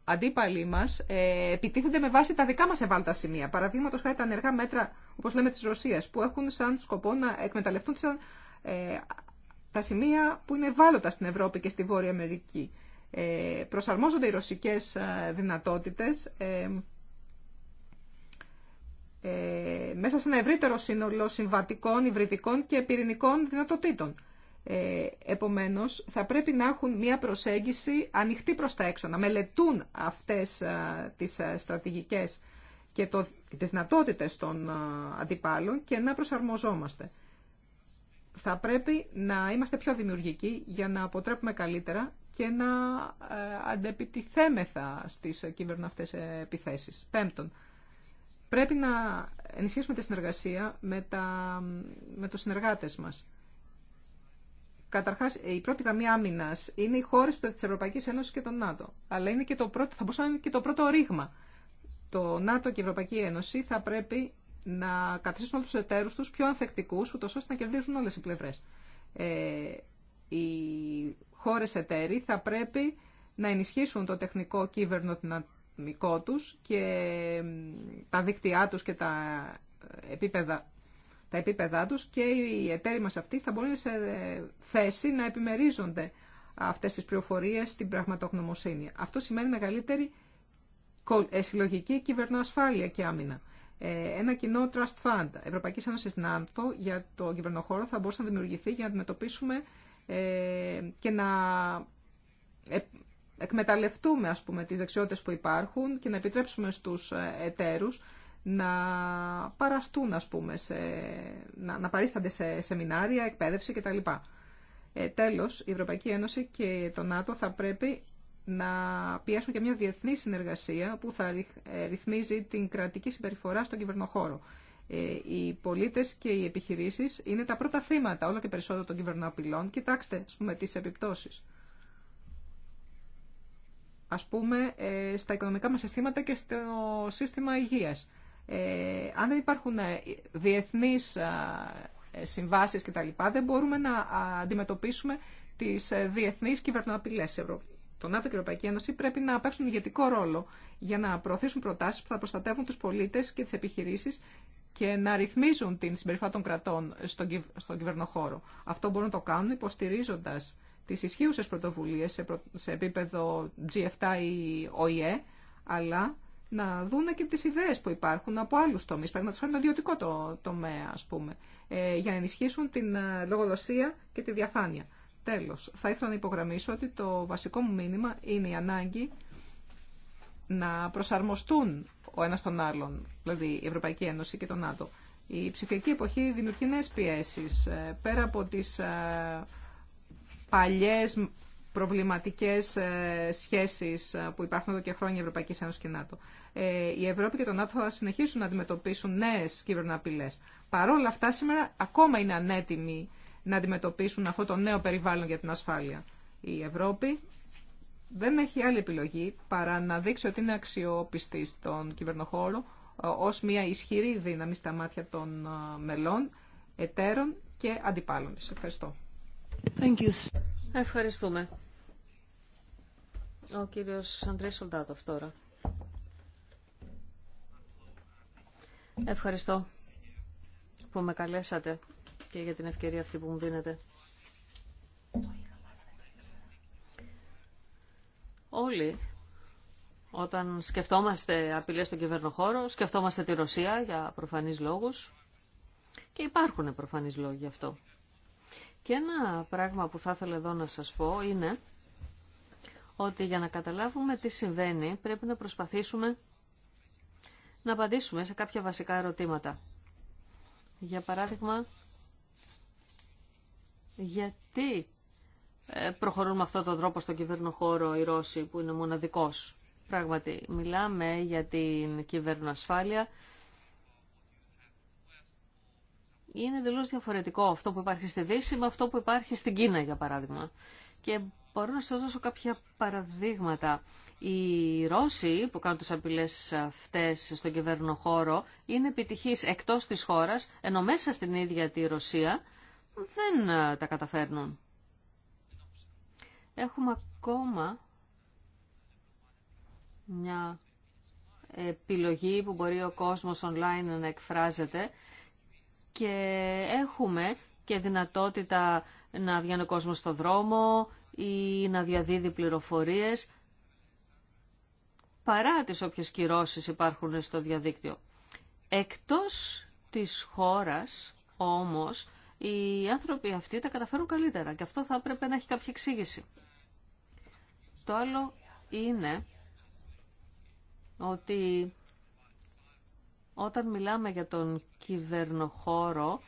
Speaker 2: αντίπαλοι μα ε, επιτίθενται με βάση τα δικά μα ευάλωτα σημεία. Παραδείγματο χάρη τα ανεργά μέτρα, όπω λέμε, τη Ρωσία, που έχουν σαν σκοπό να εκμεταλλευτούν τις ε, τα σημεία που είναι ευάλωτα στην Ευρώπη και στη Βόρεια Αμερική. Ε, προσαρμόζονται οι ρωσικές δυνατότητες ε, μέσα σε ένα ευρύτερο σύνολο συμβατικών, υβριδικών και πυρηνικών δυνατοτήτων. Ε, επομένως, θα πρέπει να έχουν μια προσέγγιση ανοιχτή προς τα έξω, να μελετούν αυτές τις στρατηγικές και, το, τις δυνατότητε των αντιπάλων και να προσαρμοζόμαστε. Θα πρέπει να είμαστε πιο δημιουργικοί για να αποτρέπουμε καλύτερα και να ε, αντεπιτιθέμεθα στις κυβερναυτές επιθέσεις. Πέμπτον, πρέπει να ενισχύσουμε τη συνεργασία με, τα, με τους συνεργάτες μας. Καταρχά, η πρώτη γραμμή άμυνας είναι οι χώρε τη Ευρωπαϊκή Ένωση και των ΝΑΤΟ. Αλλά είναι και το πρώτο, θα μπορούσε να είναι και το πρώτο ρήγμα. Το ΝΑΤΟ και η Ευρωπαϊκή Ένωση θα πρέπει να καθίσουν όλου του εταίρου του πιο ανθεκτικού, ούτω ώστε να κερδίζουν όλε οι πλευρέ. Ε, οι χώρε εταίροι θα πρέπει να ενισχύσουν το τεχνικό κύβερνο δυναμικό του και τα δίκτυά του και τα επίπεδα τα επίπεδά τους και οι εταίροι μας αυτοί θα μπορούν σε θέση να επιμερίζονται αυτές τις πληροφορίες στην πραγματογνωμοσύνη. Αυτό σημαίνει μεγαλύτερη ε, συλλογική κυβερνοασφάλεια και άμυνα. Ε, ένα κοινό Trust Fund Ευρωπαϊκή Ένωση ΝΑΤΟ για το κυβερνοχώρο θα μπορούσε να δημιουργηθεί για να αντιμετωπίσουμε ε, και να εκμεταλλευτούμε τι δεξιότητε τις δεξιότητες που υπάρχουν και να επιτρέψουμε στους εταίρους να παραστούν, ας πούμε, σε, να, να παρίστανται σε σεμινάρια, εκπαίδευση κτλ. Ε, τέλος, η Ευρωπαϊκή Ένωση και το ΝΑΤΟ θα πρέπει να πιέσουν και μια διεθνή συνεργασία που θα ε, ρυθμίζει την κρατική συμπεριφορά στον κυβερνοχώρο. Ε, οι πολίτες και οι επιχειρήσεις είναι τα πρώτα θύματα όλο και περισσότερο των κυβερνοαπειλών. Κοιτάξτε, ας πούμε, τις επιπτώσεις. Ας πούμε, ε, στα οικονομικά μας συστήματα και στο σύστημα υγείας. Ε, αν δεν υπάρχουν ε, διεθνείς ε, συμβάσεις κτλ. δεν μπορούμε να αντιμετωπίσουμε τις διεθνείς κυβερνοαπειλές της Ευρώπης. Το ΝΑΤΟ και η Ευρωπαϊκή Ένωση πρέπει να παίξουν ηγετικό ρόλο για να προωθήσουν προτάσεις που θα προστατεύουν τους πολίτες και τις επιχειρήσεις και να ρυθμίζουν την συμπεριφορά των κρατών στον κυβερνοχώρο. Αυτό μπορούν να το κάνουν υποστηρίζοντας τις ισχύουσες πρωτοβουλίες σε επίπεδο G7 ή ΟΗΕ, αλλά να δούνε και τις ιδέες που υπάρχουν από άλλους τομείς, παραδείγματος χάρη τον ιδιωτικό το, τομέα, ας πούμε, ε, για να ενισχύσουν την ε, λογοδοσία και τη διαφάνεια. Τέλος, θα ήθελα να υπογραμμίσω ότι το βασικό μου μήνυμα είναι η ανάγκη να προσαρμοστούν ο ένας τον άλλον, δηλαδή η Ευρωπαϊκή Ένωση και το ΝΑΤΟ. Η ψηφιακή εποχή δημιουργεί νέες πιέσεις, ε, πέρα από τις παλιές προβληματικές ε, σχέσεις ε, που υπάρχουν εδώ και χρόνια Ευρωπαϊκή Ένωσης και ΝΑΤΟ. Ε, η Ευρώπη και το ΝΑΤΟ θα συνεχίσουν να αντιμετωπίσουν νέες κυβερνοαπειλές. Παρόλα αυτά σήμερα ακόμα είναι ανέτοιμοι να αντιμετωπίσουν αυτό το νέο περιβάλλον για την ασφάλεια. Η Ευρώπη δεν έχει άλλη επιλογή παρά να δείξει ότι είναι αξιόπιστη στον κυβερνοχώρο ως μια ισχυρή δύναμη στα μάτια των μελών, εταίρων και αντιπάλων. Ευχαριστώ.
Speaker 1: Thank you. Ευχαριστούμε. Ο κύριος Αντρέι Σολτάτοφ τώρα. Ευχαριστώ που με καλέσατε και για την ευκαιρία αυτή που μου δίνετε. Όλοι, όταν σκεφτόμαστε απειλές στον κυβερνοχώρο, σκεφτόμαστε τη Ρωσία για προφανείς λόγους και υπάρχουν προφανείς λόγοι γι' αυτό. Και ένα πράγμα που θα ήθελα εδώ να σας πω είναι ότι για να καταλάβουμε τι συμβαίνει πρέπει να προσπαθήσουμε να απαντήσουμε σε κάποια βασικά ερωτήματα. Για παράδειγμα, γιατί ε, προχωρούν με αυτόν τον τρόπο στον κυβερνοχώρο οι Ρώσοι που είναι μοναδικός. Πράγματι, μιλάμε για την ασφάλεια. Είναι εντελώ διαφορετικό αυτό που υπάρχει στη Δύση με αυτό που υπάρχει στην Κίνα, για παράδειγμα. Και Μπορώ να σας δώσω κάποια παραδείγματα. Οι Ρώσοι που κάνουν τις απειλές αυτές στον κυβέρνο χώρο είναι επιτυχείς εκτός της χώρας, ενώ μέσα στην ίδια τη Ρωσία δεν ε, τα καταφέρνουν. Έχουμε ακόμα μια επιλογή που μπορεί ο κόσμος online να εκφράζεται και έχουμε και δυνατότητα να βγαίνει ο κόσμος στο δρόμο, ή να διαδίδει πληροφορίες παρά τις όποιες κυρώσεις υπάρχουν στο διαδίκτυο. Εκτός της χώρας όμως οι άνθρωποι αυτοί τα καταφέρουν καλύτερα και αυτό θα έπρεπε να έχει κάποια εξήγηση. Το άλλο είναι ότι όταν μιλάμε για τον κυβερνοχώρο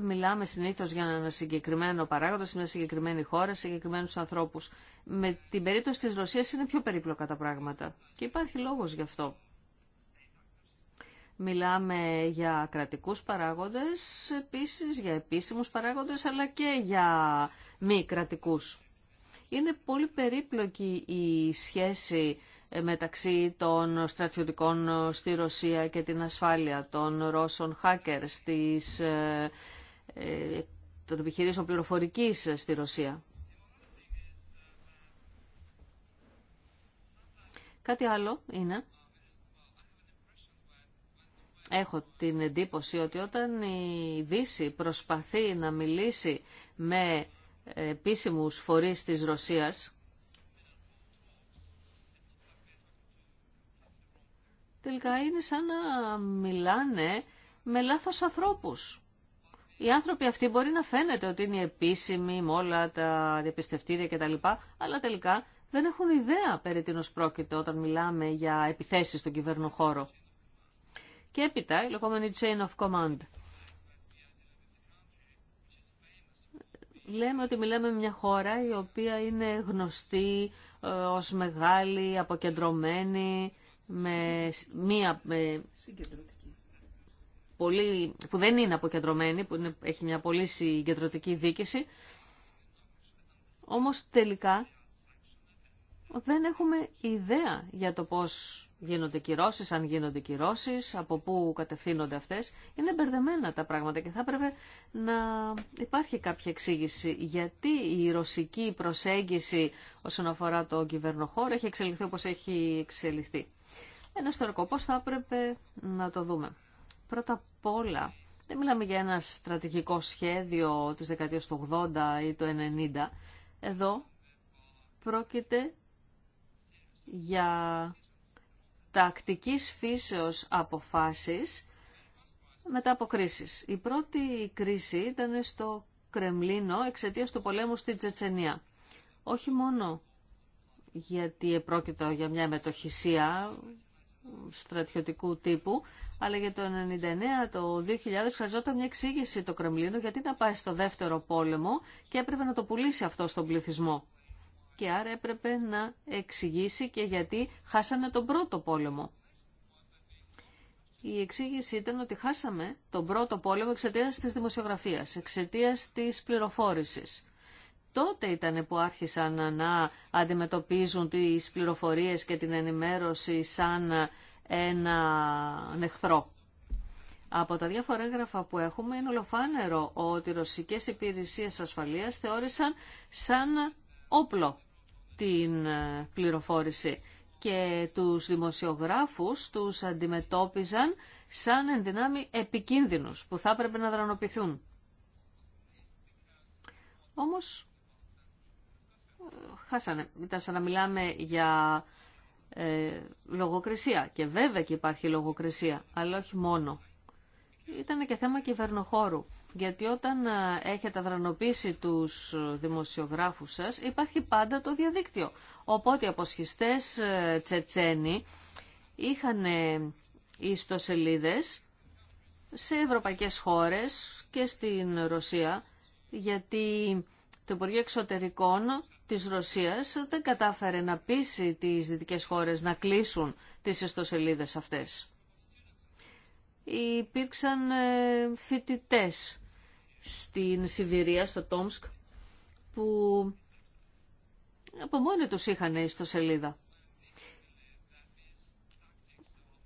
Speaker 1: μιλάμε συνήθως για ένα συγκεκριμένο παράγοντα, σε μια συγκεκριμένη χώρα, σε συγκεκριμένους ανθρώπους. Με την περίπτωση της Ρωσίας είναι πιο περίπλοκα τα πράγματα και υπάρχει λόγος γι' αυτό. Μιλάμε για κρατικούς παράγοντες, επίσης για επίσημους παράγοντες, αλλά και για μη κρατικούς. Είναι πολύ περίπλοκη η σχέση μεταξύ των στρατιωτικών στη Ρωσία και την ασφάλεια, των Ρώσων hackers, ε, ε, των επιχειρήσεων πληροφορικής στη Ρωσία. Κάτι άλλο είναι. Έχω την εντύπωση ότι όταν η Δύση προσπαθεί να μιλήσει με επίσημους φορείς της Ρωσίας, Τελικά είναι σαν να μιλάνε με λάθος ανθρώπους. Οι άνθρωποι αυτοί μπορεί να φαίνεται ότι είναι επίσημοι με όλα τα διαπιστευτήρια κτλ. Αλλά τελικά δεν έχουν ιδέα περί τίνος πρόκειται όταν μιλάμε για επιθέσεις στον κυβερνοχώρο. Και έπειτα η λεγόμενη chain of command. Λέμε ότι μιλάμε με μια χώρα η οποία είναι γνωστή ε, ως μεγάλη, αποκεντρωμένη, με μία με πολύ, που δεν είναι αποκεντρωμένη, που είναι, έχει μια πολύ συγκεντρωτική δίκηση, όμως τελικά δεν έχουμε ιδέα για το πώς γίνονται κυρώσει, αν γίνονται κυρώσει, από πού κατευθύνονται αυτές. Είναι μπερδεμένα τα πράγματα και θα έπρεπε να υπάρχει κάποια εξήγηση γιατί η ρωσική προσέγγιση όσον αφορά το κυβερνοχώρο έχει εξελιχθεί όπως έχει εξελιχθεί ένα ιστορικό. Πώς θα έπρεπε να το δούμε. Πρώτα απ' όλα, δεν μιλάμε για ένα στρατηγικό σχέδιο της δεκαετίας του 80 ή του 90. Εδώ πρόκειται για τακτικής φύσεως αποφάσεις μετά από κρίσεις. Η πρώτη κρίση ήταν στο Κρεμλίνο εξαιτία του πολέμου στη Τσετσενία. Όχι μόνο γιατί επρόκειτο για μια μετοχυσία, στρατιωτικού τύπου, αλλά για το 99, το 2000 χρειαζόταν μια εξήγηση το Κρεμλίνο γιατί να πάει στο δεύτερο πόλεμο και έπρεπε να το πουλήσει αυτό στον πληθυσμό. Και άρα έπρεπε να εξηγήσει και γιατί χάσανε τον πρώτο πόλεμο. Η εξήγηση ήταν ότι χάσαμε τον πρώτο πόλεμο εξαιτία τη δημοσιογραφία, εξαιτία τη πληροφόρηση τότε ήταν που άρχισαν να αντιμετωπίζουν τις πληροφορίες και την ενημέρωση σαν ένα εχθρό. Από τα διάφορα έγγραφα που έχουμε είναι ολοφάνερο ότι οι ρωσικές υπηρεσίες ασφαλείας θεώρησαν σαν όπλο την ε, πληροφόρηση και τους δημοσιογράφους τους αντιμετώπιζαν σαν ενδυνάμει επικίνδυνους που θα έπρεπε να δρανοποιηθούν. Όμως χάσανε. Ήταν σαν να μιλάμε για ε, λογοκρισία. Και βέβαια και υπάρχει λογοκρισία, αλλά όχι μόνο. Ήταν και θέμα κυβερνοχώρου. Γιατί όταν ε, έχετε αδρανοποιήσει τους δημοσιογράφους σας, υπάρχει πάντα το διαδίκτυο. Οπότε οι αποσχιστές ε, Τσετσένοι είχαν ε, ιστοσελίδες σε ευρωπαϊκές χώρες και στην Ρωσία, γιατί το Υπουργείο Εξωτερικών της Ρωσίας δεν κατάφερε να πείσει τις δυτικές χώρες να κλείσουν τις ιστοσελίδες αυτές. Υπήρξαν ε, φοιτητέ στην Σιβηρία, στο Τόμσκ, που από μόνοι τους είχαν ιστοσελίδα.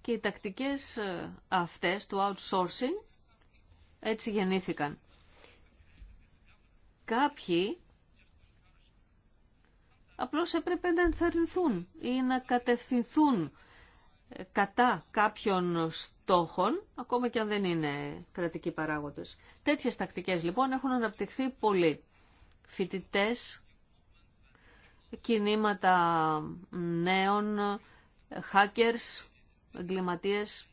Speaker 1: Και οι τακτικές ε, αυτές του outsourcing έτσι γεννήθηκαν. Κάποιοι απλώς έπρεπε να ενθαρρυνθούν ή να κατευθυνθούν κατά κάποιων στόχων, ακόμα και αν δεν είναι κρατικοί παράγοντες. Τέτοιες τακτικές λοιπόν έχουν αναπτυχθεί πολλοί. Φοιτητέ, κινήματα νέων, hackers, εγκληματίες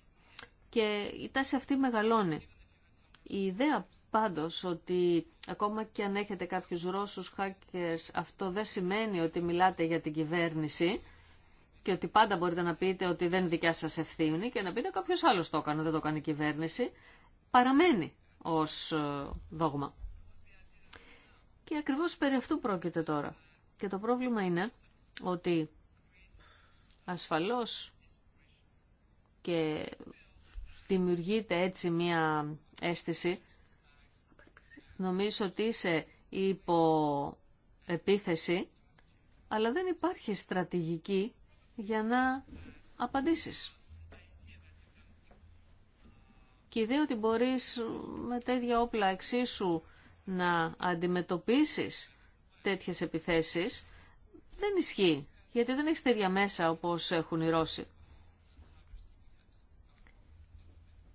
Speaker 1: και η τάση αυτή μεγαλώνει. Η ιδέα πάντως ότι ακόμα και αν έχετε κάποιους Ρώσους hackers αυτό δεν σημαίνει ότι μιλάτε για την κυβέρνηση και ότι πάντα μπορείτε να πείτε ότι δεν είναι δικιά σας ευθύνη και να πείτε κάποιος άλλος το έκανε, δεν το έκανε η κυβέρνηση, παραμένει ως ε, δόγμα. Και ακριβώς περί αυτού πρόκειται τώρα. Και το πρόβλημα είναι ότι ασφαλώς και δημιουργείται έτσι μία αίσθηση νομίζω ότι είσαι υπό επίθεση, αλλά δεν υπάρχει στρατηγική για να απαντήσεις. Και η ότι μπορείς με τέτοια όπλα εξίσου να αντιμετωπίσεις τέτοιες επιθέσεις δεν ισχύει, γιατί δεν έχει τέτοια μέσα όπως έχουν οι Ρώσοι.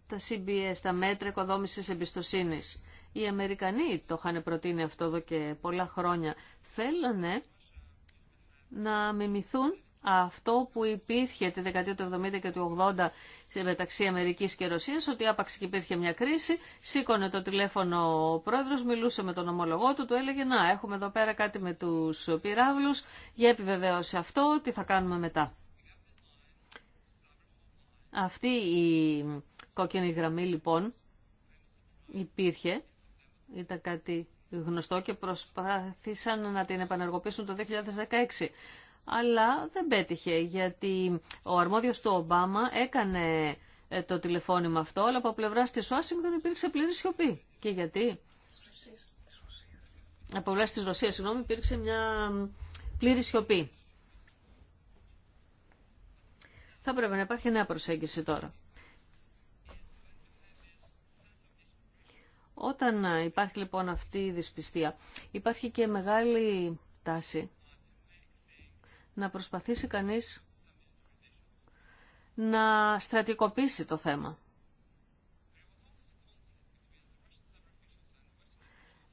Speaker 1: Τα CBS, τα μέτρα οικοδόμησης εμπιστοσύνης. Οι Αμερικανοί το είχαν προτείνει αυτό εδώ και πολλά χρόνια. Θέλανε να μιμηθούν αυτό που υπήρχε τη δεκαετία του 70 και του 80 μεταξύ Αμερικής και Ρωσίας, ότι άπαξ και υπήρχε μια κρίση, σήκωνε το τηλέφωνο ο πρόεδρος, μιλούσε με τον ομολογό του, του έλεγε να έχουμε εδώ πέρα κάτι με τους πυράβλους, για επιβεβαίωση αυτό, τι θα κάνουμε μετά. Αυτή η κόκκινη γραμμή λοιπόν υπήρχε ήταν κάτι γνωστό και προσπάθησαν να την επανεργοποιήσουν το 2016. Αλλά δεν πέτυχε γιατί ο αρμόδιος του Ομπάμα έκανε ε, το τηλεφώνημα αυτό, αλλά από πλευρά τη Ουάσιγκτον υπήρξε πλήρη σιωπή. Και γιατί? Από πλευρά τη Ρωσία, συγγνώμη, υπήρξε μια πλήρη σιωπή. Θα πρέπει να υπάρχει νέα προσέγγιση τώρα. Όταν ε, υπάρχει λοιπόν αυτή η δυσπιστία, υπάρχει και μεγάλη τάση να προσπαθήσει κανείς να στρατικοποιήσει το θέμα.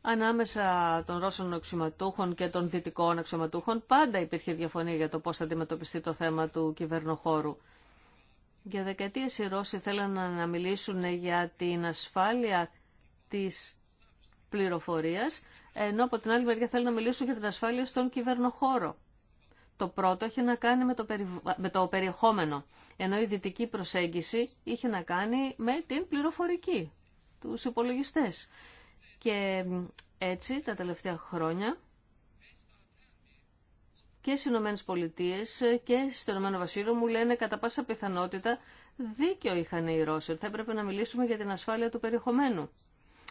Speaker 1: Ανάμεσα των Ρώσων αξιωματούχων και των Δυτικών αξιωματούχων πάντα υπήρχε διαφωνία για το πώς θα αντιμετωπιστεί το θέμα του κυβερνοχώρου. Για δεκαετίες οι Ρώσοι θέλαν να μιλήσουν για την ασφάλεια της πληροφορίας, ενώ από την άλλη μεριά θέλω να μιλήσω για την ασφάλεια στον κυβερνοχώρο. Το πρώτο έχει να κάνει με το, με το περιεχόμενο, ενώ η δυτική προσέγγιση είχε να κάνει με την πληροφορική, τους υπολογιστές. Και έτσι τα τελευταία χρόνια και στι Ηνωμένε Πολιτείε ε, και στο Ηνωμένο Βασίλειο μου λένε κατά πάσα πιθανότητα δίκιο είχαν οι Ρώσοι. Θα έπρεπε να μιλήσουμε για την ασφάλεια του περιεχομένου.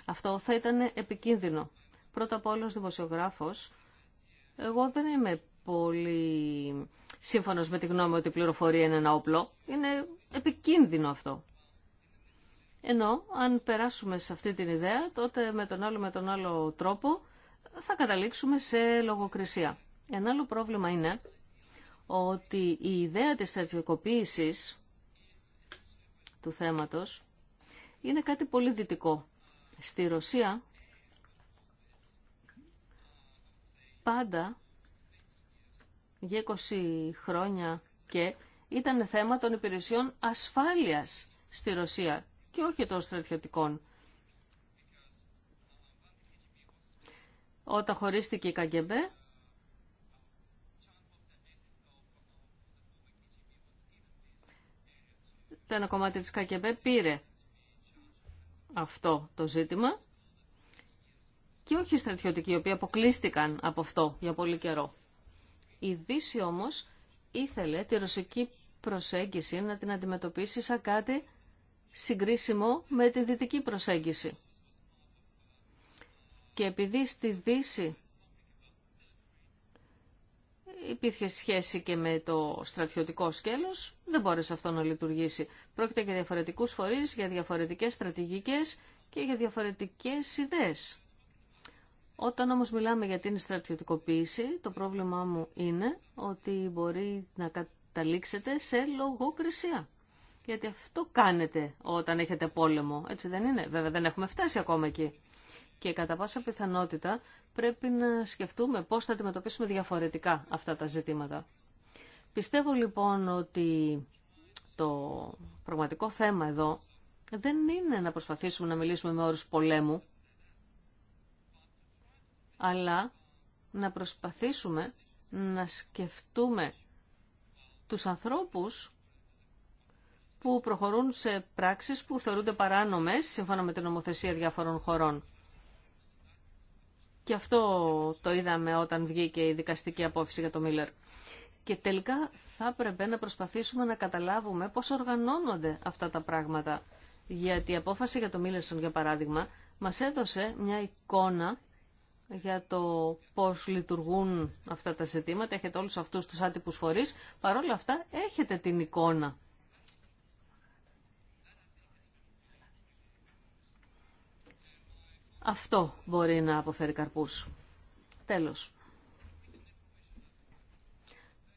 Speaker 1: Αυτό θα ήταν επικίνδυνο. Πρώτα απ' όλα ως δημοσιογράφος, εγώ δεν είμαι πολύ σύμφωνος με τη γνώμη ότι η πληροφορία είναι ένα όπλο. Είναι επικίνδυνο αυτό. Ενώ αν περάσουμε σε αυτή την ιδέα, τότε με τον άλλο με τον άλλο τρόπο θα καταλήξουμε σε λογοκρισία. Ένα άλλο πρόβλημα είναι ότι η ιδέα της στρατιωτικοποίησης του θέματος είναι κάτι πολύ δυτικό. Στη Ρωσία πάντα για 20 χρόνια και ήταν θέμα των υπηρεσιών ασφάλειας στη Ρωσία και όχι των στρατιωτικών. Όταν χωρίστηκε η Καγκεμπέ, το ένα κομμάτι της ΚΑΚΕΜΠΕ πήρε αυτό το ζήτημα και όχι οι στρατιωτικοί, οι οποίοι αποκλείστηκαν από αυτό για πολύ καιρό. Η Δύση όμως ήθελε τη ρωσική προσέγγιση να την αντιμετωπίσει σαν κάτι συγκρίσιμο με τη δυτική προσέγγιση. Και επειδή στη Δύση υπήρχε σχέση και με το στρατιωτικό σκέλος, δεν μπόρεσε αυτό να λειτουργήσει. Πρόκειται για διαφορετικούς φορείς, για διαφορετικές στρατηγικές και για διαφορετικές ιδέες. Όταν όμως μιλάμε για την στρατιωτικοποίηση, το πρόβλημά μου είναι ότι μπορεί να καταλήξετε σε λογοκρισία. Γιατί αυτό κάνετε όταν έχετε πόλεμο, έτσι δεν είναι. Βέβαια δεν έχουμε φτάσει ακόμα εκεί και κατά πάσα πιθανότητα πρέπει να σκεφτούμε πώς θα αντιμετωπίσουμε διαφορετικά αυτά τα ζητήματα. Πιστεύω λοιπόν ότι το πραγματικό θέμα εδώ δεν είναι να προσπαθήσουμε να μιλήσουμε με όρους πολέμου, αλλά να προσπαθήσουμε να σκεφτούμε τους ανθρώπους που προχωρούν σε πράξεις που θεωρούνται παράνομες σύμφωνα με την νομοθεσία διάφορων χωρών. Και αυτό το είδαμε όταν βγήκε η δικαστική απόφαση για το Μίλλερ. Και τελικά θα έπρεπε να προσπαθήσουμε να καταλάβουμε πώς οργανώνονται αυτά τα πράγματα. Γιατί η απόφαση για το Μίλλερσον, για παράδειγμα, μας έδωσε μια εικόνα για το πώς λειτουργούν αυτά τα ζητήματα. Έχετε όλους αυτούς τους άτυπους φορείς. Παρ' όλα αυτά έχετε την εικόνα Αυτό μπορεί να αποφέρει καρπούς. Τέλος.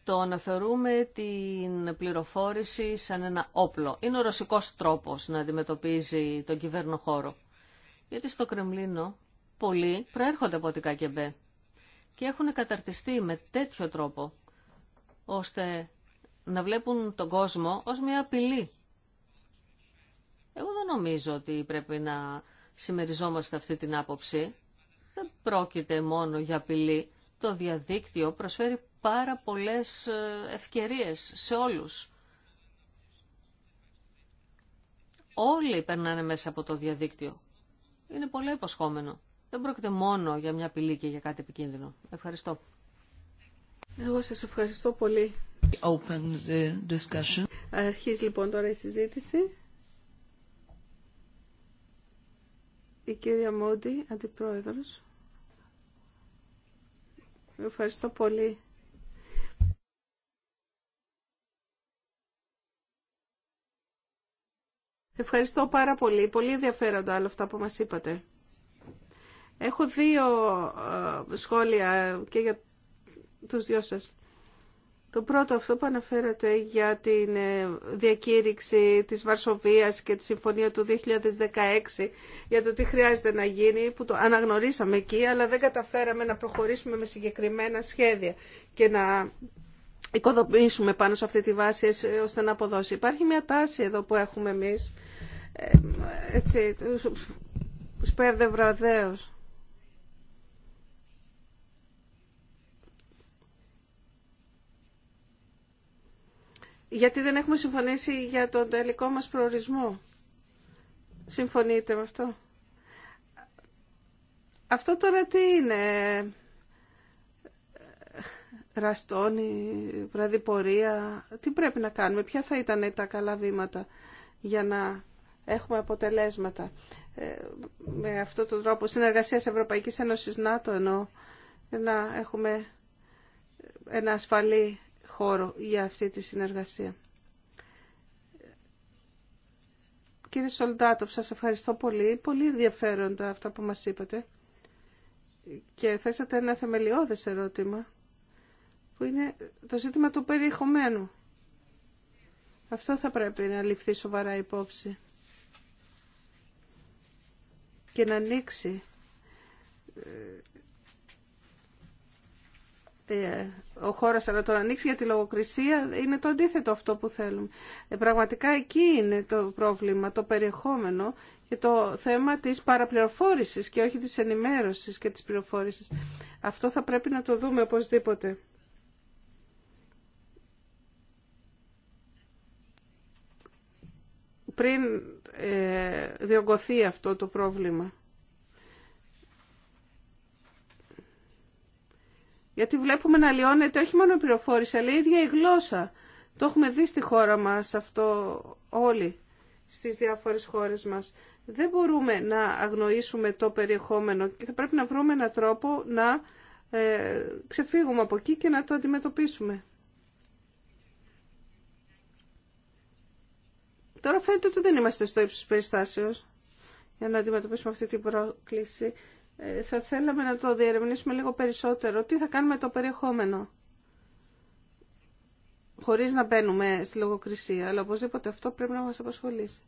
Speaker 1: Το να θεωρούμε την πληροφόρηση σαν ένα όπλο. Είναι ο ρωσικός τρόπος να αντιμετωπίζει τον κυβέρνο χώρο. Γιατί στο Κρεμλίνο πολλοί προέρχονται από την ΚΑΚΕΜΠΕ και έχουν καταρτιστεί με τέτοιο τρόπο ώστε να βλέπουν τον κόσμο ως μια απειλή. Εγώ δεν νομίζω ότι πρέπει να συμμεριζόμαστε αυτή την άποψη. Δεν πρόκειται μόνο για απειλή. Το διαδίκτυο προσφέρει πάρα πολλές ε, ευκαιρίες σε όλους. Όλοι περνάνε μέσα από το διαδίκτυο. Είναι πολύ υποσχόμενο. Δεν πρόκειται μόνο για μια απειλή και για κάτι επικίνδυνο. Ευχαριστώ.
Speaker 3: Εγώ σας ευχαριστώ πολύ. Αρχίζει λοιπόν τώρα η συζήτηση. η κυρία Μόντι, αντιπρόεδρος. Ευχαριστώ πολύ. Ευχαριστώ πάρα πολύ. Πολύ ενδιαφέροντα όλα αυτά που μας είπατε. Έχω δύο ε, σχόλια και για τους δυο σας. Το πρώτο αυτό που αναφέρατε για την ε, διακήρυξη της Βαρσοβίας και τη συμφωνία του 2016 για το τι χρειάζεται να γίνει, που το αναγνωρίσαμε εκεί, αλλά δεν καταφέραμε να προχωρήσουμε με συγκεκριμένα σχέδια και να οικοδομήσουμε πάνω σε αυτή τη βάση ε, ώστε να αποδώσει. Υπάρχει μια τάση εδώ που έχουμε εμείς, ε, έτσι, σπέρδευρα δέος. γιατί δεν έχουμε συμφωνήσει για τον τελικό μας προορισμό. Συμφωνείτε με αυτό. Αυτό τώρα τι είναι, ραστόνι, βραδιπορία, τι πρέπει να κάνουμε, ποια θα ήταν τα καλά βήματα για να έχουμε αποτελέσματα. Ε, με αυτό τον τρόπο συνεργασίας Ευρωπαϊκής Ένωσης ΝΑΤΟ εννοώ να έχουμε ένα ασφαλή χώρο για αυτή τη συνεργασία. Κύριε Σολντάτοφ, σας ευχαριστώ πολύ. Πολύ ενδιαφέροντα αυτά που μας είπατε. Και θέσατε ένα θεμελιώδες ερώτημα, που είναι το ζήτημα του περιεχομένου. Αυτό θα πρέπει να ληφθεί σοβαρά υπόψη και να ανοίξει ε, ε, ο χώρας να τον ανοίξει για τη λογοκρισία είναι το αντίθετο αυτό που θέλουμε. Ε, πραγματικά εκεί είναι το πρόβλημα, το περιεχόμενο και το θέμα της παραπληροφόρησης και όχι της ενημέρωσης και της πληροφόρησης. Αυτό θα πρέπει να το δούμε οπωσδήποτε. Πριν ε, αυτό το πρόβλημα. Γιατί βλέπουμε να λιώνεται όχι μόνο η πληροφόρηση, αλλά η ίδια η γλώσσα. Το έχουμε δει στη χώρα μας αυτό όλοι, στις διάφορες χώρες μας. Δεν μπορούμε να αγνοήσουμε το περιεχόμενο και θα πρέπει να βρούμε έναν τρόπο να ε, ξεφύγουμε από εκεί και να το αντιμετωπίσουμε. Τώρα φαίνεται ότι δεν είμαστε στο ύψος περιστάσεως για να αντιμετωπίσουμε αυτή την πρόκληση. Ε, θα θέλαμε να το διερευνήσουμε λίγο περισσότερο. Τι θα κάνουμε το περιεχόμενο. Χωρίς να μπαίνουμε στη λογοκρισία, αλλά οπωσδήποτε αυτό πρέπει να μας απασχολήσει.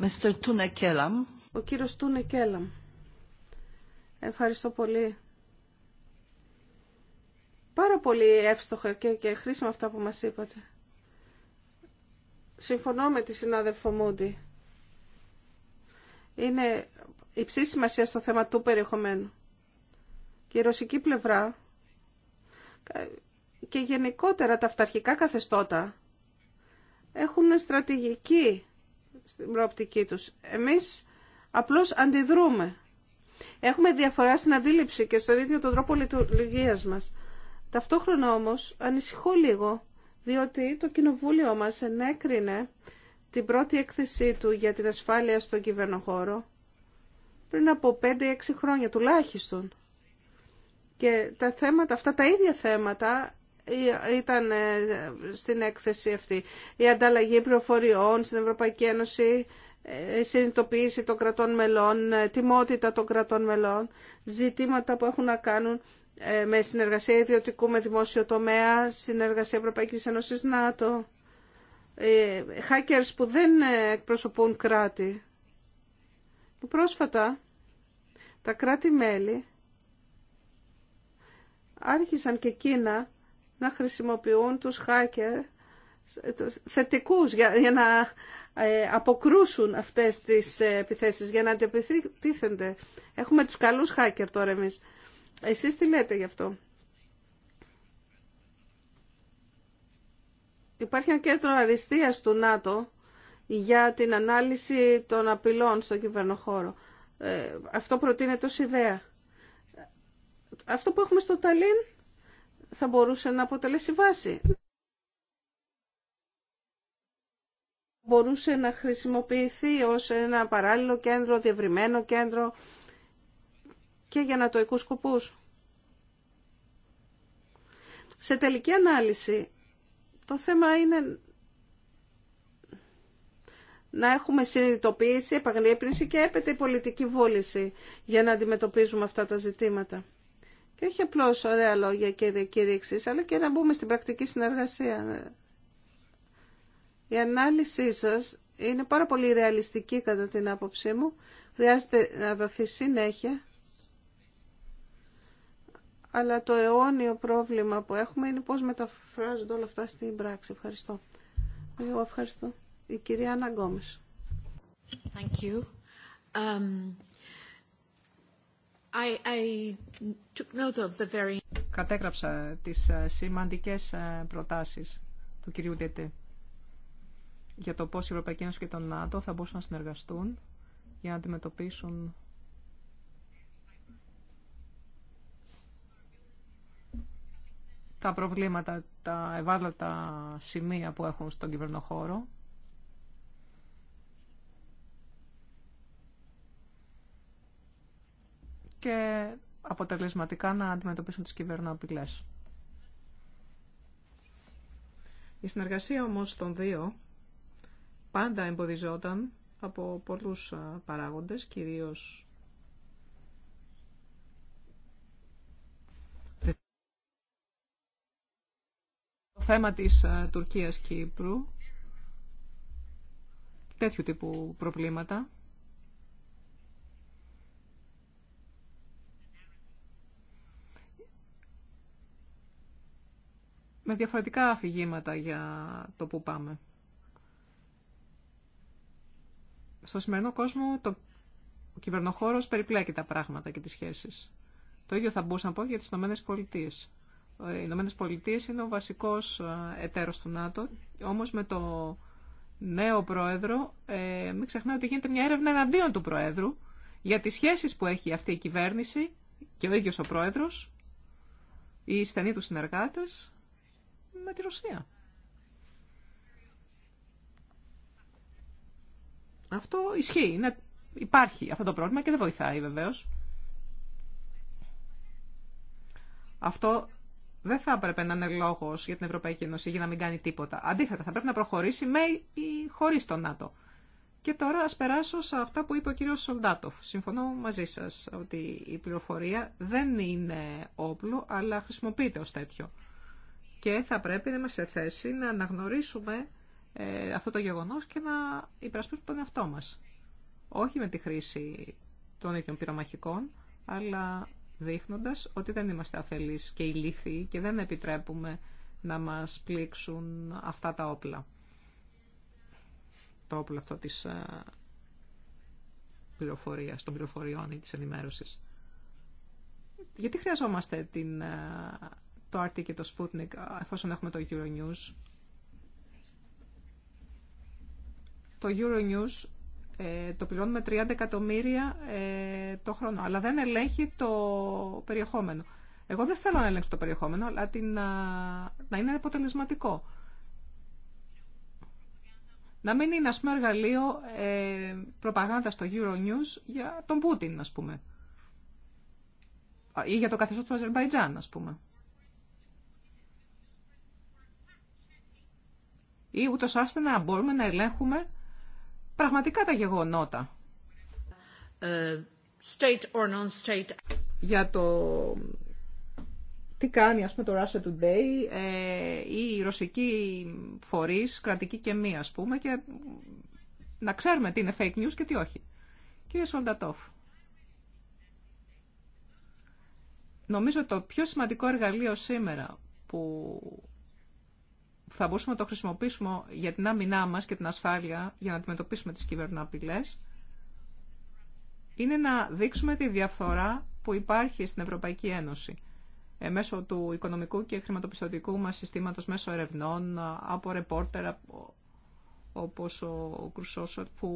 Speaker 3: Mr. Tune Ο κύριος Τούνε Κέλαμ. Ευχαριστώ πολύ. Πάρα πολύ εύστοχα και, και χρήσιμα αυτά που μας είπατε. Συμφωνώ με τη συνάδελφο Μούντι είναι υψή σημασία στο θέμα του περιεχομένου. Και η ρωσική πλευρά και γενικότερα τα αυταρχικά καθεστώτα έχουν στρατηγική στην προοπτική τους. Εμείς απλώς αντιδρούμε. Έχουμε διαφορά στην αντίληψη και στον ίδιο τον τρόπο λειτουργίας μας. Ταυτόχρονα όμως ανησυχώ λίγο, διότι το κοινοβούλιο μας ενέκρινε την πρώτη έκθεσή του για την ασφάλεια στον κυβερνοχώρο πριν από 5-6 χρόνια τουλάχιστον. Και τα θέματα, αυτά τα ίδια θέματα ε, ήταν ε, στην έκθεση αυτή. Η ανταλλαγή πληροφοριών στην Ευρωπαϊκή Ένωση, ε, η συνειδητοποίηση των κρατών μελών, τιμότητα των κρατών μελών, ζητήματα που έχουν να κάνουν με συνεργασία ιδιωτικού με δημόσιο τομέα, συνεργασία Ευρωπαϊκής Ένωσης ΝΑΤΟ. Ε, hackers που δεν ε, εκπροσωπούν κράτη. Πρόσφατα τα κράτη-μέλη άρχισαν και εκείνα να χρησιμοποιούν τους hacker ε, θετικούς για, να αποκρούσουν αυτές τις επιθέσεις, για να αντιπιθύνται. Έχουμε τους καλούς hacker τώρα εμείς. Εσείς τι λέτε γι' αυτό. Υπάρχει ένα κέντρο αριστείας του ΝΑΤΟ για την ανάλυση των απειλών στον κυβερνοχώρο. Ε, αυτό προτείνεται ως ιδέα. Αυτό που έχουμε στο Ταλίν θα μπορούσε να αποτελέσει βάση. Μπορούσε να χρησιμοποιηθεί ως ένα παράλληλο κέντρο, διευρυμένο κέντρο και για να το σκοπούς. Σε τελική ανάλυση, το θέμα είναι να έχουμε συνειδητοποίηση, επαγρύπνηση και έπεται η πολιτική βούληση για να αντιμετωπίζουμε αυτά τα ζητήματα. Και όχι απλώ ωραία λόγια και διακήρυξει, αλλά και να μπούμε στην πρακτική συνεργασία. Η ανάλυση σας είναι πάρα πολύ ρεαλιστική κατά την άποψή μου. Χρειάζεται να δοθεί συνέχεια αλλά το αιώνιο πρόβλημα που έχουμε είναι πώς μεταφράζονται όλα αυτά στην πράξη. Ευχαριστώ. Εγώ ευχαριστώ. Η κυρία Άννα Γκόμες. Thank you. Um, I, I took note of the very... Κατέγραψα τις
Speaker 2: ε, σημαντικές ε, προτάσεις του κυρίου ΔΕΤΕ για το πώς η Ευρωπαϊκή Ένωση και το ΝΑΤΟ θα μπορούσαν να συνεργαστούν για να αντιμετωπίσουν τα προβλήματα, τα ευάλωτα σημεία που έχουν στον κυβερνοχώρο. και αποτελεσματικά να αντιμετωπίσουν τις κυβερνοαπειλές. Η συνεργασία όμως των δύο πάντα εμποδιζόταν από πολλούς παράγοντες, κυρίως θέμα της ε, Τουρκίας-Κύπρου, τέτοιου τύπου προβλήματα. με διαφορετικά αφηγήματα για το που πάμε. Στο σημερινό κόσμο το... ο κυβερνοχώρος περιπλέκει τα πράγματα και τις σχέσεις. Το ίδιο θα μπορούσα να πω για τις Ηνωμένες Πολιτείες. Οι Ηνωμένε Πολιτείε είναι ο βασικός ε, εταίρος του ΝΑΤΟ, όμως με το νέο πρόεδρο, ε, μην ξεχνάω ότι γίνεται μια έρευνα εναντίον του πρόεδρου για τις σχέσεις που έχει αυτή η κυβέρνηση και ο ίδιος ο πρόεδρος, οι στενοί του συνεργάτε με τη Ρωσία. Αυτό ισχύει, υπάρχει αυτό το πρόβλημα και δεν βοηθάει βεβαίως. Αυτό δεν θα έπρεπε να είναι λόγο για την Ευρωπαϊκή Ένωση για να μην κάνει τίποτα. Αντίθετα, θα πρέπει να προχωρήσει με ή χωρί το ΝΑΤΟ. Και τώρα ας περάσω σε αυτά που είπε ο κύριος Σολντάτοφ. Συμφωνώ μαζί σας ότι η πληροφορία δεν είναι όπλο, αλλά χρησιμοποιείται ως τέτοιο. Και θα πρέπει να είμαστε σε θέση να αναγνωρίσουμε ε, αυτό το γεγονός και να υπερασπίσουμε τον εαυτό μας. Όχι με τη χρήση των ίδιων πυρομαχικών, αλλά δείχνοντας ότι δεν είμαστε αφελείς και ηλίθιοι και δεν επιτρέπουμε να μας πλήξουν αυτά τα όπλα. Το όπλο αυτό της ε, πληροφορίας, των πληροφοριών ή της ενημέρωσης. Γιατί χρειαζόμαστε την, ε, το RT και το Sputnik ε, εφόσον έχουμε το Euronews. Το Euronews ε, το πληρώνουμε 30 εκατομμύρια ε, το χρόνο, αλλά δεν ελέγχει το περιεχόμενο. Εγώ δεν θέλω να ελέγξω το περιεχόμενο, αλλά την, να είναι αποτελεσματικό. Να μην είναι, ας πούμε, εργαλείο ε, προπαγάνδα στο Euronews για τον Πούτιν, ας πούμε. Ή για το καθεστώς του Αζερμπαϊτζάν, ας πούμε. Ή ούτως ώστε να μπορούμε να ελέγχουμε πραγματικά τα γεγονότα. Ε, state or non-state. Για το τι κάνει ας πούμε το Russia Today ε, ή ρωσικη ρωσικοί κρατική και μία ας πούμε και να ξέρουμε τι είναι fake news και τι όχι. Κύριε Σολτατόφ, νομίζω το πιο σημαντικό εργαλείο σήμερα που θα μπορούσαμε να το χρησιμοποιήσουμε για την άμυνά μα και την ασφάλεια για να αντιμετωπίσουμε τις κυβερνοαπειλέ, είναι να δείξουμε τη διαφθορά που υπάρχει στην Ευρωπαϊκή Ένωση ε, μέσω του οικονομικού και χρηματοπιστωτικού μας συστήματος, μέσω ερευνών, από ρεπόρτερ όπως ο Κρουσόσορ που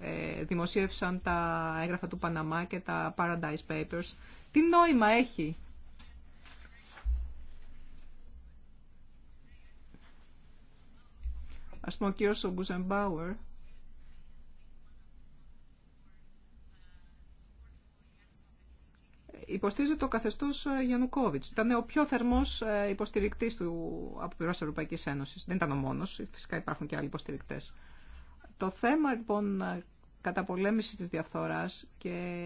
Speaker 2: ε, δημοσίευσαν τα έγγραφα του Παναμά και τα Paradise Papers. Τι νόημα έχει Ας πούμε ο κύριος Μπουζεμπάουερ υποστήριζε το καθεστώς ε, Γιανουκόβιτς. Ήταν ο πιο θερμός ε, υποστηρικτής του από πλευράς Ευρωπαϊκή Ένωσης. Δεν ήταν ο μόνος, φυσικά υπάρχουν και άλλοι υποστηρικτές. Το θέμα λοιπόν ε, καταπολέμησης της διαφθοράς και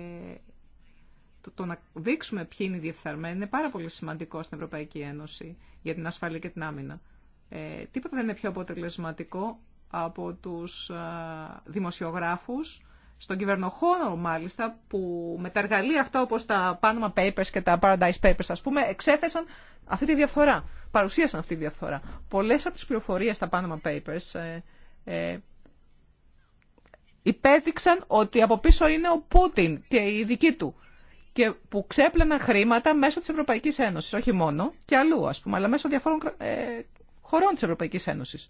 Speaker 2: το, το να δείξουμε ποιοι είναι οι διεφθαρμένοι είναι πάρα πολύ σημαντικό στην Ευρωπαϊκή Ένωση για την ασφάλεια και την άμυνα. Ε, τίποτα δεν είναι πιο αποτελεσματικό από τους ε, δημοσιογράφους, στον κυβερνοχώρο μάλιστα, που με τα εργαλεία αυτά όπως τα Panama Papers και τα Paradise Papers ας πούμε, εξέθεσαν αυτή τη διαφθορά, παρουσίασαν αυτή τη διαφθορά. Πολλές από τις πληροφορίες στα Panama Papers ε, ε, υπέδειξαν ότι από πίσω είναι ο Πούτιν και η δική του και που ξέπλαιναν χρήματα μέσω της Ευρωπαϊκής Ένωσης, όχι μόνο, και αλλού ας πούμε, αλλά μέσω διαφόρων ε, χωρών της Ευρωπαϊκής Ένωσης.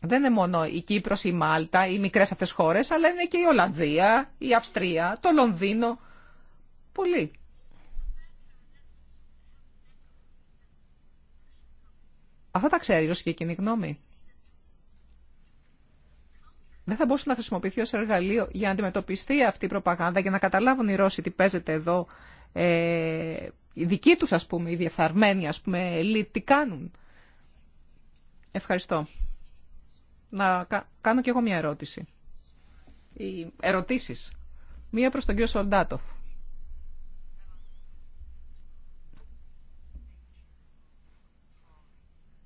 Speaker 2: Δεν είναι μόνο η Κύπρος, η Μάλτα, οι μικρές αυτές χώρες, αλλά είναι και η Ολλανδία, η Αυστρία, το Λονδίνο. Πολύ. Αυτά τα ξέρει η ρωσική κοινή γνώμη. Δεν θα μπορούσε να χρησιμοποιηθεί ως εργαλείο για να αντιμετωπιστεί αυτή η προπαγάνδα, για να καταλάβουν οι Ρώσοι τι παίζεται εδώ, ε, οι δικοί τους ας πούμε, οι διεφθαρμένοι ας πούμε, elite, τι κάνουν. Ευχαριστώ. Να κάνω και εγώ μια ερώτηση. Οι ερωτήσεις. Μία προς τον κύριο Σολντάτοφ.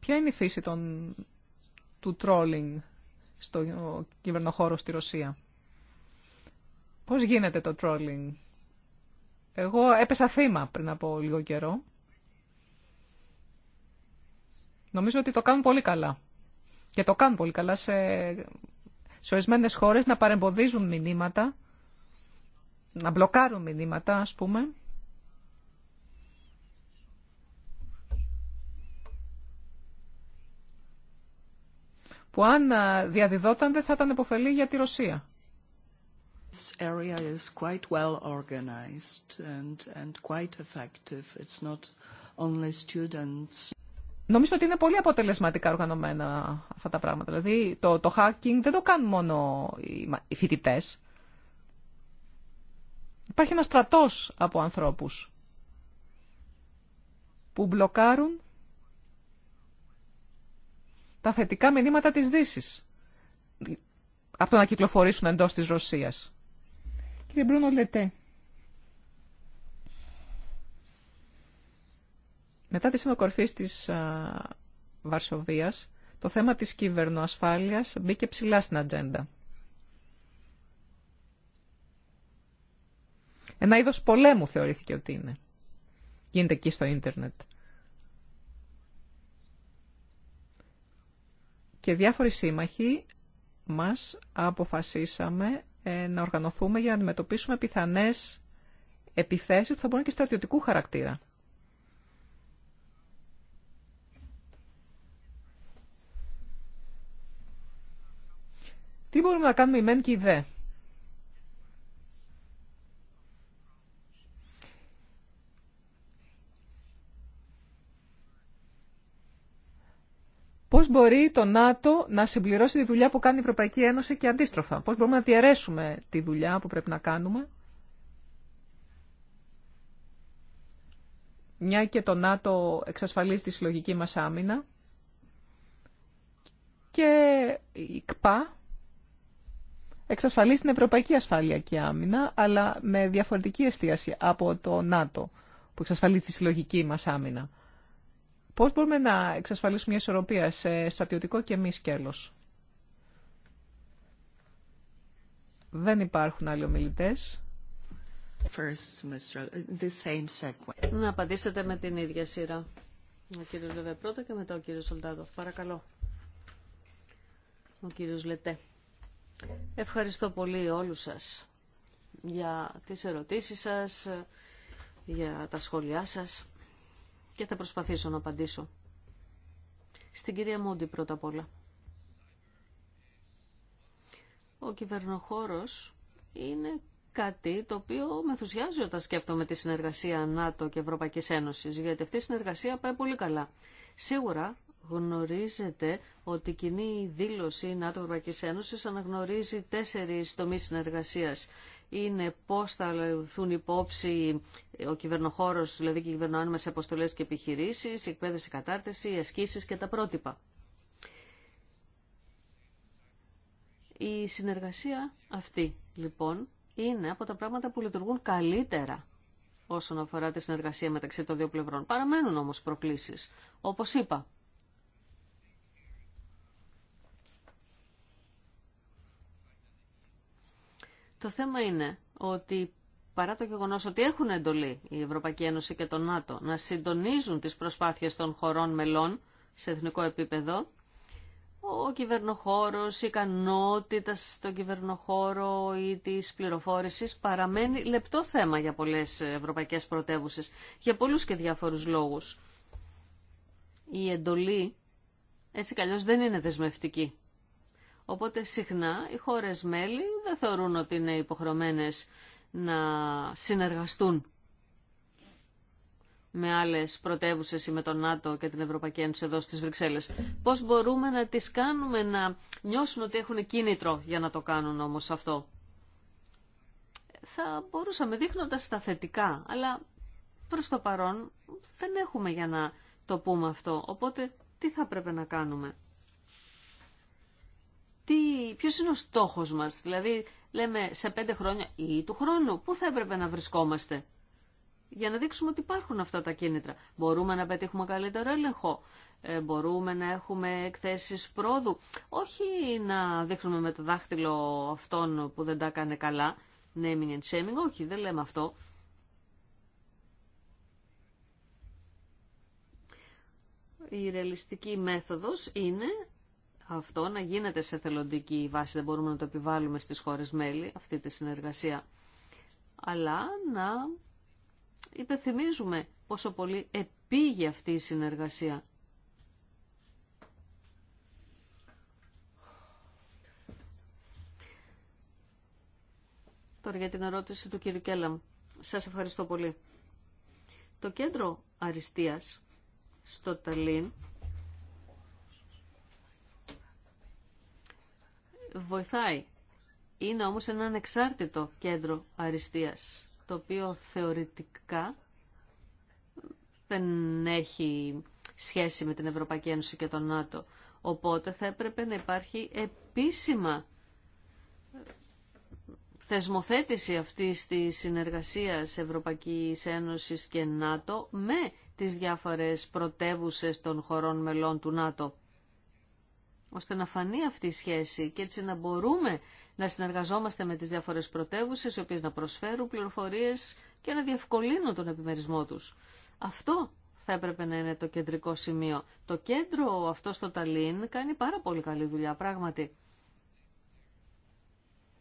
Speaker 2: Ποια είναι η φύση των, του τρόλινγκ στο κυβερνοχώρο στη Ρωσία. Πώς γίνεται το τρόλινγκ εγώ έπεσα θύμα πριν από λίγο καιρό. Νομίζω ότι το κάνουν πολύ καλά. Και το κάνουν πολύ καλά σε, σε ορισμένε χώρες να παρεμποδίζουν μηνύματα, να μπλοκάρουν μηνύματα, ας πούμε. Που αν διαδιδόταν δεν θα ήταν επωφελή για τη Ρωσία. This area is quite well organized and, quite effective. It's not only students. Νομίζω ότι είναι πολύ αποτελεσματικά οργανωμένα αυτά τα πράγματα. Δηλαδή το, το hacking δεν το κάνουν μόνο οι, οι φοιτητέ. Υπάρχει ένα στρατό από ανθρώπους που μπλοκάρουν τα θετικά μηνύματα της δύση από το να κυκλοφορήσουν εντός της Ρωσίας. Μπρούνο Λετέ. Μετά τη συνοκορφή της Βαρσοβίας, το θέμα της κυβερνοασφάλειας μπήκε ψηλά στην ατζέντα. Ένα είδος πολέμου θεωρήθηκε ότι είναι. Γίνεται εκεί στο ίντερνετ. Και διάφοροι σύμμαχοι μας αποφασίσαμε ε, να οργανωθούμε για να αντιμετωπίσουμε πιθανές επιθέσεις που θα μπορούν και στρατιωτικού χαρακτήρα. Τι μπορούμε να κάνουμε η μεν και η δε μπορεί το ΝΑΤΟ να συμπληρώσει τη δουλειά που κάνει η Ευρωπαϊκή Ένωση και αντίστροφα. Πώς μπορούμε να διαιρέσουμε τη δουλειά που πρέπει να κάνουμε. Μια και το ΝΑΤΟ εξασφαλίζει τη συλλογική μας άμυνα. Και η ΚΠΑ εξασφαλίζει την ευρωπαϊκή ασφάλεια και άμυνα, αλλά με διαφορετική εστίαση από το ΝΑΤΟ που εξασφαλίζει τη συλλογική μας άμυνα. Πώς μπορούμε να εξασφαλίσουμε μια ισορροπία σε στρατιωτικό και μη σκέλος. Δεν υπάρχουν άλλοι ομιλητές.
Speaker 1: να απαντήσετε με την ίδια σειρά. Ο κύριος Λεβέ πρώτα και μετά ο κύριος Σολτάδο. Παρακαλώ. Ο κύριος Λετέ. Ευχαριστώ πολύ όλους σας για τις ερωτήσεις σας, για τα σχόλιά σας και θα προσπαθήσω να απαντήσω. Στην κυρία Μούντι πρώτα απ' όλα. Ο κυβερνοχώρος είναι κάτι το οποίο με ενθουσιάζει όταν σκέφτομαι τη συνεργασία ΝΑΤΟ και Ευρωπαϊκής Ένωσης, γιατί αυτή η συνεργασία πάει πολύ καλά. Σίγουρα γνωρίζετε ότι η κοινή δήλωση ΝΑΤΟ Ευρωπαϊκής Ένωσης αναγνωρίζει τέσσερις τομείς συνεργασίας είναι πώς θα η υπόψη ο κυβερνοχώρος, δηλαδή και οι σε αποστολές και επιχειρήσεις, η εκπαίδευση, κατάρτιση, οι ασκήσεις και τα πρότυπα. Η συνεργασία αυτή, λοιπόν, είναι από τα πράγματα που λειτουργούν καλύτερα όσον αφορά τη συνεργασία μεταξύ των δύο πλευρών. Παραμένουν όμως προκλήσεις. Όπως είπα, Το θέμα είναι ότι παρά το γεγονό ότι έχουν εντολή η Ευρωπαϊκή Ένωση και το ΝΑΤΟ να συντονίζουν τις προσπάθειες των χωρών μελών σε εθνικό επίπεδο, ο κυβερνοχώρος, η ικανότητα στον κυβερνοχώρο ή της πληροφόρησης παραμένει λεπτό θέμα για πολλές ευρωπαϊκές πρωτεύουσες, για πολλούς και διάφορους λόγους. Η της πληροφορηση παραμενει λεπτο θεμα για πολλες ευρωπαικες πρωτευουσες για πολλους και διαφορου λογους η εντολη ετσι κι δεν είναι δεσμευτική. Οπότε συχνά οι χώρες μέλη δεν θεωρούν ότι είναι υποχρεωμένες να συνεργαστούν με άλλες πρωτεύουσες ή με τον ΝΑΤΟ και την Ευρωπαϊκή Ένωση εδώ στις Βρυξέλλες. Πώς μπορούμε να τις κάνουμε να νιώσουν ότι έχουν κίνητρο για να το κάνουν όμως αυτό. Θα μπορούσαμε δείχνοντας τα θετικά, αλλά προς το παρόν δεν έχουμε για να το πούμε αυτό. Οπότε τι θα πρέπει να κάνουμε τι, ποιος είναι ο στόχος μας. Δηλαδή, λέμε σε πέντε χρόνια ή του χρόνου, πού θα έπρεπε να βρισκόμαστε. Για να δείξουμε ότι υπάρχουν αυτά τα κίνητρα. Μπορούμε να πετύχουμε καλύτερο έλεγχο. Ε, μπορούμε να έχουμε εκθέσεις πρόδου. Όχι να δείχνουμε με το δάχτυλο αυτόν που δεν τα έκανε καλά. Naming and shaming. Όχι, δεν λέμε αυτό. Η ρεαλιστική μέθοδος είναι αυτό να γίνεται σε θελοντική βάση. Δεν μπορούμε να το επιβάλλουμε στις χώρες μέλη αυτή τη συνεργασία. Αλλά να υπενθυμίζουμε πόσο πολύ επήγε αυτή η συνεργασία. Τώρα για την ερώτηση του κύριου Κέλαμ. Σας ευχαριστώ πολύ. Το κέντρο αριστείας στο Ταλίν βοηθάει. Είναι όμως ένα ανεξάρτητο κέντρο αριστείας, το οποίο θεωρητικά δεν έχει σχέση με την Ευρωπαϊκή Ένωση και τον ΝΑΤΟ. Οπότε θα έπρεπε να υπάρχει επίσημα θεσμοθέτηση αυτής της συνεργασίας Ευρωπαϊκής Ένωσης και ΝΑΤΟ με τις διάφορες πρωτεύουσες των χωρών μελών του ΝΑΤΟ ώστε να φανεί αυτή η σχέση και έτσι να μπορούμε να συνεργαζόμαστε με τις διάφορες πρωτεύουσες, οι οποίες να προσφέρουν πληροφορίες και να διευκολύνουν τον επιμερισμό τους. Αυτό θα έπρεπε να είναι το κεντρικό σημείο. Το κέντρο αυτό στο Ταλίν κάνει πάρα πολύ καλή δουλειά, πράγματι.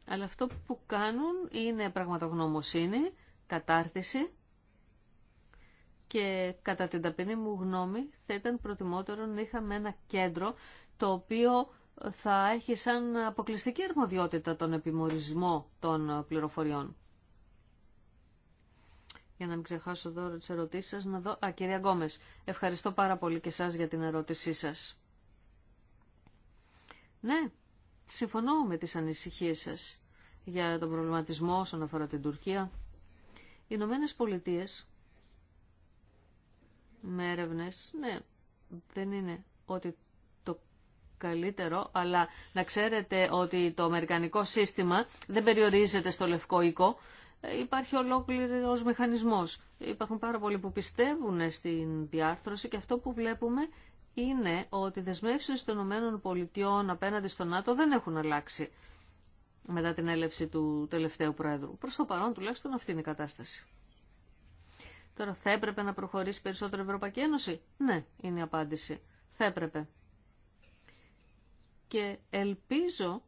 Speaker 1: Αλλά αυτό που κάνουν είναι πραγματογνωμοσύνη, κατάρτιση και κατά την ταπεινή μου γνώμη θα ήταν προτιμότερο να είχαμε ένα κέντρο το οποίο θα έχει σαν αποκλειστική αρμοδιότητα τον επιμορισμό των πληροφοριών. Για να μην ξεχάσω τώρα τις ερωτήσεις σας, να δω... Α, κυρία Γκόμες, ευχαριστώ πάρα πολύ και σας για την ερώτησή σας. Ναι, συμφωνώ με τις ανησυχίες σας για τον προβληματισμό όσον αφορά την Τουρκία. Οι Ηνωμένε Πολιτείε με έρευνε, ναι, δεν είναι ότι καλύτερο, αλλά να ξέρετε ότι το αμερικανικό σύστημα δεν περιορίζεται στο λευκό οίκο. Ε, υπάρχει ολόκληρος μηχανισμός. Υπάρχουν πάρα πολλοί που πιστεύουν στην διάρθρωση και αυτό που βλέπουμε είναι ότι οι δεσμεύσεις των ΗΠΑ απέναντι στο ΝΑΤΟ δεν έχουν αλλάξει μετά την έλευση του τελευταίου Πρόεδρου. Προς το παρόν τουλάχιστον αυτή είναι η κατάσταση. Τώρα θα έπρεπε να προχωρήσει περισσότερο η Ευρωπαϊκή Ένωση. Ναι, είναι η απάντηση. Θα έπρεπε και ελπίζω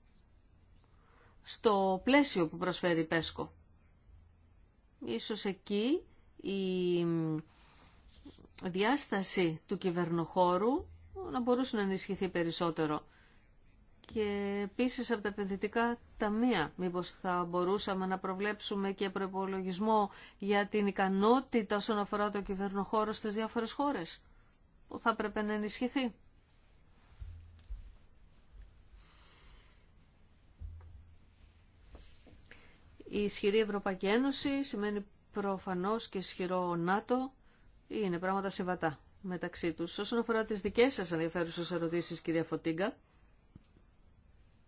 Speaker 1: στο πλαίσιο που προσφέρει η ΠΕΣΚΟ. Ίσως εκεί η διάσταση του κυβερνοχώρου να μπορούσε να ενισχυθεί περισσότερο. Και επίση από τα επενδυτικά ταμεία, μήπως θα μπορούσαμε να προβλέψουμε και προπολογισμό για την ικανότητα όσον αφορά το κυβερνοχώρο στις διάφορες χώρες, που θα πρέπει να ενισχυθεί. Η ισχυρή Ευρωπαϊκή Ένωση σημαίνει προφανώς και ισχυρό ΝΑΤΟ. Είναι πράγματα συμβατά μεταξύ τους. Όσον αφορά τις δικές σας ενδιαφέρουσες ερωτήσεις, κυρία Φωτίγκα,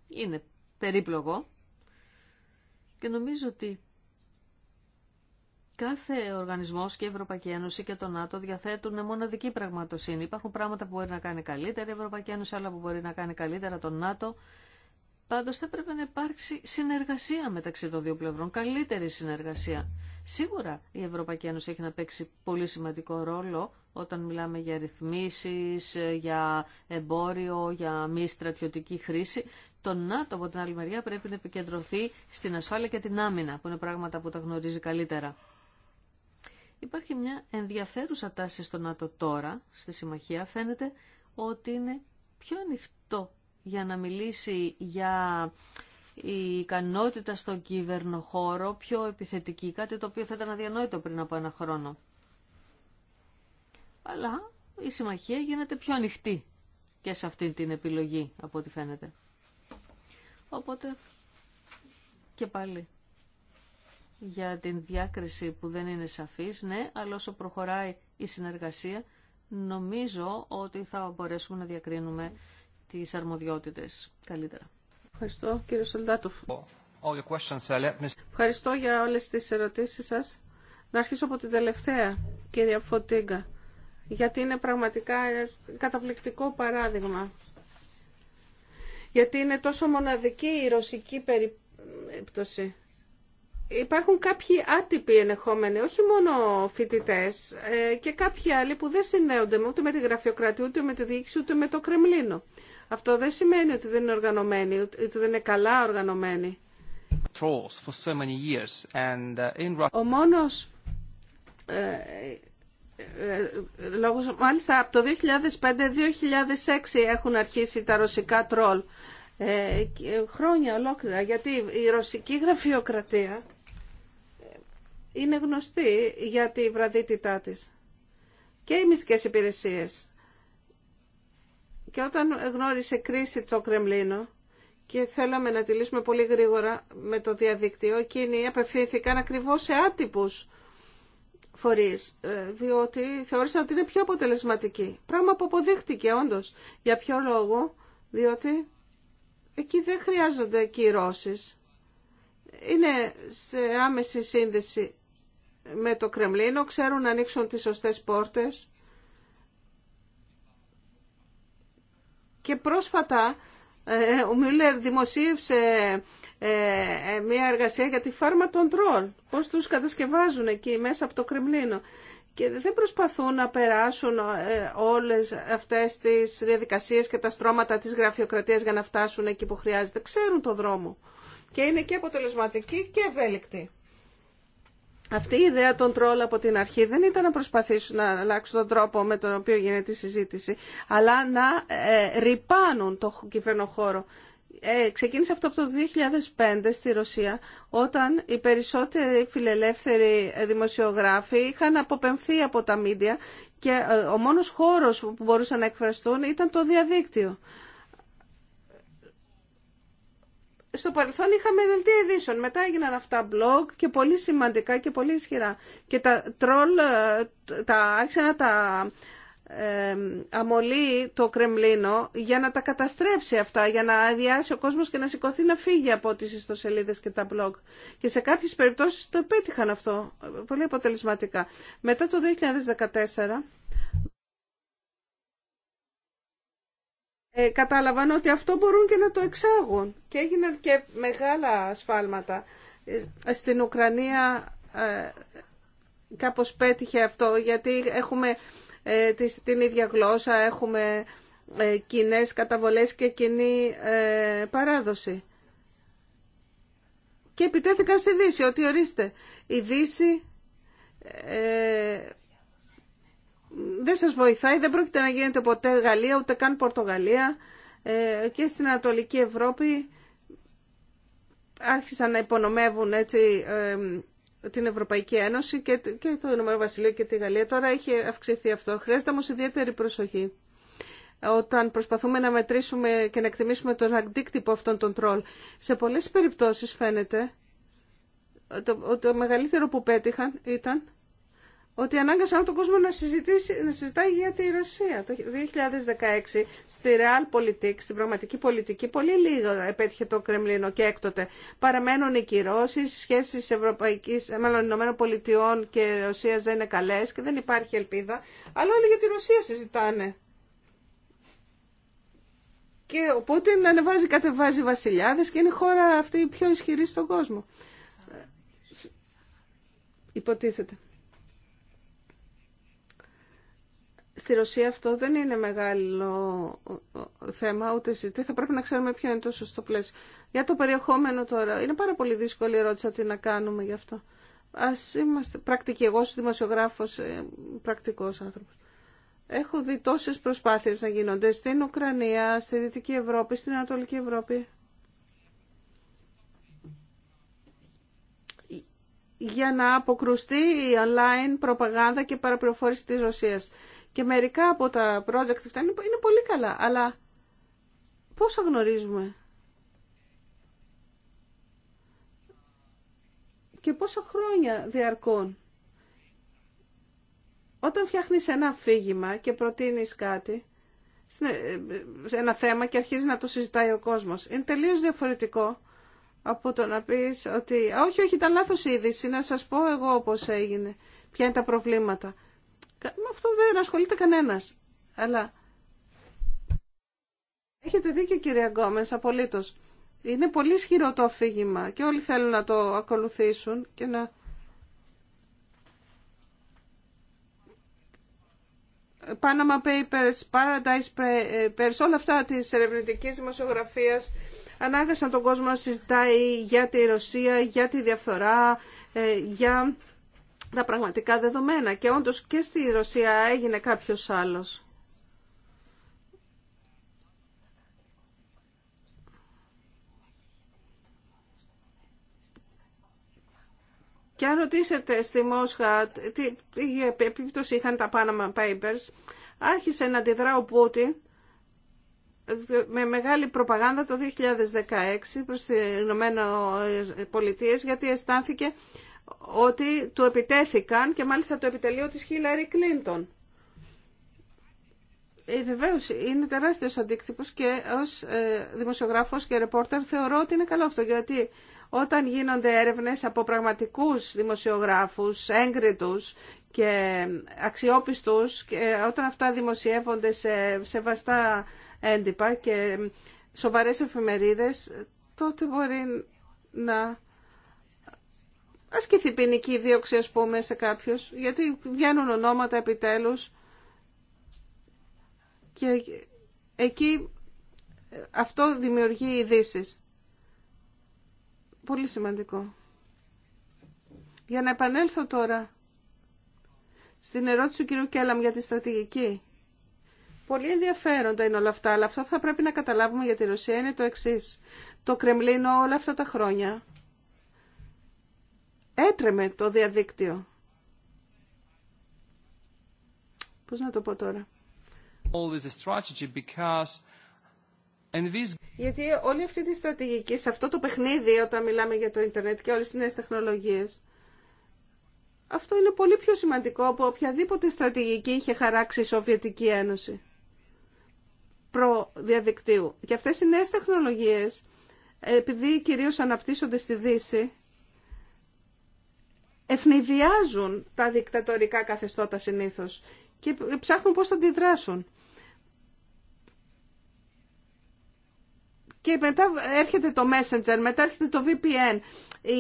Speaker 1: είναι περίπλογο και νομίζω ότι κάθε οργανισμό και η Ευρωπαϊκή Ένωση και το ΝΑΤΟ διαθέτουν μοναδική πραγματοσύνη. Υπάρχουν πράγματα που μπορεί να κάνει καλύτερα η Ευρωπαϊκή Ένωση, άλλα που μπορεί να κάνει καλύτερα το ΝΑΤΟ. Πάντως θα πρέπει να υπάρξει συνεργασία μεταξύ των δύο πλευρών, καλύτερη συνεργασία. Σίγουρα η Ευρωπαϊκή Ένωση έχει να παίξει πολύ σημαντικό ρόλο όταν μιλάμε για ρυθμίσεις, για εμπόριο, για μη στρατιωτική χρήση. Το ΝΑΤΟ από την άλλη μεριά πρέπει να επικεντρωθεί στην ασφάλεια και την άμυνα, που είναι πράγματα που τα γνωρίζει καλύτερα. Υπάρχει μια ενδιαφέρουσα τάση στο ΝΑΤΟ τώρα, στη Συμμαχία φαίνεται, ότι είναι πιο ανοιχτό για να μιλήσει για η ικανότητα στον κυβερνοχώρο πιο επιθετική, κάτι το οποίο θα ήταν αδιανόητο πριν από ένα χρόνο. Αλλά η συμμαχία γίνεται πιο ανοιχτή και σε αυτή την επιλογή, από ό,τι φαίνεται. Οπότε, και πάλι, για την διάκριση που δεν είναι σαφής, ναι, αλλά όσο προχωράει η συνεργασία, νομίζω ότι θα μπορέσουμε να διακρίνουμε τις αρμοδιότητες καλύτερα. Ευχαριστώ κύριε Σολτάτοφ. Ευχαριστώ για όλες τις ερωτήσεις
Speaker 3: σας. Να αρχίσω από την τελευταία, κυρία Φωτίγκα, γιατί είναι πραγματικά καταπληκτικό παράδειγμα. Γιατί είναι τόσο μοναδική η ρωσική περίπτωση. Υπάρχουν κάποιοι άτυποι ενεχόμενοι, όχι μόνο φοιτητέ, ε, και κάποιοι άλλοι που δεν συνδέονται ούτε με τη γραφειοκρατία, ούτε με τη διοίκηση, ούτε με το Κρεμλίνο. Αυτό δεν σημαίνει ότι δεν είναι οργανωμένοι, ότι δεν είναι καλά οργανωμένοι. Uh, Ο μόνος ε, ε, ε, λόγος, μάλιστα από το 2005-2006 έχουν αρχίσει τα ρωσικά τρόλ. Ε, χρόνια ολόκληρα, γιατί η ρωσική γραφειοκρατία ε, είναι γνωστή για τη βραδύτητά της και οι μυστικές υπηρεσίες και όταν γνώρισε κρίση το Κρεμλίνο και θέλαμε να τη λύσουμε πολύ γρήγορα με το διαδίκτυο, εκείνοι απευθύνθηκαν ακριβώς σε άτυπους φορείς, ε, διότι θεώρησαν ότι είναι πιο αποτελεσματικοί. Πράγμα που αποδείχτηκε όντως. Για ποιο λόγο, διότι εκεί δεν χρειάζονται κυρώσεις. Είναι σε άμεση σύνδεση με το Κρεμλίνο, ξέρουν να ανοίξουν τις σωστές πόρτες Και πρόσφατα ε, ο Μιούλερ δημοσίευσε ε, ε, μια εργασία για τη φάρμα των τρόλ, πώς τους κατασκευάζουν εκεί μέσα από το Κρεμλίνο. Και δεν προσπαθούν να περάσουν όλες αυτές τις διαδικασίες και τα στρώματα της γραφειοκρατίας για να φτάσουν εκεί που χρειάζεται. Ξέρουν το δρόμο. Και είναι και αποτελεσματικοί και ευέλικτοι. Αυτή η ιδέα των τρόλ από την αρχή δεν ήταν να προσπαθήσουν να αλλάξουν τον τρόπο με τον οποίο γίνεται η συζήτηση, αλλά να ε, ρυπάνουν το κυβερνοχώρο. Ε, ξεκίνησε αυτό από το 2005 στη Ρωσία, όταν οι περισσότεροι φιλελεύθεροι ε, δημοσιογράφοι είχαν αποπεμφθεί από τα μίντια και ε, ο μόνος χώρος που μπορούσαν να εκφραστούν ήταν το διαδίκτυο στο παρελθόν είχαμε δελτία ειδήσεων. Μετά έγιναν αυτά blog και πολύ σημαντικά και πολύ ισχυρά. Και τα τρόλ τα, να τα ε, αμολύει το Κρεμλίνο για να τα καταστρέψει αυτά, για να αδειάσει ο κόσμος και να σηκωθεί να φύγει από τις ιστοσελίδες και τα blog. Και σε κάποιες περιπτώσεις το επέτυχαν αυτό πολύ αποτελεσματικά. Μετά το 2014 ε, κατάλαβαν ότι αυτό μπορούν και να το εξάγουν. Και έγιναν και μεγάλα ασφάλματα. Ε, στην Ουκρανία ε, κάπως πέτυχε αυτό, γιατί έχουμε ε, την ίδια γλώσσα, έχουμε ε, κοινέ καταβολές και κοινή ε, παράδοση. Και επιτέθηκαν στη Δύση, ότι ορίστε, η Δύση δεν σας βοηθάει, δεν πρόκειται να γίνεται ποτέ Γαλλία, ούτε καν Πορτογαλία ε, και στην Ανατολική Ευρώπη άρχισαν να υπονομεύουν έτσι την Ευρωπαϊκή Ένωση και, το Ηνωμένο Βασιλείο και τη Γαλλία. Τώρα έχει αυξηθεί αυτό. Χρειάζεται όμως ιδιαίτερη προσοχή όταν προσπαθούμε να μετρήσουμε και να εκτιμήσουμε τον αντίκτυπο αυτών των τρόλ. Σε πολλές περιπτώσεις φαίνεται το, το μεγαλύτερο που πέτυχαν ήταν ότι ανάγκασαν όλο τον κόσμο να, συζητήσει, να συζητάει για τη Ρωσία. Το 2016 στη Realpolitik, στην πραγματική πολιτική, πολύ λίγο επέτυχε το Κρεμλίνο και έκτοτε. Παραμένουν οι κυρώσει, οι σχέσει μάλλον Ηνωμένων Πολιτειών και Ρωσία δεν είναι καλέ και δεν υπάρχει ελπίδα. Αλλά όλοι για τη Ρωσία συζητάνε. Και ο Πούτιν ανεβάζει, κατεβάζει βασιλιάδες και είναι η χώρα αυτή η πιο ισχυρή στον κόσμο. Υποτίθεται. Στη Ρωσία αυτό δεν είναι μεγάλο ε, θέμα, ούτε εσύ. Θα πρέπει να ξέρουμε ποιο είναι το σωστό πλαίσιο. Για το περιεχόμενο τώρα, είναι πάρα πολύ δύσκολη η ερώτηση τι να κάνουμε γι' αυτό. Α είμαστε πρακτικοί. Εγώ σου δημοσιογράφος, ε, πρακτικός άνθρωπος. Έχω δει τόσε προσπάθειες να γίνονται στην Ουκρανία, στη Δυτική Ευρώπη, στην Ανατολική Ευρώπη. για να αποκρουστεί η online προπαγάνδα και παραπληροφόρηση της Ρωσίας. Και μερικά από τα project αυτά είναι πολύ καλά, αλλά πόσα γνωρίζουμε. Και πόσα χρόνια διαρκούν. Όταν φτιάχνεις ένα αφήγημα και προτείνεις κάτι, ε, σε ένα θέμα και αρχίζει να το συζητάει ο κόσμος. Είναι τελείως διαφορετικό από το να πεις ότι όχι, όχι, ήταν λάθος η είδηση, να σας πω εγώ πώς έγινε, ποια είναι τα προβλήματα. Με αυτό δεν ασχολείται κανένας. Αλλά έχετε δίκιο κυρία Γκόμες, απολύτως. Είναι πολύ ισχυρό το αφήγημα και όλοι θέλουν να το ακολουθήσουν και να... Panama Papers, Paradise Papers, όλα αυτά της ερευνητικής δημοσιογραφία. ανάγκασαν τον κόσμο να συζητάει για τη Ρωσία, για τη διαφθορά, ε, για τα πραγματικά δεδομένα και όντως και στη Ρωσία έγινε κάποιος άλλος. Και αν ρωτήσετε στη Μόσχα τι, τι επίπτωση είχαν τα Panama Papers, άρχισε να αντιδρά ο Πούτιν με μεγάλη προπαγάνδα το 2016 προς τις Ηνωμένες Πολιτείες γιατί αισθάνθηκε ότι του επιτέθηκαν και μάλιστα το επιτελείο της Χίλαρη Κλίντον. Ε, Βεβαίω είναι τεράστιος αντίκτυπος και ως ε, δημοσιογράφος και ρεπόρτερ θεωρώ ότι είναι καλό αυτό γιατί όταν γίνονται έρευνες από πραγματικούς δημοσιογράφους, έγκριτους και αξιόπιστους και όταν αυτά δημοσιεύονται σε βαστά έντυπα και σοβαρές εφημερίδες, τότε μπορεί να ασκηθεί ποινική δίωξη ας πούμε σε κάποιους, γιατί βγαίνουν ονόματα επιτέλους και εκεί ε, αυτό δημιουργεί ειδήσει. Πολύ σημαντικό. Για να επανέλθω τώρα στην ερώτηση του κ. Κέλαμ για τη στρατηγική. Πολύ ενδιαφέροντα είναι όλα αυτά, αλλά αυτό που θα πρέπει να καταλάβουμε για τη Ρωσία είναι το εξής. Το Κρεμλίνο όλα αυτά τα χρόνια έτρεμε το διαδίκτυο. Πώς να το πω τώρα. Γιατί όλη αυτή τη στρατηγική, σε αυτό το παιχνίδι όταν μιλάμε για το ίντερνετ και όλες τις νέες τεχνολογίες, αυτό είναι πολύ πιο σημαντικό από οποιαδήποτε στρατηγική είχε χαράξει η Σοβιετική Ένωση προ διαδικτύου. Και αυτές οι νέες τεχνολογίες, επειδή κυρίως αναπτύσσονται στη Δύση, ευνηδιάζουν τα δικτατορικά καθεστώτα συνήθως και ψάχνουν πώς θα αντιδράσουν. Και μετά έρχεται το Messenger, μετά έρχεται το VPN. Ε,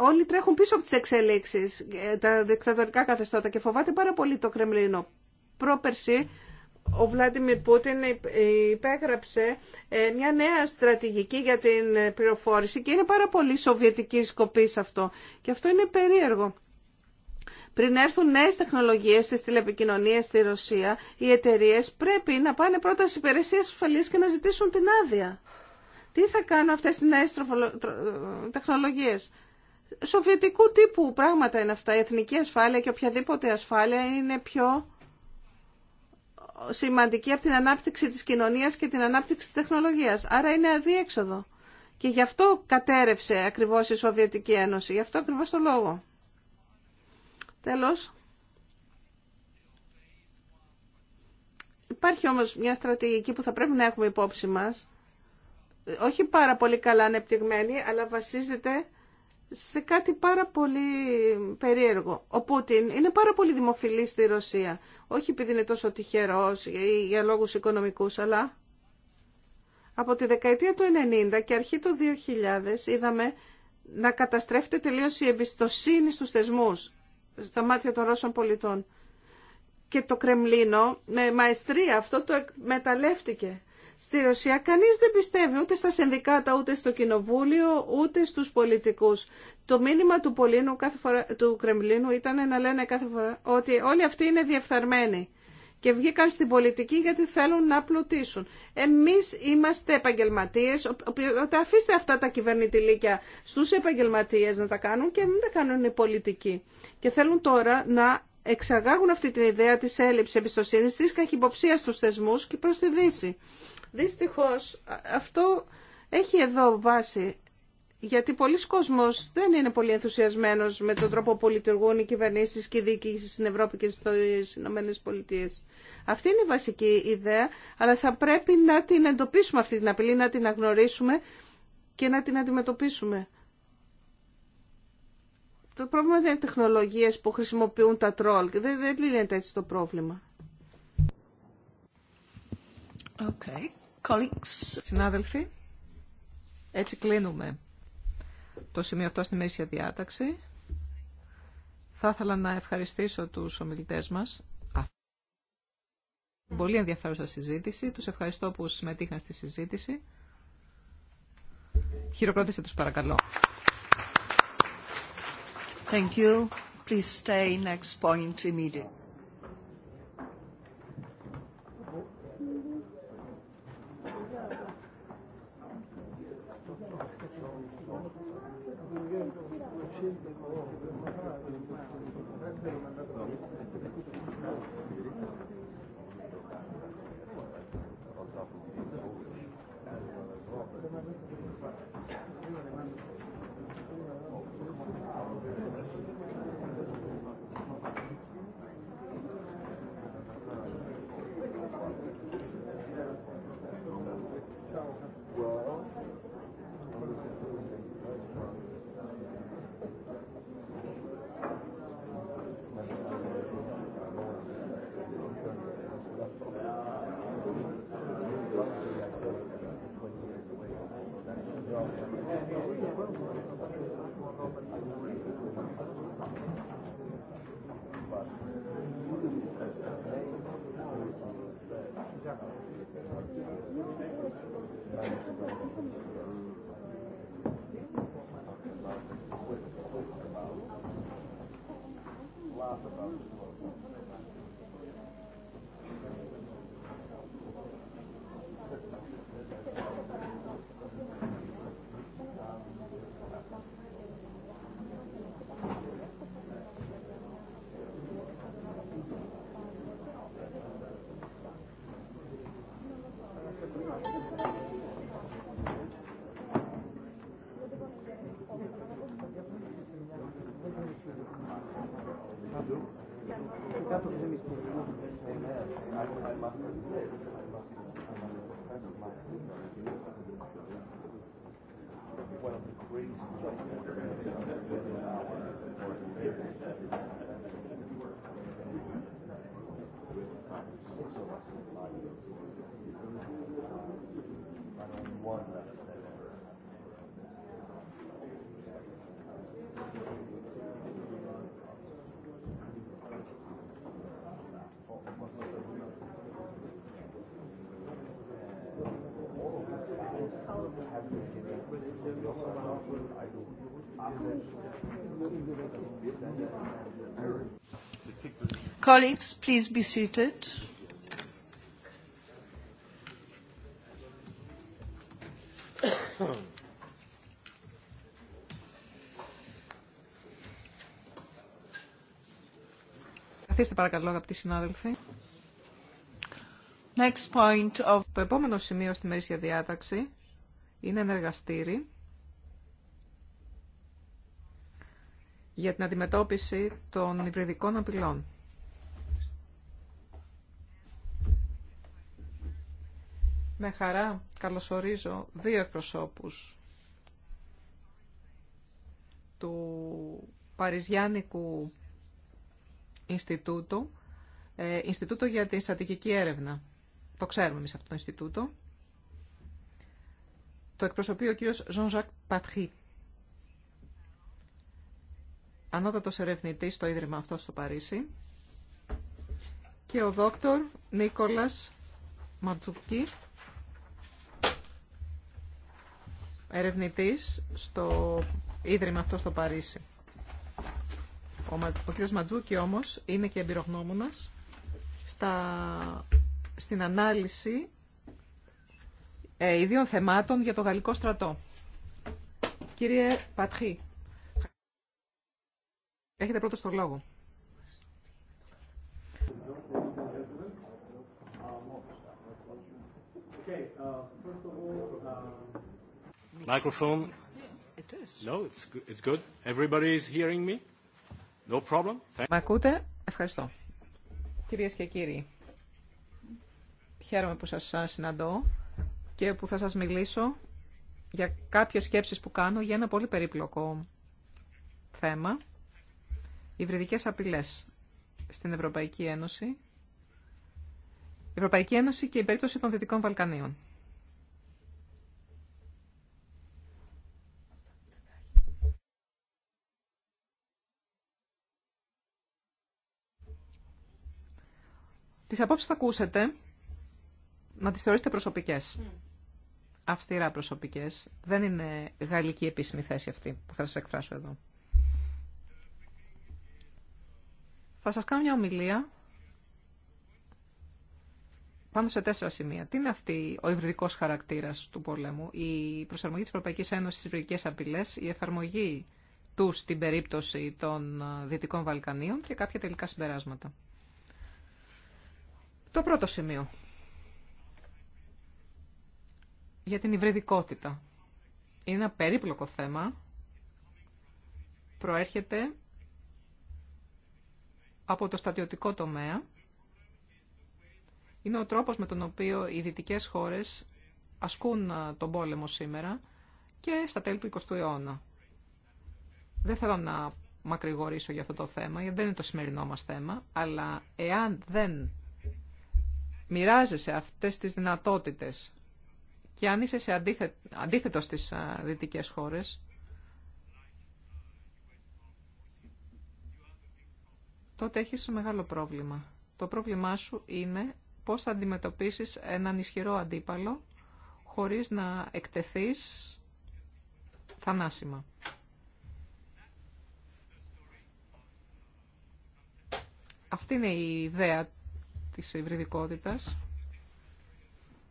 Speaker 3: όλοι τρέχουν πίσω από τις εξελίξεις, ε, τα δικτατορικά καθεστώτα και φοβάται πάρα πολύ το Κρεμλίνο. Πρόπερση ο Βλάντιμιρ Πούτιν υπέγραψε ε, μια νέα στρατηγική για την πληροφόρηση και είναι πάρα πολύ σοβιετική σκοπή αυτό. Και αυτό είναι περίεργο. Πριν έρθουν νέε τεχνολογίε στι τηλεπικοινωνίε στη Ρωσία, οι εταιρείε πρέπει να πάνε πρώτα στι υπηρεσίε ασφαλεία και να ζητήσουν την άδεια. Τι θα κάνουν αυτέ οι νέε τεχνολογίε. Σοβιετικού τύπου πράγματα είναι αυτά. Η εθνική ασφάλεια και οποιαδήποτε ασφάλεια είναι πιο σημαντική από την ανάπτυξη της κοινωνίας και την ανάπτυξη της τεχνολογίας. Άρα είναι αδίέξοδο. Και γι' αυτό κατέρευσε ακριβώς η Σοβιετική Ένωση. Γι' αυτό ακριβώς το λόγο. Τέλος. Υπάρχει όμως μια στρατηγική που θα πρέπει να έχουμε υπόψη μας. Όχι πάρα πολύ καλά ανεπτυγμένη, αλλά βασίζεται σε κάτι πάρα πολύ περίεργο. Ο Πούτιν είναι πάρα πολύ δημοφιλής στη Ρωσία. Όχι επειδή είναι τόσο τυχερός ή για λόγους οικονομικούς, αλλά από τη δεκαετία του 90 και αρχή του 2000 είδαμε να καταστρέφεται τελείως η εμπιστοσύνη στους θεσμούς στα μάτια των Ρώσων πολιτών. Και το Κρεμλίνο με μαεστρία αυτό το εκμεταλλεύτηκε. Στη Ρωσία κανείς δεν πιστεύει ούτε στα συνδικάτα, ούτε στο κοινοβούλιο, ούτε στους πολιτικούς. Το μήνυμα του, Πολύνου, κάθε φορά, του Κρεμλίνου ήταν να λένε κάθε φορά ότι όλοι αυτοί είναι διεφθαρμένοι και βγήκαν στην πολιτική γιατί θέλουν να πλουτίσουν. Εμείς είμαστε επαγγελματίες, ότι αφήστε αυτά τα κυβερνητηλίκια στους επαγγελματίες να τα κάνουν και μην τα κάνουν οι πολιτικοί. Και θέλουν τώρα να εξαγάγουν αυτή την ιδέα της έλλειψης εμπιστοσύνη, τη καχυποψία στους θεσμού και προ τη Δύση. Δυστυχώ, αυτό έχει εδώ βάση, γιατί πολλοί κόσμος δεν είναι πολύ ενθουσιασμένοι με τον τρόπο που λειτουργούν οι κυβερνήσει και οι διοικήσει στην Ευρώπη και στι ΗΠΑ. Αυτή είναι η βασική ιδέα, αλλά θα πρέπει να την εντοπίσουμε αυτή την απειλή, να την αγνωρίσουμε και να την αντιμετωπίσουμε. Το πρόβλημα δεν είναι τεχνολογίε που χρησιμοποιούν τα τρόλ. Δεν, δεν λύνεται έτσι το πρόβλημα. Okay. Colleagues. Συνάδελφοι,
Speaker 2: έτσι κλείνουμε το σημείο αυτό στη μέση διάταξη. Θα ήθελα να ευχαριστήσω τους ομιλητές μας. Πολύ ενδιαφέρουσα συζήτηση. Τους ευχαριστώ που συμμετείχαν στη συζήτηση.
Speaker 3: Χειροκρότησε τους παρακαλώ. Thank you. Please stay next point immediately.
Speaker 4: Thank you. Ναι. Ναι.
Speaker 3: Colleagues,
Speaker 2: Καθίστε παρακαλώ, αγαπητοί συνάδελφοι. Next point Το επόμενο σημείο στη μερίσια διάταξη είναι ένα για την αντιμετώπιση των υπηρετικών απειλών. Με χαρά καλωσορίζω δύο εκπροσώπους του Παριζιάνικου Ινστιτούτου, ε, Ινστιτούτο για την Στατικική Έρευνα. Το ξέρουμε εμείς αυτό το Ινστιτούτο. Το εκπροσωπεί ο κύριος Jean-Jacques ανώτατος ερευνητής στο Ίδρυμα αυτό στο Παρίσι και ο δόκτωρ Νίκολας Ματζουκή, ερευνητής στο ίδρυμα αυτό στο Παρίσι. Ο, ο κ. Ματζούκη όμως είναι και εμπειρογνώμονας στα, στην ανάλυση ε, ιδίων θεμάτων για το γαλλικό στρατό. Κύριε Πατχή, έχετε πρώτο το
Speaker 4: λόγο. Okay, uh, Microphone? ακούτε?
Speaker 2: Ευχαριστώ. Κυρίες και κύριοι, χαίρομαι που σας συναντώ και που θα σας μιλήσω για κάποιες σκέψεις που κάνω για ένα πολύ περίπλοκο θέμα. Υβριδικές απειλές στην Ευρωπαϊκή Ένωση. Η Ευρωπαϊκή Ένωση και η περίπτωση των Δυτικών Βαλκανίων. Τις απόψεις θα ακούσετε να τις θεωρήσετε προσωπικές. Mm. Αυστηρά προσωπικές. Δεν είναι γαλλική επίσημη θέση αυτή που θα σας εκφράσω εδώ. Θα σας κάνω μια ομιλία πάνω σε τέσσερα σημεία. Τι είναι αυτή ο υβριδικός χαρακτήρας του πολέμου, η προσαρμογή της Ευρωπαϊκής Ένωσης στις υβριδικές απειλές, η εφαρμογή του στην περίπτωση των ε, Δυτικών Βαλκανίων και κάποια τελικά συμπεράσματα. Το πρώτο σημείο. Για την υβριδικότητα. Είναι ένα περίπλοκο θέμα. Προέρχεται από το στατιωτικό τομέα. Είναι ο τρόπος με τον οποίο οι δυτικές χώρες ασκούν τον πόλεμο σήμερα και στα τέλη του 20ου αιώνα. Δεν θέλω να μακρηγορήσω για αυτό το θέμα, γιατί δεν είναι το σημερινό μας θέμα, αλλά εάν δεν μοιράζεσαι αυτές τις δυνατότητες και αν είσαι σε αντίθετο στις δυτικές χώρες, τότε έχεις μεγάλο πρόβλημα. Το πρόβλημά σου είναι πώς θα αντιμετωπίσεις έναν ισχυρό αντίπαλο χωρίς να εκτεθείς θανάσιμα. Αυτή είναι η ιδέα της υβριδικότητας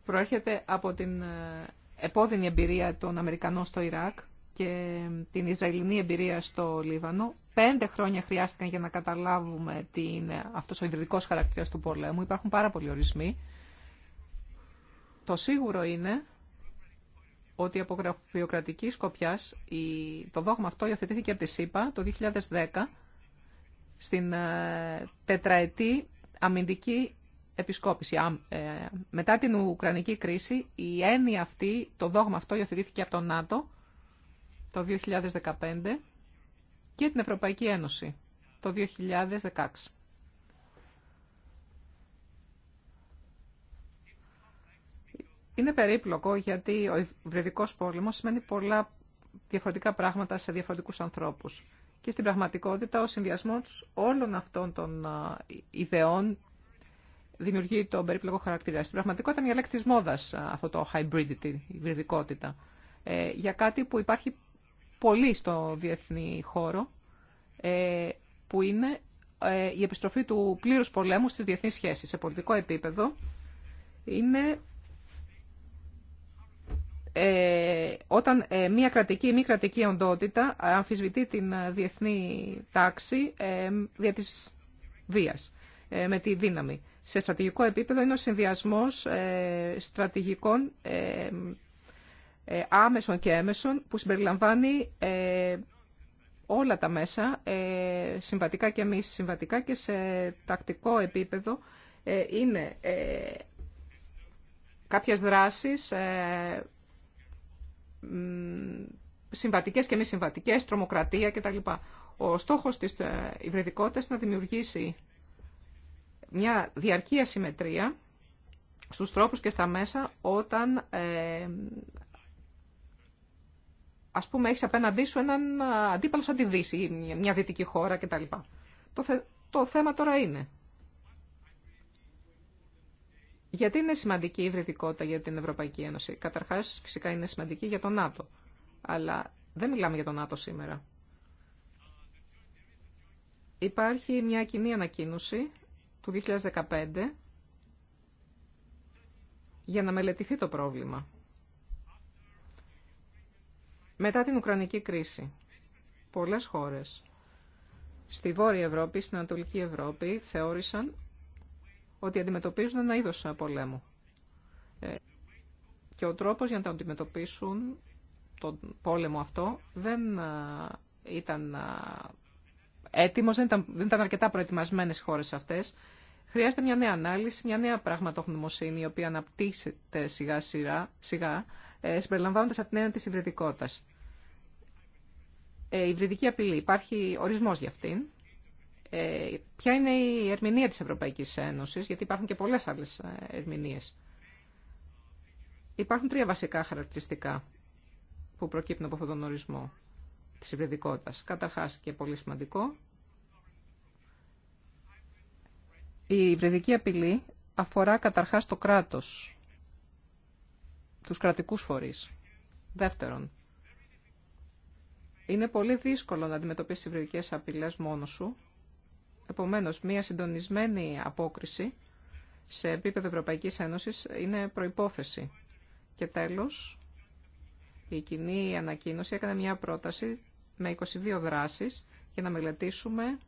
Speaker 2: προέρχεται από την ε, επώδυνη εμπειρία των Αμερικανών στο Ιράκ και ε, την Ισραηλινή εμπειρία στο Λίβανο. Πέντε χρόνια χρειάστηκαν για να καταλάβουμε είναι αυτός ο υβριδικός χαρακτήρας του πολέμου. Υπάρχουν πάρα πολλοί ορισμοί. Το σίγουρο είναι ότι από γραφειοκρατική σκοπιά το δόγμα αυτό υιοθετήθηκε από τη ΣΥΠΑ το 2010 στην ε, τετραετή αμυντική επισκόπηση. Ε, μετά την Ουκρανική κρίση, η έννοια αυτή, το δόγμα αυτό υιοθετήθηκε από το ΝΑΤΟ το 2015 και την Ευρωπαϊκή Ένωση το 2016. Είναι περίπλοκο γιατί ο Βρετικός πόλεμος σημαίνει πολλά διαφορετικά πράγματα σε διαφορετικούς ανθρώπους και στην πραγματικότητα ο συνδυασμός όλων αυτών των ιδεών δημιουργεί τον περίπλοκο χαρακτήρα. Στην πραγματικότητα μια λέξη μόδας αυτό το hybridity, η υβριδικότητα, ε, για κάτι που υπάρχει πολύ στο διεθνή χώρο, ε, που είναι ε, η επιστροφή του πλήρους πολέμου στις διεθνείς σχέσεις. Σε πολιτικό επίπεδο είναι ε, όταν ε, μία κρατική ή μη κρατική οντότητα αμφισβητεί την ε, διεθνή τάξη δια της βίας με τη δύναμη. Σε στρατηγικό επίπεδο είναι ο συνδυασμός στρατηγικών άμεσων και έμεσων που συμπεριλαμβάνει όλα τα μέσα, συμβατικά και μη συμβατικά και σε τακτικό επίπεδο είναι κάποιες δράσεις συμβατικές και μη συμβατικές, τρομοκρατία κτλ. Ο στόχος της ε, υβριδικότητας να δημιουργήσει μια διαρκή ασυμμετρία στους τρόπους και στα μέσα όταν ε, ας πούμε έχεις απέναντί σου έναν αντίπαλο σαν τη Δύση, μια δυτική χώρα κτλ. Το, θε, το θέμα τώρα είναι γιατί είναι σημαντική η υβριδικότητα για την Ευρωπαϊκή Ένωση. Καταρχάς, φυσικά είναι σημαντική για το ΝΑΤΟ. Αλλά δεν μιλάμε για το ΝΑΤΟ σήμερα. Υπάρχει μια κοινή ανακοίνωση του 2015 για να μελετηθεί το πρόβλημα. Μετά την Ουκρανική κρίση, πολλές χώρες στη Βόρεια Ευρώπη, στην Ανατολική Ευρώπη, θεώρησαν ότι αντιμετωπίζουν ένα είδος πολέμου. Ε, και ο τρόπος για να το αντιμετωπίσουν τον πόλεμο αυτό δεν ε, ήταν ε, έτοιμος, δεν ήταν, δεν ήταν αρκετά προετοιμασμένες οι χώρες αυτές. Χρειάζεται μια νέα ανάλυση, μια νέα πραγματογνωμοσύνη, η οποία αναπτύσσεται σιγά σιγά, ε, συμπεριλαμβάνοντας αυτήν την έννοια της υβριδικότητας. Ε, η υβριδική απειλή, υπάρχει ορισμός για αυτήν. Ε, ποια είναι η ερμηνεία της Ευρωπαϊκής Ένωσης, γιατί υπάρχουν και πολλές άλλες ε, ερμηνείες. Υπάρχουν τρία βασικά χαρακτηριστικά που προκύπτουν από αυτόν τον ορισμό της υβριδικότητας. Καταρχάς και πολύ σημαντικό, η υβριδική απειλή αφορά καταρχάς το κράτος, τους κρατικούς φορείς. Δεύτερον, είναι πολύ δύσκολο να αντιμετωπίσεις τι υβριδικές απειλές σου, Επομένως, μια συντονισμένη απόκριση σε επίπεδο Ευρωπαϊκής Ένωσης είναι προϋπόθεση. Και τέλος, η κοινή ανακοίνωση έκανε μια πρόταση με 22 δράσεις για να μελετήσουμε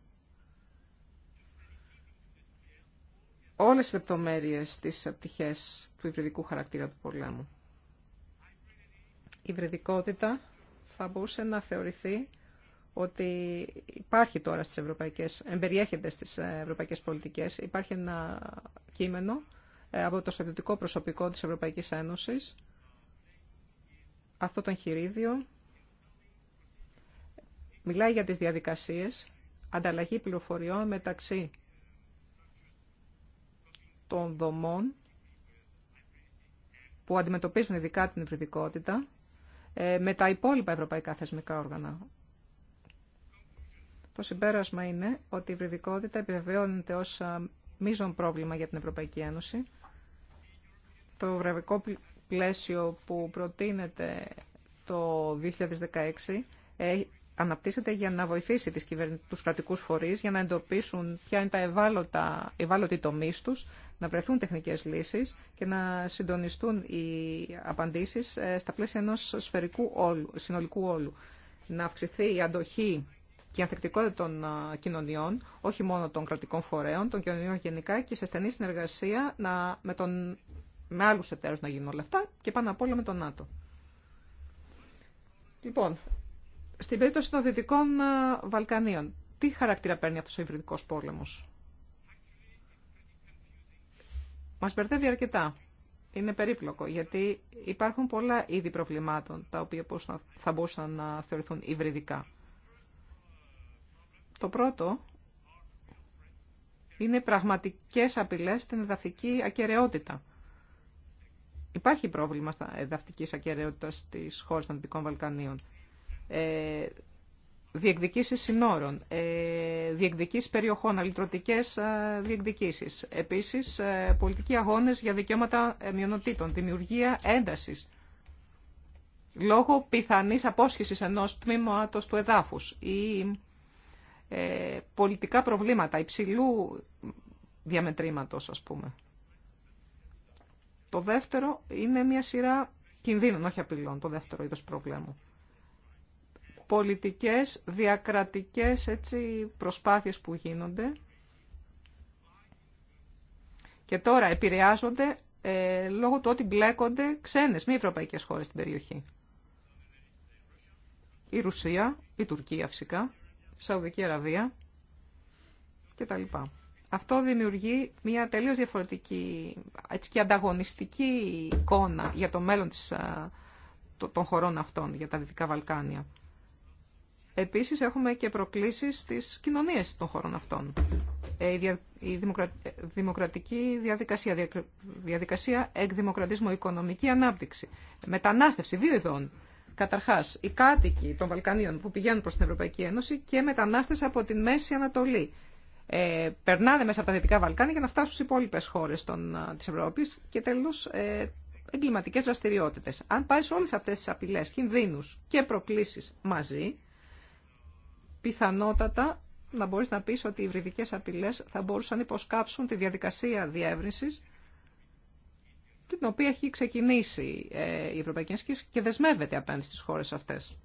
Speaker 2: όλες τις λεπτομέρειες της πτυχές του υβριδικού χαρακτήρα του πολέμου. Η υβριδικότητα θα μπορούσε να θεωρηθεί ότι υπάρχει τώρα στις ευρωπαϊκές, εμπεριέχεται στις ευρωπαϊκές πολιτικές, υπάρχει ένα κείμενο ε, από το στρατιωτικό προσωπικό της Ευρωπαϊκής Ένωσης. Αυτό το εγχειρίδιο μιλάει για τις διαδικασίες, ανταλλαγή πληροφοριών μεταξύ των δομών που αντιμετωπίζουν ειδικά την υβριδικότητα ε, με τα υπόλοιπα ευρωπαϊκά θεσμικά όργανα. Το συμπέρασμα είναι ότι η βρυδικότητα επιβεβαιώνεται ως μείζον πρόβλημα για την Ευρωπαϊκή Ένωση. Το βραβικό πλαίσιο που προτείνεται το 2016 ε, αναπτύσσεται για να βοηθήσει τις κυβερ... τους κρατικούς φορείς για να εντοπίσουν ποια είναι τα ευάλωτα, ευάλωτοι του, τους, να βρεθούν τεχνικές λύσεις και να συντονιστούν οι απαντήσεις ε, στα πλαίσια ενός σφαιρικού συνολικού όλου. Να αυξηθεί η αντοχή και ανθεκτικότητα των κοινωνιών, όχι μόνο των κρατικών φορέων, των κοινωνιών γενικά και σε στενή συνεργασία να, με, τον, με άλλους εταίρους να γίνουν όλα αυτά και πάνω απ' όλα με τον ΝΑΤΟ. Λοιπόν, στην περίπτωση των Δυτικών Βαλκανίων, τι χαρακτήρα παίρνει αυτός ο υβριδικός πόλεμος. Μας μπερδεύει αρκετά. Είναι περίπλοκο, γιατί υπάρχουν πολλά είδη προβλημάτων τα οποία θα μπορούσαν να θεωρηθούν υβριδικά. Το πρώτο είναι πραγματικές απειλές στην εδαφική ακαιρεότητα. Υπάρχει πρόβλημα στα εδαφική ακαιρεότητας στις χώρες των Δυτικών Βαλκανίων. Ε, διεκδικήσεις συνόρων, ε, διεκδικήσεις περιοχών, αλυτρωτικές ε, διεκδικήσεις. Επίσης, ε, πολιτικοί αγώνες για δικαιώματα ε, μειονοτήτων, δημιουργία έντασης λόγω πιθανής απόσχησης ενός τμήματος του εδάφους ή ε, πολιτικά προβλήματα υψηλού διαμετρήματος, ας πούμε. Το δεύτερο είναι μια σειρά κινδύνων, όχι απειλών, το δεύτερο είδος προβλέμου. Πολιτικές, διακρατικές έτσι, προσπάθειες που γίνονται και τώρα επηρεάζονται ε, λόγω του ότι μπλέκονται ξένες, μη ευρωπαϊκές χώρες στην περιοχή. Η Ρουσία, η Τουρκία φυσικά, Σαουδική Αραβία κτλ. Αυτό δημιουργεί μια τελείως διαφορετική έτσι και ανταγωνιστική εικόνα για το μέλλον της, των χωρών αυτών, για τα Δυτικά Βαλκάνια. Επίσης έχουμε και προκλήσεις στις κοινωνίες των χωρών αυτών. Ε, η δημοκρατική διαδικασία, διαδικασία εκδημοκρατισμού, οικονομική ανάπτυξη, μετανάστευση δύο ειδών, Καταρχάς, οι κάτοικοι των Βαλκανίων που πηγαίνουν προς την Ευρωπαϊκή Ένωση και μετανάστες από την Μέση Ανατολή. Ε, περνάνε μέσα από τα Δυτικά Βαλκάνια για να φτάσουν στι υπόλοιπε χώρες τη Ευρώπη και τέλος ε, εγκληματικές δραστηριότητες. Αν πάρεις όλες αυτές τις απειλές, κινδύνου και προκλήσει μαζί, πιθανότατα να μπορεί να πει ότι οι βρυδικέ απειλέ θα μπορούσαν να υποσκάψουν τη διαδικασία διεύρυνση την οποία έχει ξεκινήσει ε, η Ευρωπαϊκή Ένωση και δεσμεύεται απέναντι στις χώρες αυτές.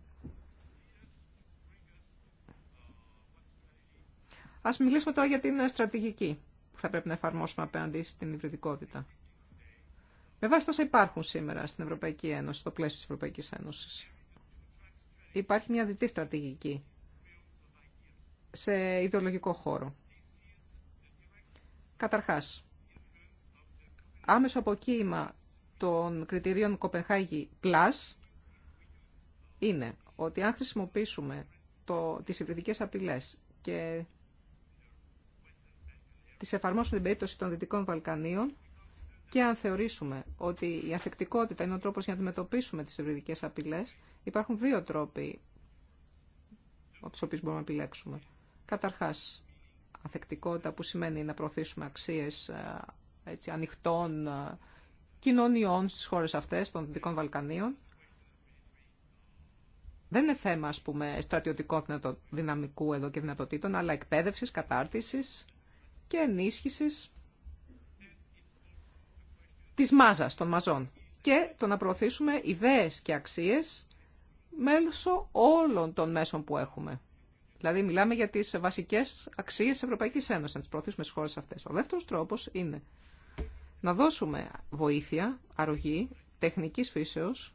Speaker 2: Ας μιλήσουμε τώρα για την στρατηγική που θα πρέπει να εφαρμόσουμε απέναντι στην υβριδικότητα. Με βάση τόσα υπάρχουν σήμερα στην Ευρωπαϊκή Ένωση, στο πλαίσιο της Ευρωπαϊκής Ένωσης. Υπάρχει μια διτή στρατηγική σε ιδεολογικό χώρο. Καταρχάς, άμεσο αποκύημα των κριτηρίων Κοπενχάγη Plus είναι ότι αν χρησιμοποιήσουμε το, τις υβριδικές απειλές και τις εφαρμόσουμε στην περίπτωση των Δυτικών Βαλκανίων και αν θεωρήσουμε ότι η αθεκτικότητα είναι ο τρόπος για να αντιμετωπίσουμε τις υβριδικές απειλές, υπάρχουν δύο τρόποι από τους μπορούμε να επιλέξουμε. Καταρχάς, αθεκτικότητα που σημαίνει να προωθήσουμε αξίες ε, έτσι, ανοιχτών ε, κοινωνιών στις χώρες αυτές των Δυτικών Βαλκανίων. Δεν είναι θέμα, ας πούμε, στρατιωτικό δυναμικού εδώ και δυνατοτήτων, αλλά εκπαίδευσης, κατάρτισης και ενίσχυσης της μάζας, των μαζών. Και το να προωθήσουμε ιδέες και αξίες μέσω όλων των μέσων που έχουμε. Δηλαδή, μιλάμε για τις βασικές αξίες της Ευρωπαϊκής Ένωσης, να τις προωθήσουμε στις χώρες αυτές. Ο δεύτερος τρόπος είναι να δώσουμε βοήθεια, αρρωγή, τεχνικής φύσεως,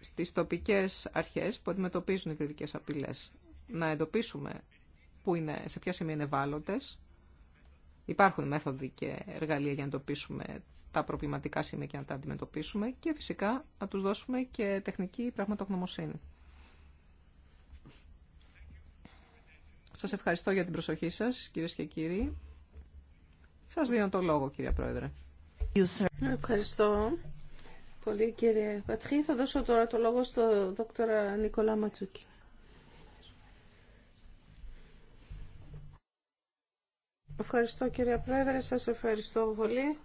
Speaker 2: στις τοπικές αρχές που αντιμετωπίζουν κριτικέ απειλές. Να εντοπίσουμε που είναι, σε ποια σημεία είναι βάλλοντες. Υπάρχουν μέθοδοι και εργαλεία για να εντοπίσουμε τα προβληματικά σημεία και να τα αντιμετωπίσουμε και φυσικά να τους δώσουμε και τεχνική πραγματογνωμοσύνη. Σας ευχαριστώ για την προσοχή σας, κύριε και κύριοι. Σας δίνω το λόγο, κυρία Πρόεδρε.
Speaker 3: Ευχαριστώ πολύ, κύριε Πατρί. Θα δώσω τώρα το λόγο στο δόκτωρα Νικολά Ματσούκη. Ευχαριστώ κύριε Πρόεδρε, σας ευχαριστώ πολύ.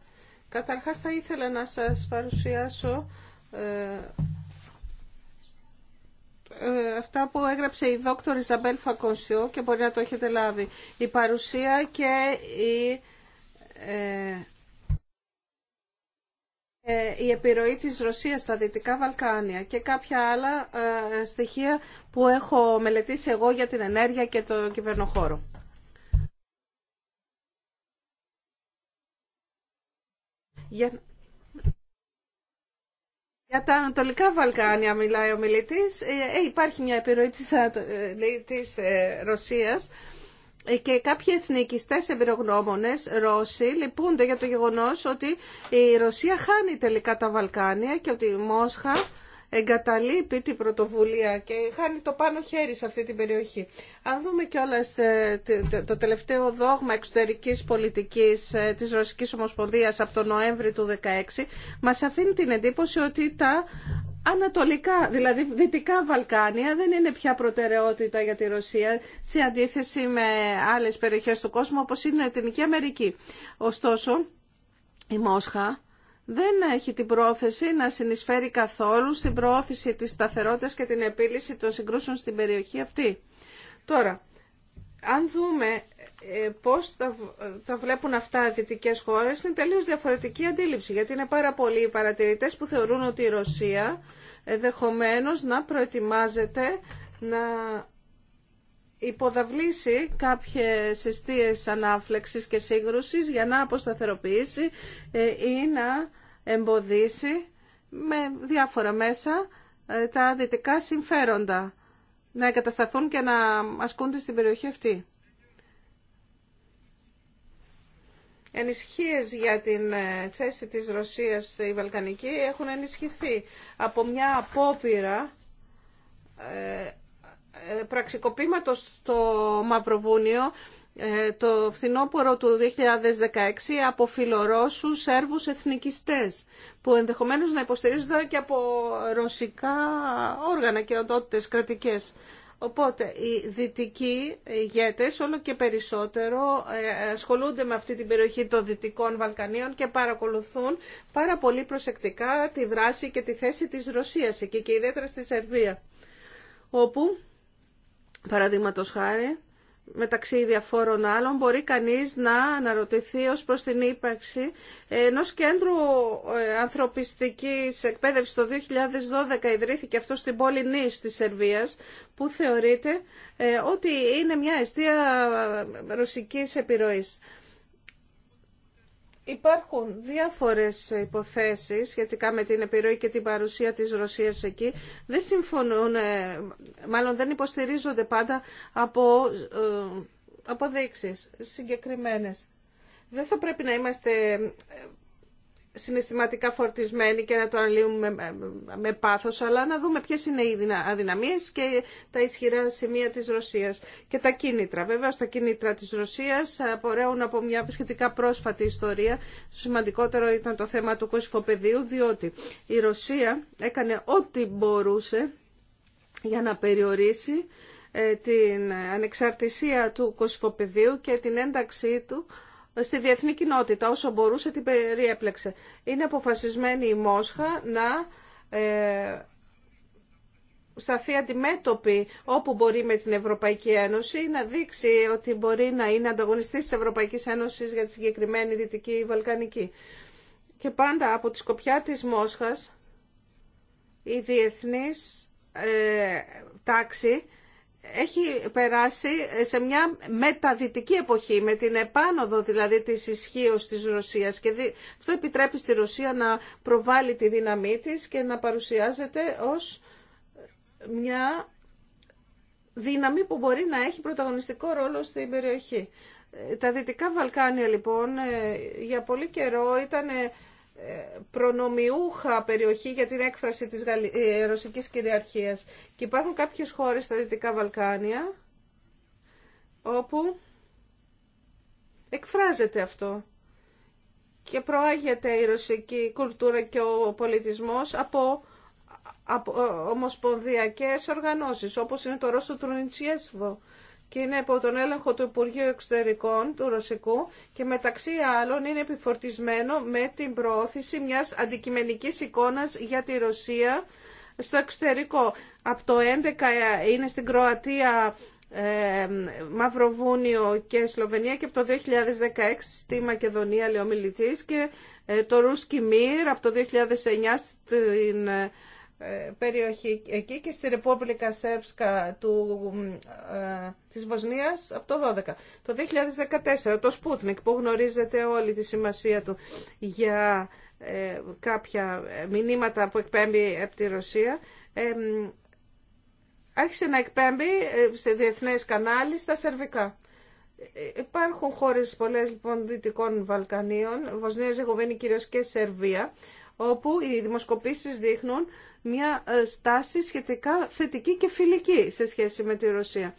Speaker 3: Καταρχάς θα ήθελα να σας παρουσιάσω ε, ε αυτά που έγραψε η δόκτωρη Ζαμπέλ Φακονσιό και μπορεί να το έχετε λάβει. Η παρουσία και η ε, ε, η επιρροή της Ρωσίας στα Δυτικά Βαλκάνια και κάποια άλλα ε, στοιχεία που έχω μελετήσει εγώ για την ενέργεια και το κυβερνοχώρο. Για... τα Ανατολικά Βαλκάνια μιλάει ο μιλητής. Ε, υπάρχει μια επιρροή της Ρωσίας και κάποιοι εθνικιστές εμπειρογνώμονες Ρώσοι λυπούνται για το γεγονός ότι η Ρωσία χάνει τελικά τα Βαλκάνια και ότι η Μόσχα εγκαταλείπει την πρωτοβουλία και χάνει το πάνω χέρι σε αυτή την περιοχή. Αν δούμε κιόλα ε, το τελευταίο δόγμα εξωτερικής πολιτικής ε, της Ρωσικής Ομοσπονδίας από τον Νοέμβρη του 2016, μας αφήνει την εντύπωση ότι τα ανατολικά, δηλαδή δυτικά Βαλκάνια δεν είναι πια προτεραιότητα για τη Ρωσία σε αντίθεση με άλλες περιοχές του κόσμου όπως είναι η Αμερική. Ωστόσο, η Μόσχα δεν έχει την πρόθεση να συνεισφέρει καθόλου στην προώθηση της σταθερότητας και την επίλυση των συγκρούσεων στην περιοχή αυτή. Τώρα, αν δούμε ε, πώς τα, βλέπουν αυτά δυτικές χώρες, είναι τελείως διαφορετική αντίληψη, γιατί είναι πάρα πολλοί οι παρατηρητές που θεωρούν ότι η Ρωσία ενδεχομένω να προετοιμάζεται να υποδαβλήσει κάποιες αιστείες ανάφλεξης και σύγκρουσης για να αποσταθεροποιήσει ε, ή να εμποδίσει με διάφορα μέσα ε, τα δυτικά συμφέροντα να εγκατασταθούν και να ασκούνται στην περιοχή αυτή. Ενισχύες για την ε, θέση της Ρωσίας στη Βαλκανική έχουν ενισχυθεί από μια απόπειρα ε, ε, πραξικοπήματος στο Μαυροβούνιο ε, το φθινόπωρο του 2016 από φιλορώσους Σέρβους εθνικιστές που ενδεχομένως να υποστηρίζονται και από ρωσικά όργανα και οντότητες κρατικές. Οπότε οι δυτικοί ηγέτες όλο και περισσότερο ε, ασχολούνται με αυτή την περιοχή των Δυτικών Βαλκανίων και παρακολουθούν πάρα πολύ προσεκτικά τη δράση και τη θέση της Ρωσίας εκεί και ιδιαίτερα στη Σερβία. Όπου, παραδείγματος χάρη, μεταξύ διαφόρων άλλων, μπορεί κανείς να αναρωτηθεί ως προς την ύπαρξη ενός κέντρου ε, ανθρωπιστικής εκπαίδευσης το 2012 ιδρύθηκε αυτό στην πόλη Νης της Σερβίας που θεωρείται ε, ότι είναι μια αιστεία ε, ρωσικής επιρροής. Υπάρχουν διάφορες υποθέσεις σχετικά με την επιρροή και την παρουσία της Ρωσίας εκεί. Δεν συμφωνούν, ε, μάλλον δεν υποστηρίζονται πάντα από ε, αποδείξεις συγκεκριμένες. Δεν θα πρέπει να είμαστε ε, συναισθηματικά φορτισμένοι και να το αναλύουμε με πάθος, αλλά να δούμε ποιες είναι οι αδυναμίες και τα ισχυρά σημεία της Ρωσίας και τα κίνητρα. Βέβαια, στα κίνητρα της Ρωσίας απορρέουν από μια σχετικά πρόσφατη ιστορία. Σημαντικότερο ήταν το θέμα του κοσυφοπεδίου, διότι η Ρωσία έκανε ό,τι μπορούσε για να περιορίσει ε, την ανεξαρτησία του κοσυφοπεδίου και την ένταξή του στη διεθνή κοινότητα όσο μπορούσε την περιέπλεξε. Είναι αποφασισμένη η Μόσχα να ε, σταθεί αντιμέτωπη όπου μπορεί με την Ευρωπαϊκή Ένωση, να δείξει ότι μπορεί να είναι ανταγωνιστής της Ευρωπαϊκής Ένωσης για τη συγκεκριμένη Δυτική Βαλκανική. Και πάντα από τη σκοπιά της Μόσχας η διεθνής ε, τάξη έχει περάσει σε μια μεταδυτική εποχή, με την επάνωδο δηλαδή της ισχύω της Ρωσίας και αυτό επιτρέπει στη Ρωσία να προβάλλει τη δύναμή της και να παρουσιάζεται ως μια δύναμη που μπορεί να έχει πρωταγωνιστικό ρόλο στην περιοχή. Ε, τα Δυτικά Βαλκάνια λοιπόν ε, για πολύ καιρό ήταν ε, προνομιούχα περιοχή για την έκφραση της ε, ρωσικής κυριαρχίας. Και υπάρχουν κάποιες χώρες στα Δυτικά Βαλκάνια όπου εκφράζεται αυτό και προάγεται η ρωσική κουλτούρα και ο πολιτισμός από, από ομοσπονδιακές οργανώσεις όπως είναι το Ρώσο Τρουνιτσιέσβο και είναι υπό τον έλεγχο του Υπουργείου Εξωτερικών του Ρωσικού και μεταξύ άλλων είναι επιφορτισμένο με την προώθηση μιας αντικειμενικής εικόνας για τη Ρωσία στο εξωτερικό. Από το 2011 είναι στην Κροατία, ε, Μαυροβούνιο και Σλοβενία και από το 2016 στη Μακεδονία, λέει ο και ε, το Ρούσκι Μύρ από το 2009 στην ε, περιοχή εκεί και στη Ρεπόμπλικα Σέρψκα του, ε, της Βοσνίας από το 12. Το 2014 το Σπούτνικ που γνωρίζετε όλη τη σημασία του για ε, κάποια μηνύματα που εκπέμπει από τη Ρωσία ε, άρχισε να εκπέμπει ε, σε διεθνές κανάλι στα σερβικά. Υπάρχουν χώρες πολλές λοιπόν δυτικών Βαλκανίων, Βοσνία, Ζεγοβένη κυρίως και Σερβία, όπου οι δημοσκοπήσεις δείχνουν μια ε, στάση σχετικά θετική και φιλική σε σχέση με τη Ρωσία.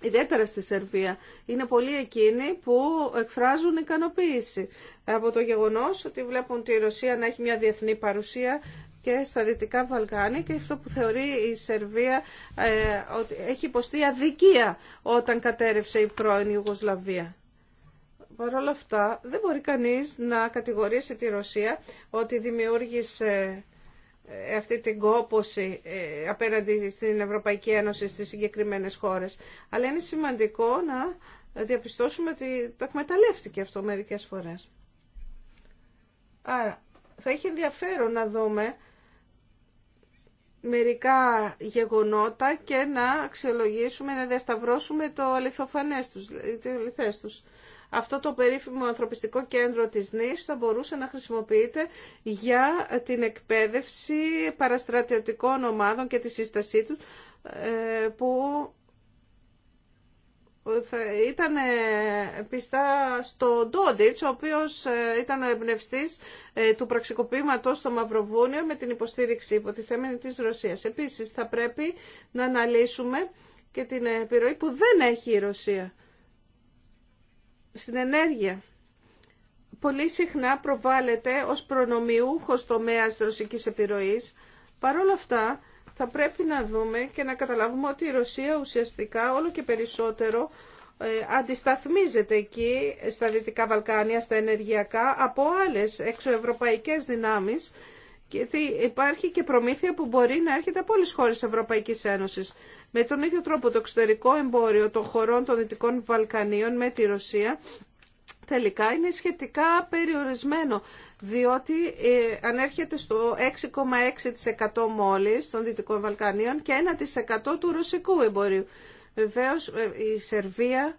Speaker 3: Ιδιαίτερα στη Σερβία. Είναι πολλοί εκείνοι που εκφράζουν ικανοποίηση από το γεγονός ότι βλέπουν τη Ρωσία να έχει μια διεθνή παρουσία και στα Δυτικά Βαλκάνια και αυτό που θεωρεί η Σερβία ε, ότι έχει υποστεί αδικία όταν κατέρευσε η πρώην Ιουγκοσλαβία. Παρ' όλα αυτά δεν μπορεί κανείς να κατηγορήσει τη Ρωσία ότι δημιούργησε ε, αυτή την κόπωση ε, απέναντι στην Ευρωπαϊκή Ένωση στις συγκεκριμένες χώρες. Αλλά είναι σημαντικό να διαπιστώσουμε ότι το εκμεταλλεύτηκε αυτό μερικές φορές. Άρα, θα έχει ενδιαφέρον να δούμε μερικά γεγονότα και να αξιολογήσουμε, να διασταυρώσουμε το αληθοφανές τους, το αληθές τους αυτό το περίφημο ανθρωπιστικό κέντρο της ΝΙΣ θα μπορούσε να χρησιμοποιείται για την εκπαίδευση παραστρατιωτικών ομάδων και τη σύστασή τους ε, που ήταν ε, πιστά στο Ντόντιτς, ο οποίος ε, ήταν ο εμπνευστή του πραξικοπήματος στο Μαυροβούνιο με την υποστήριξη υποτιθέμενη της Ρωσίας. Επίσης, θα πρέπει να αναλύσουμε και την επιρροή που δεν έχει η Ρωσία στην ενέργεια. Πολύ συχνά προβάλλεται ως προνομιούχος τομέας ρωσικής επιρροής. Παρ' όλα αυτά θα πρέπει να δούμε και να καταλάβουμε ότι η Ρωσία ουσιαστικά όλο και περισσότερο ε, αντισταθμίζεται εκεί στα Δυτικά Βαλκάνια, στα ενεργειακά, από άλλες εξωευρωπαϊκές δυνάμεις, και υπάρχει και προμήθεια που μπορεί να έρχεται από όλες τις χώρες Ευρωπαϊκής Ένωσης. Με τον ίδιο τρόπο το εξωτερικό εμπόριο των χωρών των Δυτικών Βαλκανίων με τη Ρωσία τελικά είναι σχετικά περιορισμένο, διότι ε, ανέρχεται στο 6,6% μόλις των Δυτικών Βαλκανίων και 1% του ρωσικού εμπορίου. Βεβαίως ε, η Σερβία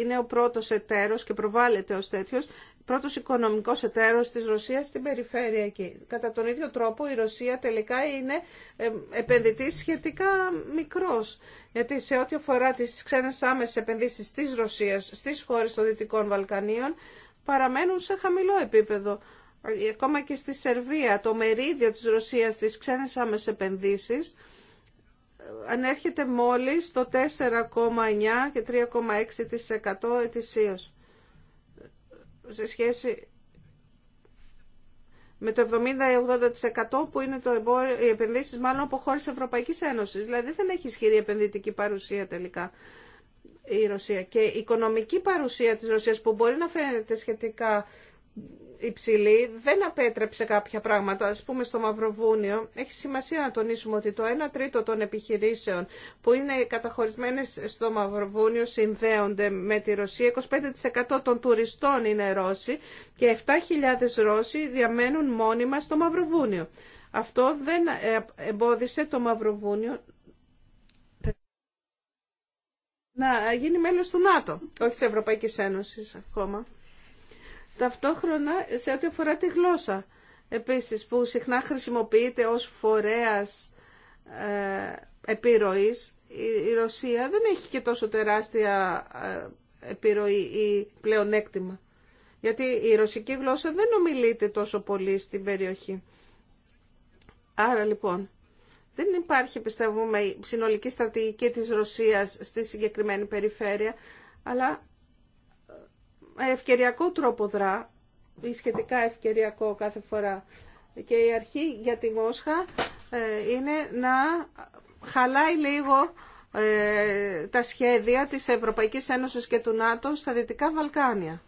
Speaker 3: είναι ο πρώτος εταίρος και προβάλλεται ως τέτοιος πρώτος οικονομικός εταίρος της Ρωσίας στην περιφέρεια εκεί. Κατά τον ίδιο τρόπο η Ρωσία τελικά είναι επενδυτής σχετικά μικρός. Γιατί σε ό,τι αφορά τις ξένες άμεσες επενδύσεις της Ρωσίας στις χώρες των Δυτικών Βαλκανίων παραμένουν σε χαμηλό επίπεδο. Ακόμα και στη Σερβία το μερίδιο της Ρωσίας στις ξένες άμεσες επενδύσεις ε, ανέρχεται μόλις το 4,9 και 3,6% ετησίως σε σχέση με το 70-80% που είναι το οι επενδύσεις μάλλον από χώρες Ευρωπαϊκής Ένωσης. Δηλαδή δεν έχει ισχυρή επενδυτική παρουσία τελικά η Ρωσία. Και η οικονομική παρουσία της Ρωσίας που μπορεί να φαίνεται σχετικά υψηλή δεν απέτρεψε κάποια πράγματα. Ας πούμε στο Μαυροβούνιο έχει σημασία να τονίσουμε ότι το 1 τρίτο των επιχειρήσεων που είναι καταχωρισμένες στο Μαυροβούνιο συνδέονται με τη Ρωσία. 25% των τουριστών είναι Ρώσοι και 7.000 Ρώσοι διαμένουν μόνιμα στο Μαυροβούνιο. Αυτό δεν ε, εμπόδισε το Μαυροβούνιο να γίνει μέλος του ΝΑΤΟ, όχι της Ευρωπαϊκής Ένωσης ακόμα. Ταυτόχρονα σε ό,τι αφορά τη γλώσσα επίσης που συχνά χρησιμοποιείται ως φορέας ε, επιρροής η, Ρωσία δεν έχει και τόσο τεράστια ε, επιρροή ή πλεονέκτημα γιατί η ρωσική γλώσσα δεν ομιλείται τόσο πολύ στην περιοχή. Άρα λοιπόν δεν υπάρχει πιστεύουμε συνολική στρατηγική της Ρωσίας στη συγκεκριμένη περιφέρεια αλλά ευκαιριακό τρόπο δρά ή σχετικά ευκαιριακό κάθε φορά. Και η αρχή για τη Μόσχα ε, είναι να χαλάει λίγο ε, τα σχέδια της Ευρωπαϊκής Ένωσης και του ΝΑΤΟ στα Δυτικά Βαλκάνια.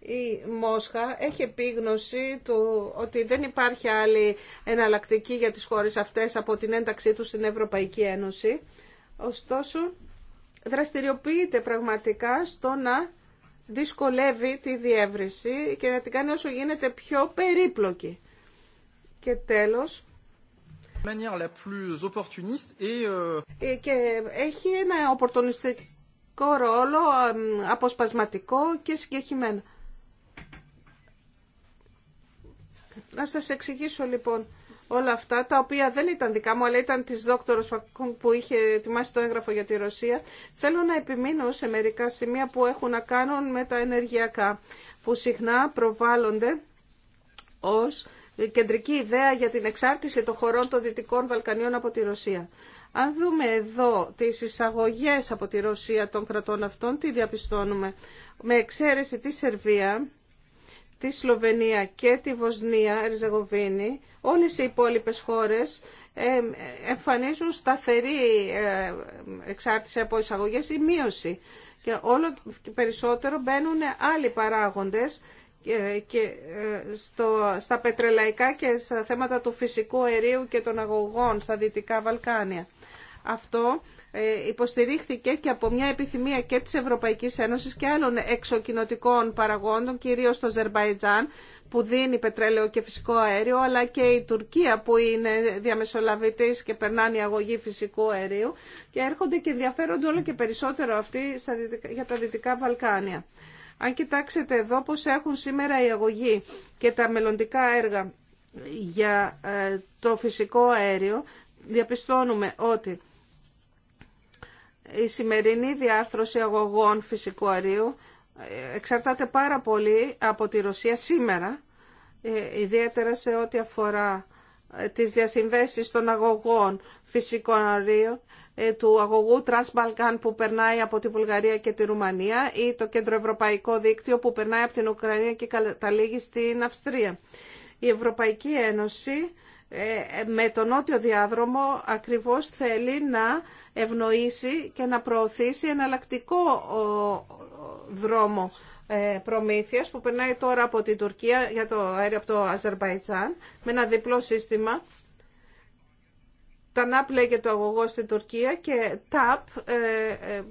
Speaker 3: Η Μόσχα έχει επίγνωση του ότι δεν υπάρχει άλλη εναλλακτική για τις χώρες αυτές από την ένταξή τους στην Ευρωπαϊκή Ένωση. Ωστόσο, δραστηριοποιείται πραγματικά στο δυσκολεύει τη διεύρυνση και να την κάνει όσο γίνεται πιο περίπλοκη. Και τέλος, euh, ε, και έχει ένα οπορτονιστικό ρόλο ε, αποσπασματικό και συγκεκριμένο. Να σας εξηγήσω λοιπόν όλα αυτά, τα οποία δεν ήταν δικά μου, αλλά ήταν της δόκτωρος που είχε ετοιμάσει το έγγραφο για τη Ρωσία, θέλω να επιμείνω σε μερικά σημεία που έχουν να κάνουν με τα ενεργειακά, που συχνά προβάλλονται ως κεντρική ιδέα για την εξάρτηση των χωρών των Δυτικών Βαλκανίων από τη Ρωσία. Αν δούμε εδώ τις εισαγωγές από τη Ρωσία των κρατών αυτών, τι διαπιστώνουμε. Με εξαίρεση τη Σερβία, τη Σλοβενία και τη Βοσνία, Ριζεγοβίνη, όλες οι υπόλοιπες χώρες εμφανίζουν σταθερή ε, εξάρτηση από εισαγωγές ή μείωση. Και όλο και περισσότερο μπαίνουν άλλοι παράγοντες ε, και ε, στο, στα πετρελαϊκά και στα θέματα του φυσικού αερίου και των αγωγών στα Δυτικά Βαλκάνια. Αυτό ε, υποστηρίχθηκε και από μια επιθυμία και της Ευρωπαϊκής Ένωσης και άλλων εξοκοινοτικών παραγόντων, κυρίως το Ζερμπαϊτζάν που δίνει πετρέλαιο και φυσικό αέριο, αλλά και η Τουρκία που είναι διαμεσολαβητής και περνάνε η αγωγή φυσικού αερίου και έρχονται και ενδιαφέρονται όλο και περισσότερο αυτοί για τα Δυτικά Βαλκάνια. Αν κοιτάξετε εδώ πώς έχουν σήμερα η αγωγή και τα μελλοντικά έργα για ε, το φυσικό αέριο, διαπιστώνουμε ότι η σημερινή διάρθρωση αγωγών φυσικού αερίου ε, εξαρτάται πάρα πολύ από τη Ρωσία σήμερα, ε, ιδιαίτερα σε ό,τι αφορά ε, τις διασυνδέσεις των αγωγών φυσικών αερίων, του αγωγού Transbalkan που περνάει από τη Βουλγαρία και τη Ρουμανία ή το κεντροευρωπαϊκό δίκτυο που περνάει από την Ουκρανία και καταλήγει στην Αυστρία. Η Ευρωπαϊκή Ένωση ε, με τον νότιο διάδρομο ακριβώς θέλει να ευνοήσει και να προωθήσει εναλλακτικό δρόμο ε, προμήθειας που περνάει τώρα από την Τουρκία για το αέριο από το Αζερβαϊτζάν με ένα διπλό σύστημα ΤΑΝΑΠ λέγεται ο αγωγό στην Τουρκία και ΤΑΠ ε, ε,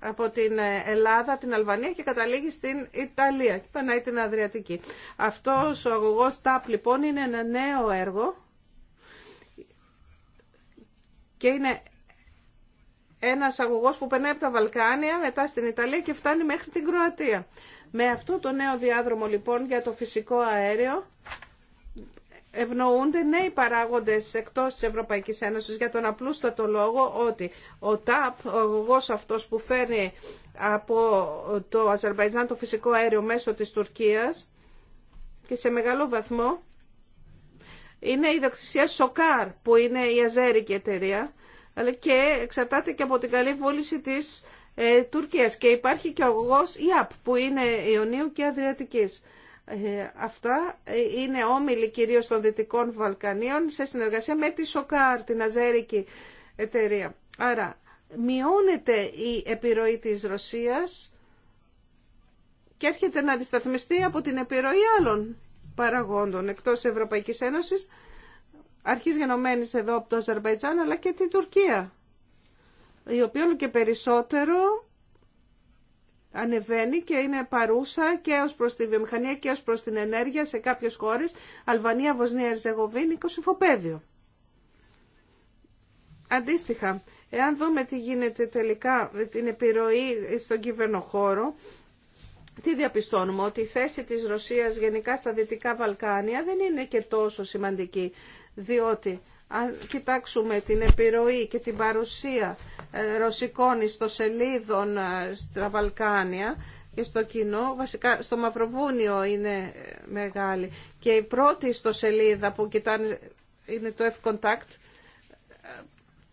Speaker 3: από την Ελλάδα, την Αλβανία και καταλήγει στην Ιταλία και περνάει την Αδριατική. Αυτός ο αγωγό ΤΑΠ λοιπόν είναι ένα νέο έργο και είναι ένας αγωγός που περνάει από τα Βαλκάνια, μετά στην Ιταλία και φτάνει μέχρι την Κροατία. Με αυτό το νέο διάδρομο λοιπόν για το φυσικό αέριο ευνοούνται νέοι παράγοντες εκτός της Ευρωπαϊκής Ένωσης για τον απλούστατο λόγο ότι ο ΤΑΠ, ο αγωγός αυτός που φέρνει από το Αζερβαϊτζάν το φυσικό αέριο μέσω της Τουρκίας και σε μεγάλο βαθμό είναι η δοξησία Σοκάρ που είναι η αζέρικη εταιρεία αλλά και εξαρτάται και από την καλή βούληση της ε, Τουρκίας και υπάρχει και ο αγωγός ΙΑΠ που είναι Ιωνίου και Αδριατικής. Ε, αυτά ε, είναι όμιλοι κυρίως των Δυτικών Βαλκανίων σε συνεργασία με τη ΣΟΚΑΡ, την Αζέρικη εταιρεία. Άρα μειώνεται η επιρροή της Ρωσίας και έρχεται να αντισταθμιστεί από την επιρροή άλλων παραγόντων εκτός Ευρωπαϊκής Ένωσης, αρχής γενομένης εδώ από το Αζερβαϊτζάν, αλλά και την Τουρκία, η οποία όλο και περισσότερο ανεβαίνει και είναι παρούσα και ως προς τη βιομηχανία και ως προς την ενέργεια σε κάποιες χώρες, Αλβανία, Βοσνία, Ερζεγοβίνη, Κωσυφοπαίδιο. Αντίστοιχα, εάν δούμε τι γίνεται τελικά με την επιρροή στον κυβερνοχώρο, τι διαπιστώνουμε, ότι η θέση της Ρωσίας γενικά στα Δυτικά Βαλκάνια δεν είναι και τόσο σημαντική, διότι αν κοιτάξουμε την επιρροή και την παρουσία ε, ρωσικών ιστοσελίδων ε, στα Βαλκάνια και στο κοινό, βασικά στο Μαυροβούνιο είναι ε, μεγάλη. Και η πρώτη ιστοσελίδα που κοιτάνε είναι το F-Contact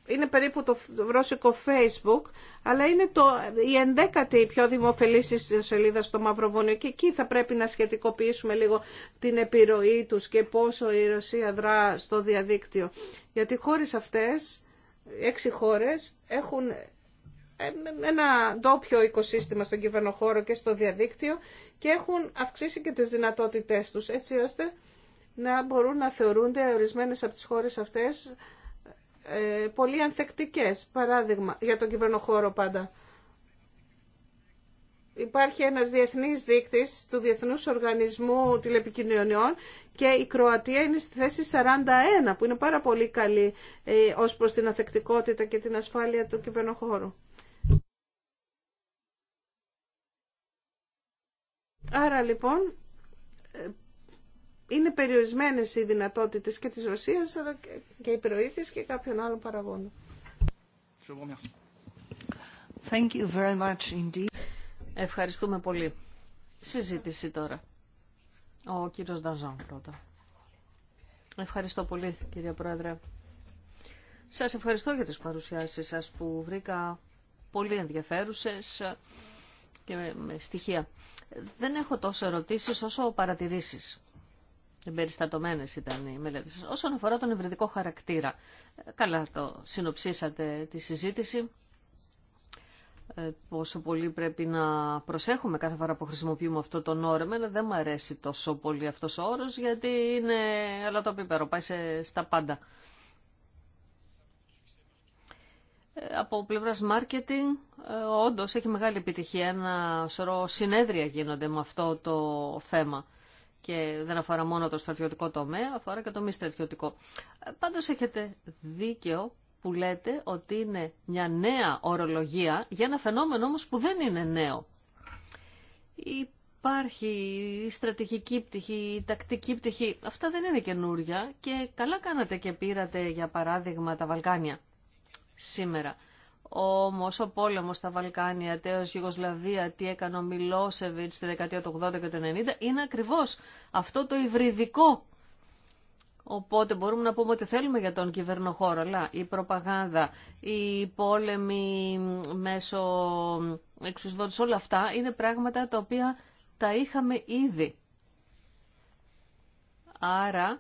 Speaker 3: είναι περίπου το ρώσικο Facebook, αλλά είναι το, η ενδέκατη πιο δημοφιλής σελίδα στο Μαυροβόνιο και εκεί θα πρέπει να σχετικοποιήσουμε λίγο την επιρροή τους και πόσο η Ρωσία δρά στο διαδίκτυο. Γιατί χώρες αυτές, έξι χώρες, έχουν ένα ντόπιο οικοσύστημα στον κυβερνοχώρο και στο διαδίκτυο και έχουν αυξήσει και τις δυνατότητές τους, έτσι ώστε να μπορούν να θεωρούνται ορισμένες από τις χώρες αυτές ε, πολύ ανθεκτικές, παράδειγμα, για τον κυβερνοχώρο πάντα. Υπάρχει ένας διεθνής δείκτης του Διεθνούς Οργανισμού Τηλεπικοινωνιών και η Κροατία είναι στη θέση 41, που είναι πάρα πολύ καλή ε, ως προς την ανθεκτικότητα και την ασφάλεια του κυβερνοχώρου. Άρα λοιπόν είναι περιορισμένες οι δυνατότητες και της Ρωσίας αλλά και η περιοχή
Speaker 1: και κάποιων άλλων παραγόντων. Thank you very Ευχαριστούμε πολύ. Συζήτηση τώρα. Ο κύριος Νταζάν πρώτα. Ευχαριστώ πολύ κύριε Πρόεδρε. Σας ευχαριστώ για τις παρουσιάσεις σας που βρήκα πολύ ενδιαφέρουσες και με στοιχεία. Δεν έχω τόσο ερωτήσεις όσο παρατηρήσεις. Εμπεριστατωμένες ήταν οι μελέτες Όσον αφορά τον ευρυδικό χαρακτήρα, καλά το συνοψίσατε τη συζήτηση. Ε, πόσο πολύ πρέπει να προσέχουμε κάθε φορά που χρησιμοποιούμε αυτό τον όρο. Εμένα δεν μου αρέσει τόσο πολύ αυτός ο όρος γιατί είναι το αλατοπίπερο, πάει σε, στα πάντα. Ε, από πλευράς marketing, ε, όντως έχει μεγάλη επιτυχία. Ένα σωρό συνέδρια γίνονται με αυτό το θέμα και δεν αφορά μόνο το στρατιωτικό τομέα, αφορά και το μη στρατιωτικό. Ε, πάντως έχετε δίκαιο που λέτε ότι είναι μια νέα ορολογία για ένα φαινόμενο όμως που δεν είναι νέο. Υπάρχει η στρατηγική πτυχή, η τακτική πτυχή. Αυτά δεν είναι καινούρια και καλά κάνατε και πήρατε για παράδειγμα τα Βαλκάνια σήμερα. Όμω, ο πόλεμος στα Βαλκάνια, τέο Γιουγκοσλαβία, τι έκανε ο Μιλόσεβιτ στη δεκαετία του 80 και του 90, είναι ακριβώς αυτό το υβριδικό. Οπότε μπορούμε να πούμε ότι θέλουμε για τον κυβερνοχώρο, αλλά η προπαγάνδα, οι πόλεμοι μέσω εξουσδότηση, όλα αυτά είναι πράγματα τα οποία τα είχαμε ήδη. Άρα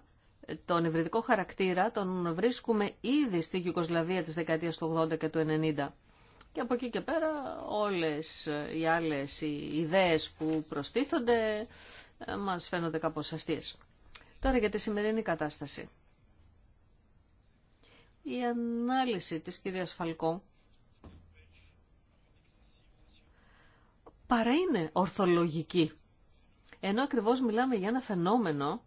Speaker 1: τον ευρυδικό χαρακτήρα τον βρίσκουμε ήδη στη Γιουγκοσλαβία της δεκαετίας του 80 και του 90. Και από εκεί και πέρα όλες οι άλλες οι ιδέες που προστίθονται ε, μας φαίνονται κάπως αστείες. Τώρα για τη σημερινή κατάσταση. Η ανάλυση της κυρίας Φαλκό παρά είναι ορθολογική. Ενώ ακριβώς μιλάμε για ένα φαινόμενο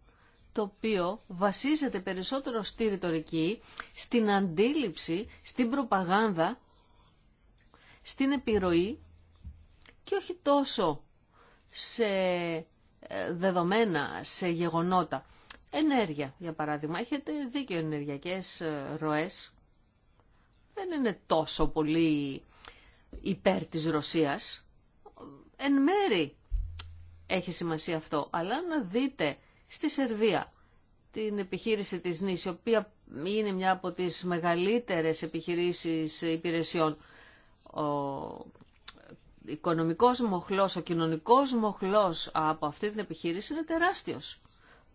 Speaker 1: το οποίο βασίζεται περισσότερο στη ρητορική, στην αντίληψη, στην προπαγάνδα, στην επιρροή και όχι τόσο σε ε, δεδομένα, σε γεγονότα. Ενέργεια, για παράδειγμα. Έχετε δίκιο ενεργειακές ε, ροές. Δεν είναι τόσο πολύ υπέρ της Ρωσίας. Εν μέρη έχει σημασία αυτό. Αλλά να δείτε στη Σερβία. Την επιχείρηση της ΝΙΣ, η οποία είναι μια από τις μεγαλύτερες επιχειρήσεις υπηρεσιών. Ο οικονομικός μοχλός, ο κοινωνικός μοχλός από αυτή την επιχείρηση είναι τεράστιος.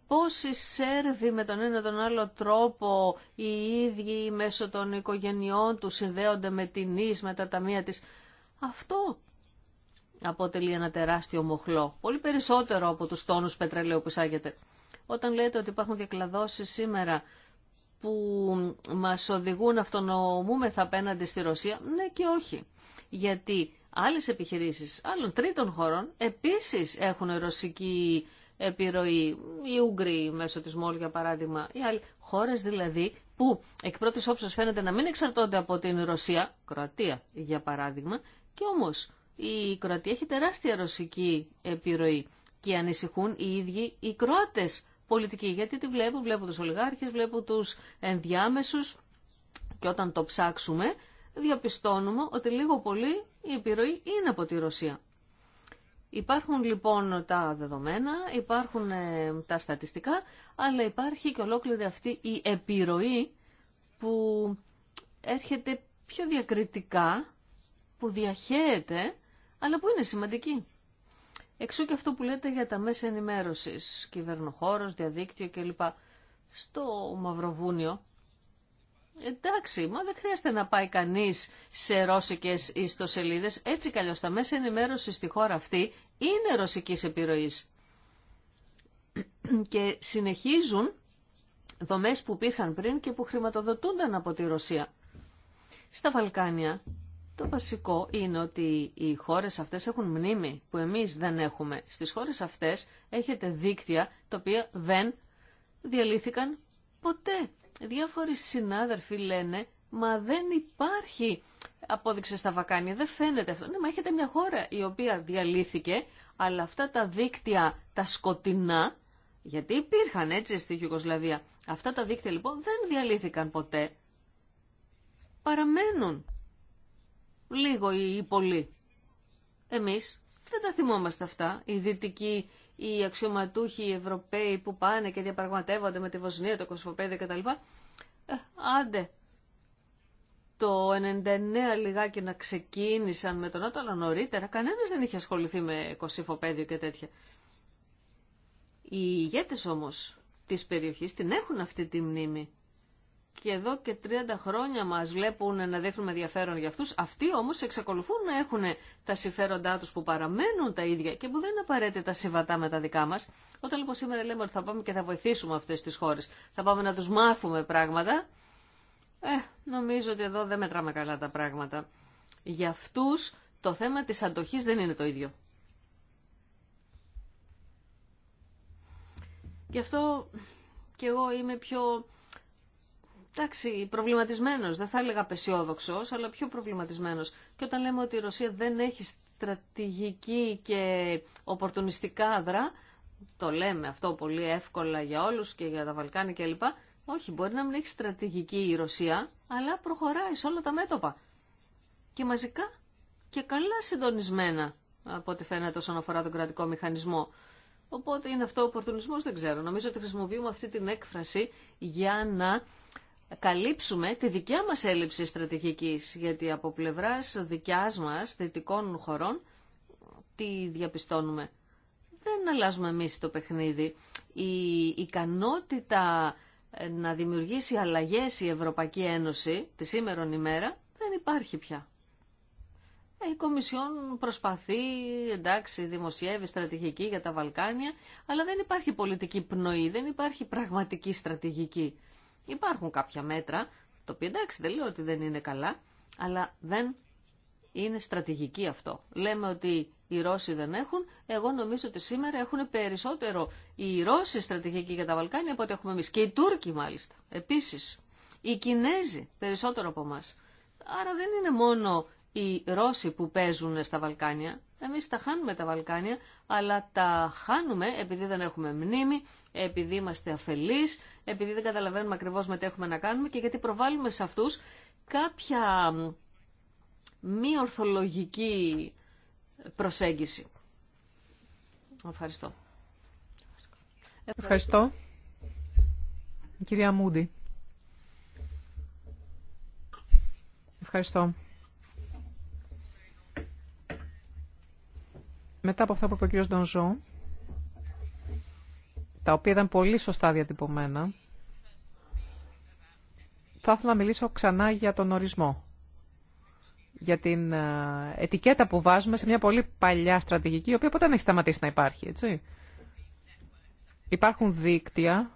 Speaker 1: Πώς Σέρβοι με τον ένα τον άλλο τρόπο, οι ίδιοι μέσω των οικογενειών του συνδέονται με την ΝΙΣ, με τα ταμεία της. Αυτό αποτελεί ένα τεράστιο μοχλό. Πολύ περισσότερο από τους τόνους πετρελαίου που εισάγεται. Όταν λέτε ότι υπάρχουν διακλαδώσεις σήμερα που μας οδηγούν αυτονομούμεθα απέναντι στη Ρωσία, ναι και όχι. Γιατί άλλες επιχειρήσεις άλλων τρίτων χωρών επίσης έχουν ρωσική επιρροή. Οι Ούγγροι μέσω της Μόλ για παράδειγμα, οι άλλοι χώρες δηλαδή που εκ πρώτης όψης φαίνεται να μην εξαρτώνται από την Ρωσία, Κροατία για παράδειγμα, και όμως η Κροατία έχει τεράστια ρωσική επιρροή και ανησυχούν οι ίδιοι οι Κροάτες πολιτικοί. Γιατί τη βλέπουν, βλέπουν τους ολιγάρχες, βλέπουν τους ενδιάμεσους και όταν το ψάξουμε διαπιστώνουμε ότι λίγο πολύ η επιρροή είναι από τη Ρωσία. Υπάρχουν λοιπόν τα δεδομένα, υπάρχουν ε, τα στατιστικά, αλλά υπάρχει και ολόκληρη αυτή η επιρροή που έρχεται πιο διακριτικά, που διαχέεται αλλά που είναι σημαντική. Εξού και αυτό που λέτε για τα μέσα ενημέρωσης, κυβερνοχώρος, διαδίκτυο κλπ. Στο Μαυροβούνιο, εντάξει, μα δεν χρειάζεται να πάει κανείς σε ρώσικες ιστοσελίδες, έτσι κι τα μέσα ενημέρωσης στη χώρα αυτή είναι ρωσικής επιρροής. Και συνεχίζουν δομές που υπήρχαν πριν και που χρηματοδοτούνταν από τη Ρωσία. Στα Βαλκάνια το βασικό είναι ότι οι χώρες αυτές έχουν μνήμη που εμείς δεν έχουμε. Στις χώρες αυτές έχετε δίκτυα τα οποία δεν διαλύθηκαν ποτέ. Διάφοροι συνάδελφοι λένε «Μα δεν υπάρχει απόδειξη στα βακάνια, δεν φαίνεται αυτό». Ναι, μα έχετε μια χώρα η οποία διαλύθηκε, αλλά αυτά τα δίκτυα τα σκοτεινά, γιατί υπήρχαν έτσι στη Γιουγκοσλαβία, αυτά τα δίκτυα λοιπόν δεν διαλύθηκαν ποτέ. Παραμένουν λίγο ή πολύ. Εμείς δεν τα θυμόμαστε αυτά. Οι δυτικοί, οι αξιωματούχοι, οι Ευρωπαίοι που πάνε και διαπραγματεύονται με τη Βοσνία, το Κοσμοπέδιο κτλ. Ε, άντε, το 99 λιγάκι να ξεκίνησαν με τον Άτο, νωρίτερα κανένας δεν είχε ασχοληθεί με Κωσυφοπέδιο και τέτοια. Οι ηγέτες όμως της περιοχής την έχουν αυτή τη μνήμη και εδώ και 30 χρόνια μας βλέπουν να δείχνουμε ενδιαφέρον για αυτούς. Αυτοί όμως εξακολουθούν να έχουν τα συμφέροντά τους που παραμένουν τα ίδια και που δεν είναι απαραίτητα συμβατά με τα δικά μας. Όταν λοιπόν σήμερα λέμε ότι θα πάμε και θα βοηθήσουμε αυτές τις χώρες, θα πάμε να τους μάθουμε πράγματα, ε, νομίζω ότι εδώ δεν μετράμε καλά τα πράγματα. Για αυτούς το θέμα της αντοχής δεν είναι το ίδιο. Γι' αυτό και εγώ είμαι πιο εντάξει, προβληματισμένο, δεν θα έλεγα πεσιόδοξος, αλλά πιο προβληματισμένο. Και όταν λέμε ότι η Ρωσία δεν έχει στρατηγική και οπορτουνιστικά άδρα, το λέμε αυτό πολύ εύκολα για όλου και για τα Βαλκάνια κλπ. Όχι, μπορεί να μην έχει στρατηγική η Ρωσία, αλλά προχωράει σε όλα τα μέτωπα. Και μαζικά και καλά συντονισμένα, από ό,τι φαίνεται όσον αφορά τον κρατικό μηχανισμό. Οπότε είναι αυτό ο οπορτουνισμός, δεν ξέρω. Νομίζω ότι χρησιμοποιούμε αυτή την έκφραση για να καλύψουμε τη δικιά μας έλλειψη στρατηγικής, γιατί από πλευράς δικιάς μας, θετικών χωρών, τι διαπιστώνουμε. Δεν αλλάζουμε εμείς το παιχνίδι. Η ικανότητα ε, να δημιουργήσει αλλαγές η Ευρωπαϊκή Ένωση τη σήμερον ημέρα δεν υπάρχει πια. Ε, η Κομισιόν προσπαθεί, εντάξει, δημοσιεύει στρατηγική για τα Βαλκάνια, αλλά δεν υπάρχει πολιτική πνοή, δεν υπάρχει πραγματική στρατηγική. Υπάρχουν κάποια μέτρα, το οποίο εντάξει δεν λέω ότι δεν είναι καλά, αλλά δεν είναι στρατηγική αυτό. Λέμε ότι οι Ρώσοι δεν έχουν, εγώ νομίζω ότι σήμερα έχουν περισσότερο οι Ρώσοι στρατηγική για τα Βαλκάνια από ό,τι έχουμε εμείς. Και οι Τούρκοι μάλιστα, επίσης. Οι Κινέζοι περισσότερο από εμά. Άρα δεν είναι μόνο οι Ρώσοι που παίζουν στα Βαλκάνια. Εμεί τα χάνουμε τα Βαλκάνια, αλλά τα χάνουμε επειδή δεν έχουμε μνήμη, επειδή είμαστε αφελείς, επειδή δεν καταλαβαίνουμε ακριβώ με τι έχουμε να κάνουμε και γιατί προβάλλουμε σε αυτού κάποια μη ορθολογική προσέγγιση. Ευχαριστώ. Ευχαριστώ.
Speaker 2: Κυρία Μούντι. Ευχαριστώ. μετά από αυτά που είπε ο κ. Ντονζό, τα οποία ήταν πολύ σωστά διατυπωμένα, θα ήθελα να μιλήσω ξανά για τον ορισμό. Για την ε, ετικέτα που βάζουμε σε μια πολύ παλιά στρατηγική, η οποία ποτέ δεν έχει σταματήσει να υπάρχει, έτσι. Υπάρχουν δίκτυα,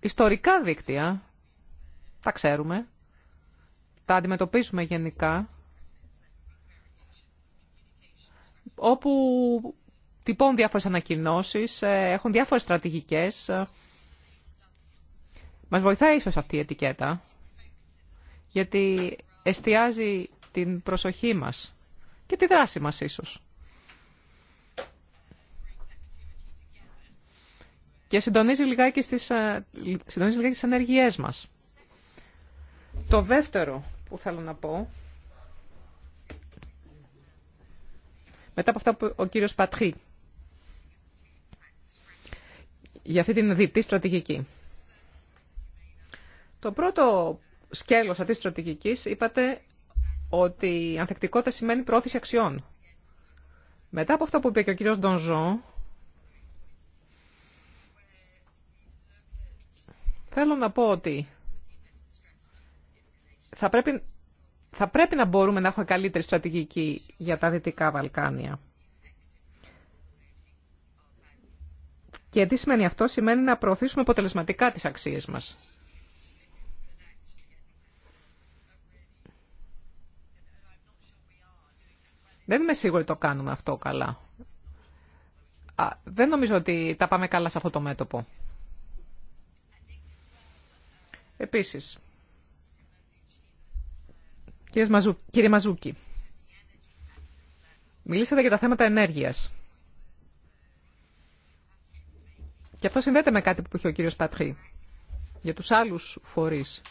Speaker 2: ιστορικά δίκτυα, τα ξέρουμε, τα αντιμετωπίζουμε γενικά όπου τυπώνουν διάφορες ανακοινώσεις, ε, έχουν διάφορες στρατηγικές. Ε, μας βοηθάει ίσως αυτή η ετικέτα, γιατί εστιάζει την προσοχή μας και τη δράση μας ίσως. Και συντονίζει λιγάκι στις, ε, συντονίζει λιγάκι ενεργειές μας. Το δεύτερο που θέλω να πω Μετά από αυτά που ο κύριος Πατρί για αυτή την διπτή στρατηγική. Το πρώτο σκέλος αυτής της στρατηγικής είπατε ότι η ανθεκτικότητα σημαίνει πρόθεση αξιών. Μετά από αυτά που είπε και ο κύριος Ντονζό, θέλω να πω ότι θα πρέπει θα πρέπει να μπορούμε να έχουμε καλύτερη στρατηγική για τα Δυτικά Βαλκάνια. Και τι σημαίνει αυτό, σημαίνει να προωθήσουμε αποτελεσματικά τις αξίες μας. Δεν είμαι σίγουρη το κάνουμε αυτό καλά. Α, δεν νομίζω ότι τα πάμε καλά σε αυτό το μέτωπο. Επίσης, Κύριε Μαζούκη, μιλήσατε για τα θέματα ενέργειας. Και αυτό συνδέεται με κάτι που είχε ο κύριος Πατρί για τους άλλους φορείς.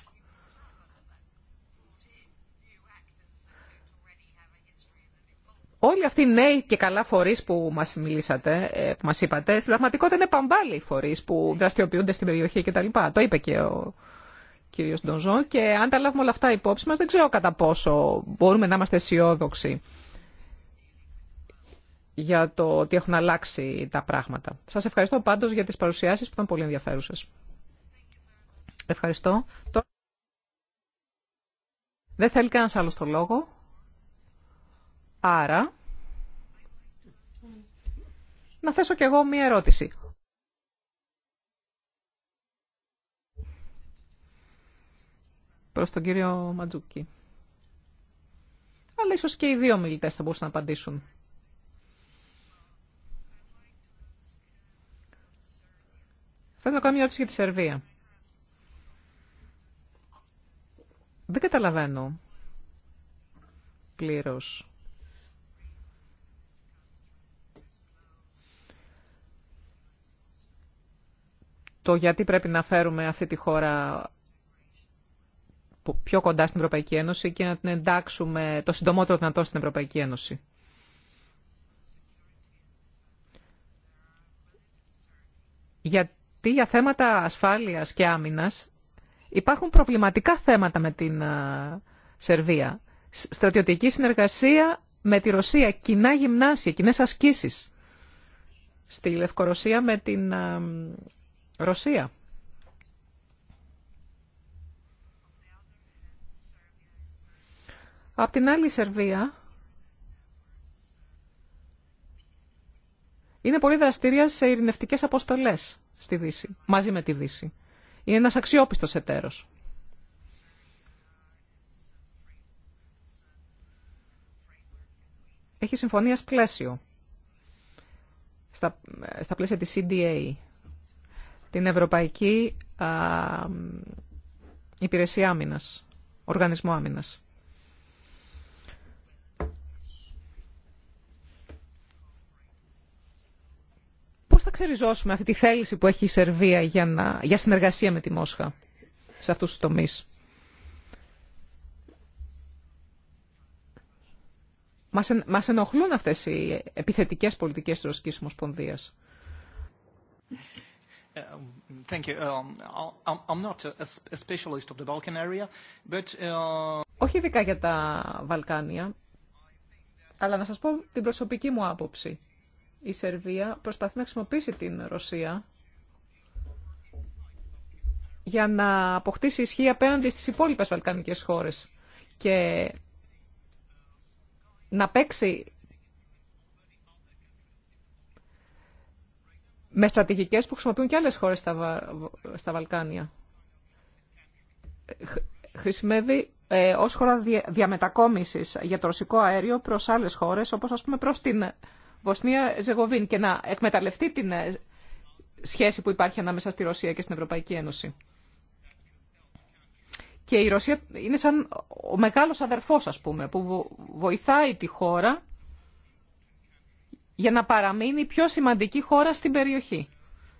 Speaker 2: Όλοι αυτοί οι νέοι και καλά φορείς που μας μιλήσατε, ε, που μας είπατε, στην πραγματικότητα είναι παμπάλοι φορείς που δραστηριοποιούνται στην περιοχή κτλ. Το είπε και ο κύριος Ντοζό και αν τα λάβουμε όλα αυτά υπόψη μας δεν ξέρω κατά πόσο μπορούμε να είμαστε αισιόδοξοι για το ότι έχουν αλλάξει τα πράγματα. Σας ευχαριστώ πάντως για τις παρουσιάσεις που ήταν πολύ ενδιαφέρουσες. Ευχαριστώ. Δεν θέλει κανένας άλλος το λόγο. Άρα, να θέσω κι εγώ μία ερώτηση. προς τον κύριο Ματζούκη. Αλλά ίσως και οι δύο μιλητές θα μπορούσαν να απαντήσουν. Θέλω να κάνω μια ερώτηση για τη Σερβία. Δεν καταλαβαίνω πλήρως. Το γιατί πρέπει να φέρουμε αυτή τη χώρα πιο κοντά στην Ευρωπαϊκή Ένωση και να την εντάξουμε το συντομότερο δυνατό στην Ευρωπαϊκή Ένωση. Γιατί για θέματα ασφάλειας και άμυνας υπάρχουν προβληματικά θέματα με την Σερβία. Στρατιωτική συνεργασία με τη Ρωσία, κοινά γυμνάσια, κοινέ ασκήσεις στη Λευκορωσία με την Ρωσία. Απ' την άλλη η Σερβία είναι πολύ δραστήρια σε ειρηνευτικές αποστολές στη Δύση, μαζί με τη Δύση. Είναι ένας αξιόπιστος εταίρος. Έχει συμφωνία πλαίσιο στα, στα πλαίσια της CDA, την Ευρωπαϊκή Υπηρεσία Άμυνας, Οργανισμό Άμυνας. θα ξεριζώσουμε αυτή τη θέληση που έχει η Σερβία για, να, για συνεργασία με τη Μόσχα σε αυτούς τους τομείς. Μας, εν, μας ενοχλούν αυτές οι επιθετικές πολιτικές της Ρωσικής Ομοσπονδίας. Όχι ειδικά για τα Βαλκάνια, αλλά να σας πω την προσωπική μου άποψη η Σερβία προσπαθεί να χρησιμοποιήσει την Ρωσία για να αποκτήσει ισχύ απέναντι στις υπόλοιπες βαλκανικές χώρες και να παίξει με στρατηγικές που χρησιμοποιούν και άλλες χώρες στα, Βαλκάνια. Χρησιμεύει ε, ως χώρα διαμετακόμισης για το ρωσικό αέριο προς άλλες χώρες, όπως ας πούμε προς την Βοσνία ζεγοβιν και να εκμεταλλευτεί την ε, σχέση που υπάρχει ανάμεσα στη Ρωσία και στην Ευρωπαϊκή Ένωση. Και η Ρωσία είναι σαν ο μεγάλος αδερφός, ας πούμε, που βοηθάει τη χώρα για να παραμείνει η πιο σημαντική χώρα στην περιοχή.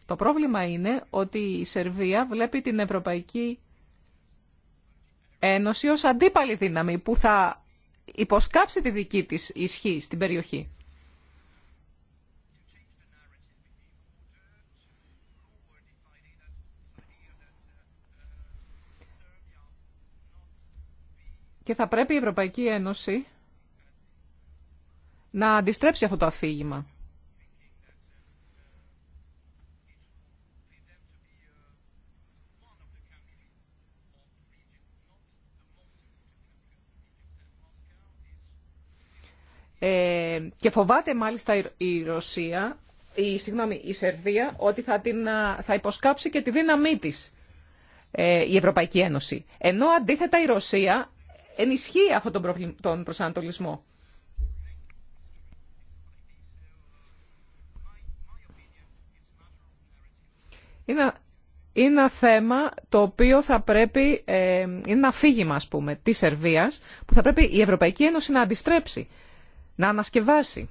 Speaker 2: Το πρόβλημα είναι ότι η Σερβία βλέπει την Ευρωπαϊκή Ένωση ως αντίπαλη δύναμη που θα υποσκάψει τη δική της ισχύ στην περιοχή. Και θα πρέπει η Ευρωπαϊκή Ένωση να αντιστρέψει αυτό το αφήγημα. Ε, και φοβάται μάλιστα η Ρωσία, η, συγγνώμη, η Σερβία, ότι θα, την, θα υποσκάψει και τη δύναμή της ε, η Ευρωπαϊκή Ένωση. Ενώ αντίθετα η Ρωσία ενισχύει αυτόν τον προσανατολισμό. Είναι, είναι ένα θέμα το οποίο θα πρέπει, ε, είναι ένα αφήγημα ας πούμε της Σερβίας που θα πρέπει η Ευρωπαϊκή Ένωση να αντιστρέψει, να ανασκευάσει.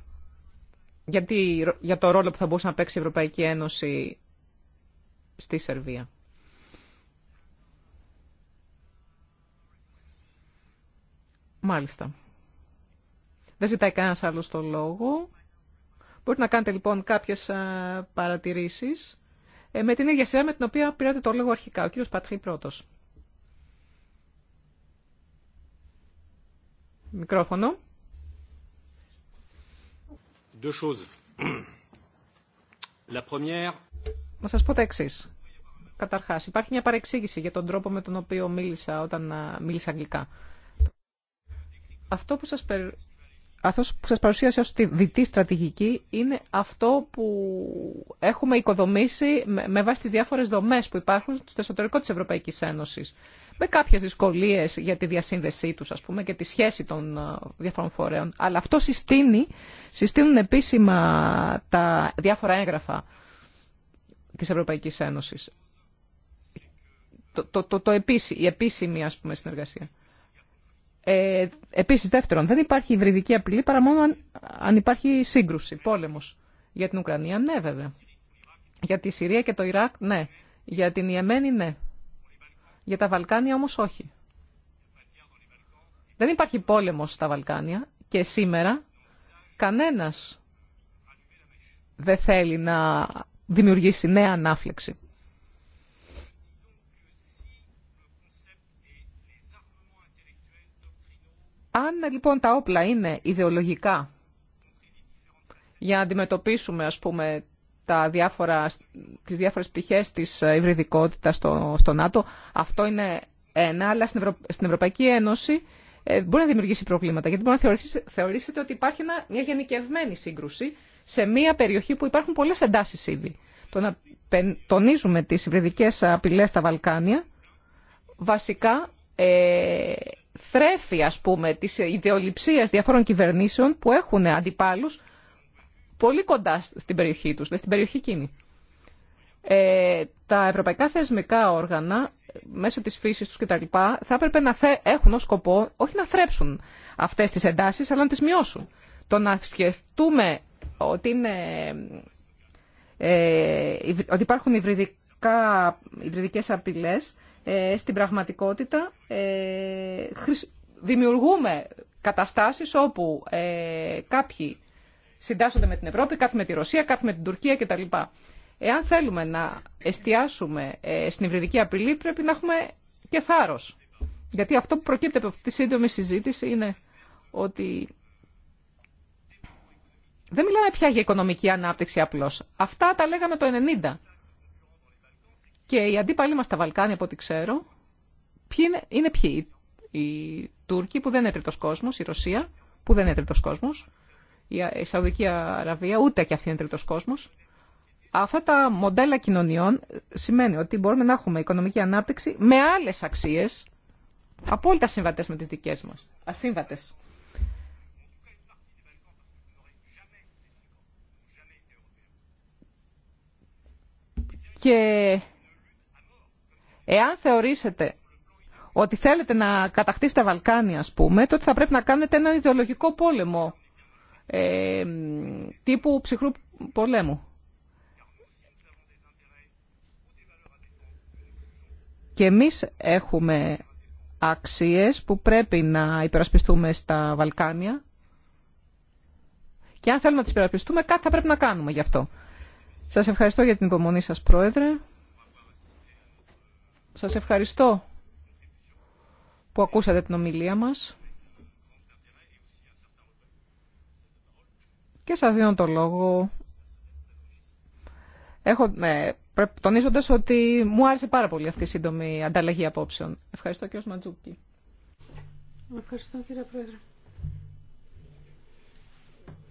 Speaker 2: Γιατί, για το ρόλο που θα μπορούσε να παίξει η Ευρωπαϊκή Ένωση στη Σερβία. Μάλιστα. Δεν ζητάει κανένα άλλο το λόγο. Μπορείτε να κάνετε λοιπόν κάποιε παρατηρήσει ε, με την ίδια σειρά με την οποία πήρατε το λόγο αρχικά. Ο κύριο Πατρί πρώτο. Μικρόφωνο. Deux choses. La première... Να σας πω τα εξής. Καταρχάς, υπάρχει μια παρεξήγηση για τον τρόπο με τον οποίο μίλησα όταν μίλησα αγγλικά. Αυτό που σας, αυτό παρουσίασε ως τη δυτή στρατηγική είναι αυτό που έχουμε οικοδομήσει με βάση τις διάφορες δομές που υπάρχουν στο εσωτερικό της Ευρωπαϊκής Ένωσης. Με κάποιες δυσκολίες για τη διασύνδεσή τους, ας πούμε, και τη σχέση των διαφορών φορέων. Αλλά αυτό συστήνει, συστήνουν επίσημα τα διάφορα έγγραφα της Ευρωπαϊκής Ένωσης. Το, το, το, η επίσημη, ας πούμε, συνεργασία. Ε, επίσης, δεύτερον, δεν υπάρχει υβριδική απλή παρά μόνο αν, υπάρχει σύγκρουση, πόλεμος. Για την Ουκρανία, ναι βέβαια. Για τη Συρία και το Ιράκ, ναι. Για την Ιεμένη, ναι. Για τα Βαλκάνια όμως όχι. Δεν υπάρχει πόλεμος στα Βαλκάνια και σήμερα κανένας δεν θέλει να δημιουργήσει νέα ανάφλεξη. Αν λοιπόν τα όπλα είναι ιδεολογικά για να αντιμετωπίσουμε ας πούμε τα διάφορα, τις διάφορες πτυχές της ε, υβριδικότητας στο, στο ΝΑΤΟ, αυτό είναι ένα, αλλά στην, στην Ευρωπαϊκή Ένωση ε, μπορεί να δημιουργήσει προβλήματα, γιατί μπορεί να θεωρήσετε ότι υπάρχει μια γενικευμένη σύγκρουση σε μια περιοχή που υπάρχουν πολλές εντάσεις ήδη. Το να τονίζουμε τις υβριδικές απειλές στα Βαλκάνια, βασικά ε, θρέφει, ας πούμε, της ιδεολειψίας διαφόρων κυβερνήσεων που έχουν αντιπάλους πολύ κοντά στην περιοχή τους, στην περιοχή εκείνη. Ε, τα ευρωπαϊκά θεσμικά όργανα, μέσω της φύσης τους κτλ, θα έπρεπε να έχουν ως σκοπό όχι να θρέψουν αυτές τις εντάσεις, αλλά να τις μειώσουν. Το να σκεφτούμε ότι, ε, υπάρχουν υβριδικές απειλές, ε, στην πραγματικότητα ε, δημιουργούμε καταστάσεις όπου ε, κάποιοι συντάσσονται με την Ευρώπη, κάποιοι με τη Ρωσία, κάποιοι με την Τουρκία κτλ. Εάν θέλουμε να εστιάσουμε στην υβριδική απειλή πρέπει να έχουμε και θάρρος. Γιατί αυτό που προκύπτει από αυτή τη σύντομη συζήτηση είναι ότι δεν μιλάμε πια για οικονομική ανάπτυξη απλώς. Αυτά τα λέγαμε το 90 και οι αντίπαλοι μας στα Βαλκάνια, από ό,τι ξέρω, είναι, είναι ποιοι. Οι Τούρκοι που δεν είναι τρίτος κόσμος, η Ρωσία που δεν είναι τρίτος κόσμος, η Σαουδική Αραβία ούτε και αυτή είναι τρίτος κόσμος. Αυτά τα μοντέλα κοινωνιών σημαίνει ότι μπορούμε να έχουμε οικονομική ανάπτυξη με άλλες αξίες απόλυτα συμβατέ με τις δικές μας. Ασύμβατες. Και Εάν θεωρήσετε ότι θέλετε να κατακτήσετε Βαλκάνια, ας πούμε, τότε θα πρέπει να κάνετε ένα ιδεολογικό πόλεμο ε, τύπου ψυχρού πολέμου. Και εμείς έχουμε αξίες που πρέπει να υπερασπιστούμε στα Βαλκάνια και αν θέλουμε να τις υπερασπιστούμε κάτι θα πρέπει να κάνουμε γι' αυτό. Σας ευχαριστώ για την υπομονή σας, Πρόεδρε. Σας ευχαριστώ που ακούσατε την ομιλία μας. Και σας δίνω το λόγο. Έχω, ε, τονίζοντας ότι μου άρεσε πάρα πολύ αυτή η σύντομη ανταλλαγή απόψεων. Ευχαριστώ και ως Ματζούκη.
Speaker 3: Ευχαριστώ κύριε Πρόεδρε.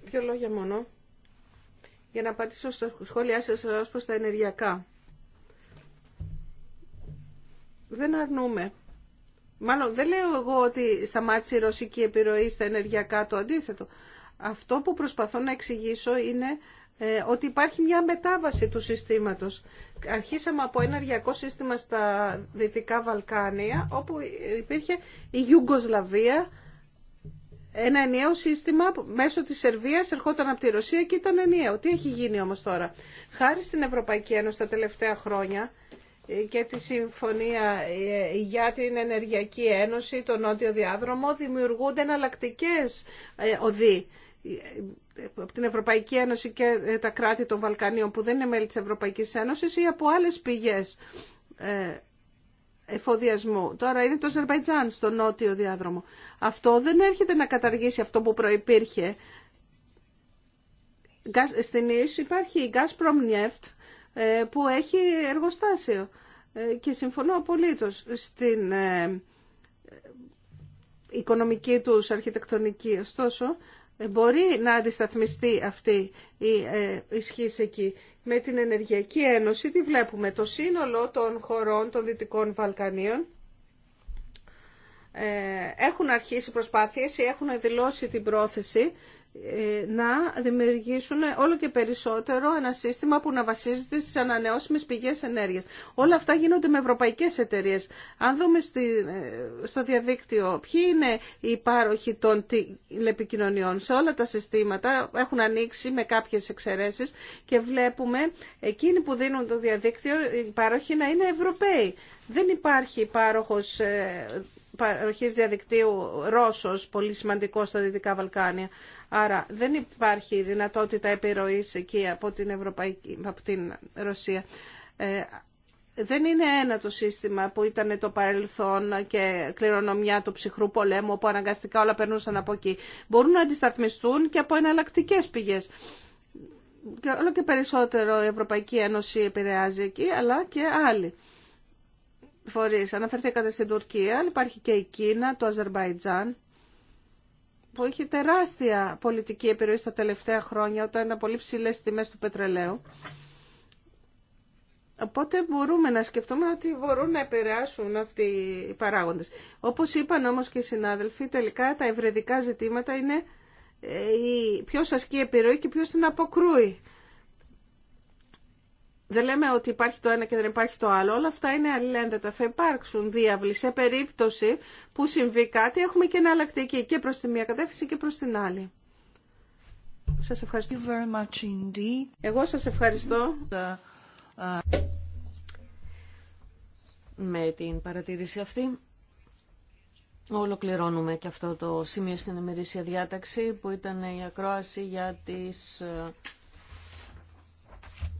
Speaker 3: Δύο λόγια μόνο για να απαντήσω στα σχόλιά σας ως προς τα ενεργειακά δεν αρνούμε. Μάλλον δεν λέω εγώ ότι σταμάτησε η ρωσική επιρροή στα ενεργειακά, το αντίθετο. Αυτό που προσπαθώ να εξηγήσω είναι ε, ότι υπάρχει μια μετάβαση του συστήματος. Αρχίσαμε από ένα ενεργειακό σύστημα στα Δυτικά Βαλκάνια, όπου υπήρχε η Ιουγκοσλαβία, ένα ενιαίο σύστημα μέσω της Σερβίας ερχόταν από τη Ρωσία και ήταν ενιαίο. Τι έχει γίνει όμως τώρα. Χάρη στην Ευρωπαϊκή Ένωση τα τελευταία χρόνια, και τη Συμφωνία ε, για την Ενεργειακή Ένωση, τον Νότιο Διάδρομο, δημιουργούνται εναλλακτικέ ε, οδοί ε, από την Ευρωπαϊκή Ένωση και τα κράτη των Βαλκανίων που δεν είναι μέλη της Ευρωπαϊκής Ένωσης ή από άλλες πηγές εφοδιασμού. Τώρα είναι το Αζερβαϊτζάν στο νότιο διάδρομο. Αυτό δεν έρχεται να καταργήσει αυτό που προϋπήρχε. Στην υπάρχει η Gazprom Neft, ε, που έχει εργοστάσιο. Ε, και συμφωνώ απολύτως στην ε, οικονομική του αρχιτεκτονική. Ωστόσο, μπορεί να αντισταθμιστεί αυτή η ισχύ εκεί. Με την Ενεργειακή Ένωση τι βλέπουμε. Το σύνολο των χωρών των Δυτικών Βαλκανίων έχουν αρχίσει προσπάθειες ή έχουν δηλώσει την πρόθεση να δημιουργήσουν όλο και περισσότερο ένα σύστημα που να βασίζεται στις ανανεώσιμες πηγές ενέργειας. Όλα αυτά γίνονται με ευρωπαϊκές εταιρείες. Αν δούμε ε, στο διαδίκτυο ποιοι είναι οι υπάροχοι των τηλεπικοινωνιών σε όλα τα συστήματα, έχουν ανοίξει με κάποιες εξαιρέσεις και βλέπουμε εκείνοι που δίνουν το διαδίκτυο, οι να είναι Ευρωπαίοι. Δεν υπάρχει πάροχος ε, παροχής διαδικτύου Ρώσος, πολύ σημαντικό στα Δυτικά Βαλκάνια. Άρα δεν υπάρχει δυνατότητα επιρροής εκεί από την, Ευρωπαϊκή, από την Ρωσία. Ε, δεν είναι ένα το σύστημα που ήταν το παρελθόν και κληρονομιά του ψυχρού πολέμου, όπου αναγκαστικά όλα περνούσαν από εκεί. Μπορούν να αντισταθμιστούν και από εναλλακτικέ πηγές. Και όλο και περισσότερο η Ευρωπαϊκή Ένωση επηρεάζει εκεί, αλλά και άλλοι φορείς. Αναφερθήκατε στην Τουρκία, αλλά υπάρχει και η Κίνα, το Αζερβαϊτζάν που είχε τεράστια πολιτική επιρροή στα τελευταία χρόνια όταν ήταν πολύ ψηλέ τιμέ του πετρελαίου. Οπότε μπορούμε να σκεφτούμε ότι μπορούν να επηρεάσουν αυτοί οι παράγοντες. Όπως είπαν όμως και οι συνάδελφοι, τελικά τα ευρεδικά ζητήματα είναι ε, η ποιος ασκεί επιρροή και ποιος την αποκρούει. Δεν λέμε ότι υπάρχει το ένα και δεν υπάρχει το άλλο. Όλα αυτά είναι αλληλένδετα. Θα υπάρξουν διάβλη σε περίπτωση που συμβεί κάτι. Έχουμε και εναλλακτική και προς τη μία κατεύθυνση και προς την άλλη.
Speaker 1: Σας ευχαριστώ. Very much Εγώ σας ευχαριστώ. Uh, Με την παρατήρηση αυτή ολοκληρώνουμε και αυτό το σημείο στην ημερήσια διάταξη που ήταν η ακρόαση για τις uh,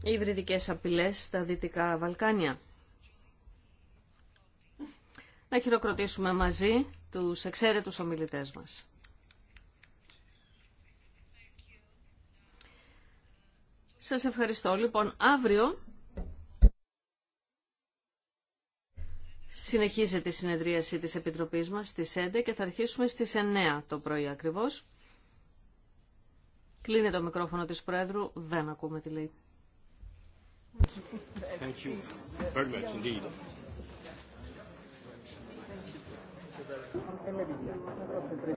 Speaker 1: υβριδικές απειλές στα Δυτικά Βαλκάνια. Να χειροκροτήσουμε μαζί τους εξαίρετους ομιλητές μας. Σας ευχαριστώ. Λοιπόν, αύριο συνεχίζεται η συνεδρίαση της Επιτροπής μας στις 11 και θα αρχίσουμε στις 9 το πρωί ακριβώς. Κλείνει το μικρόφωνο της Πρόεδρου, δεν ακούμε τι λέει. Thank you very much indeed.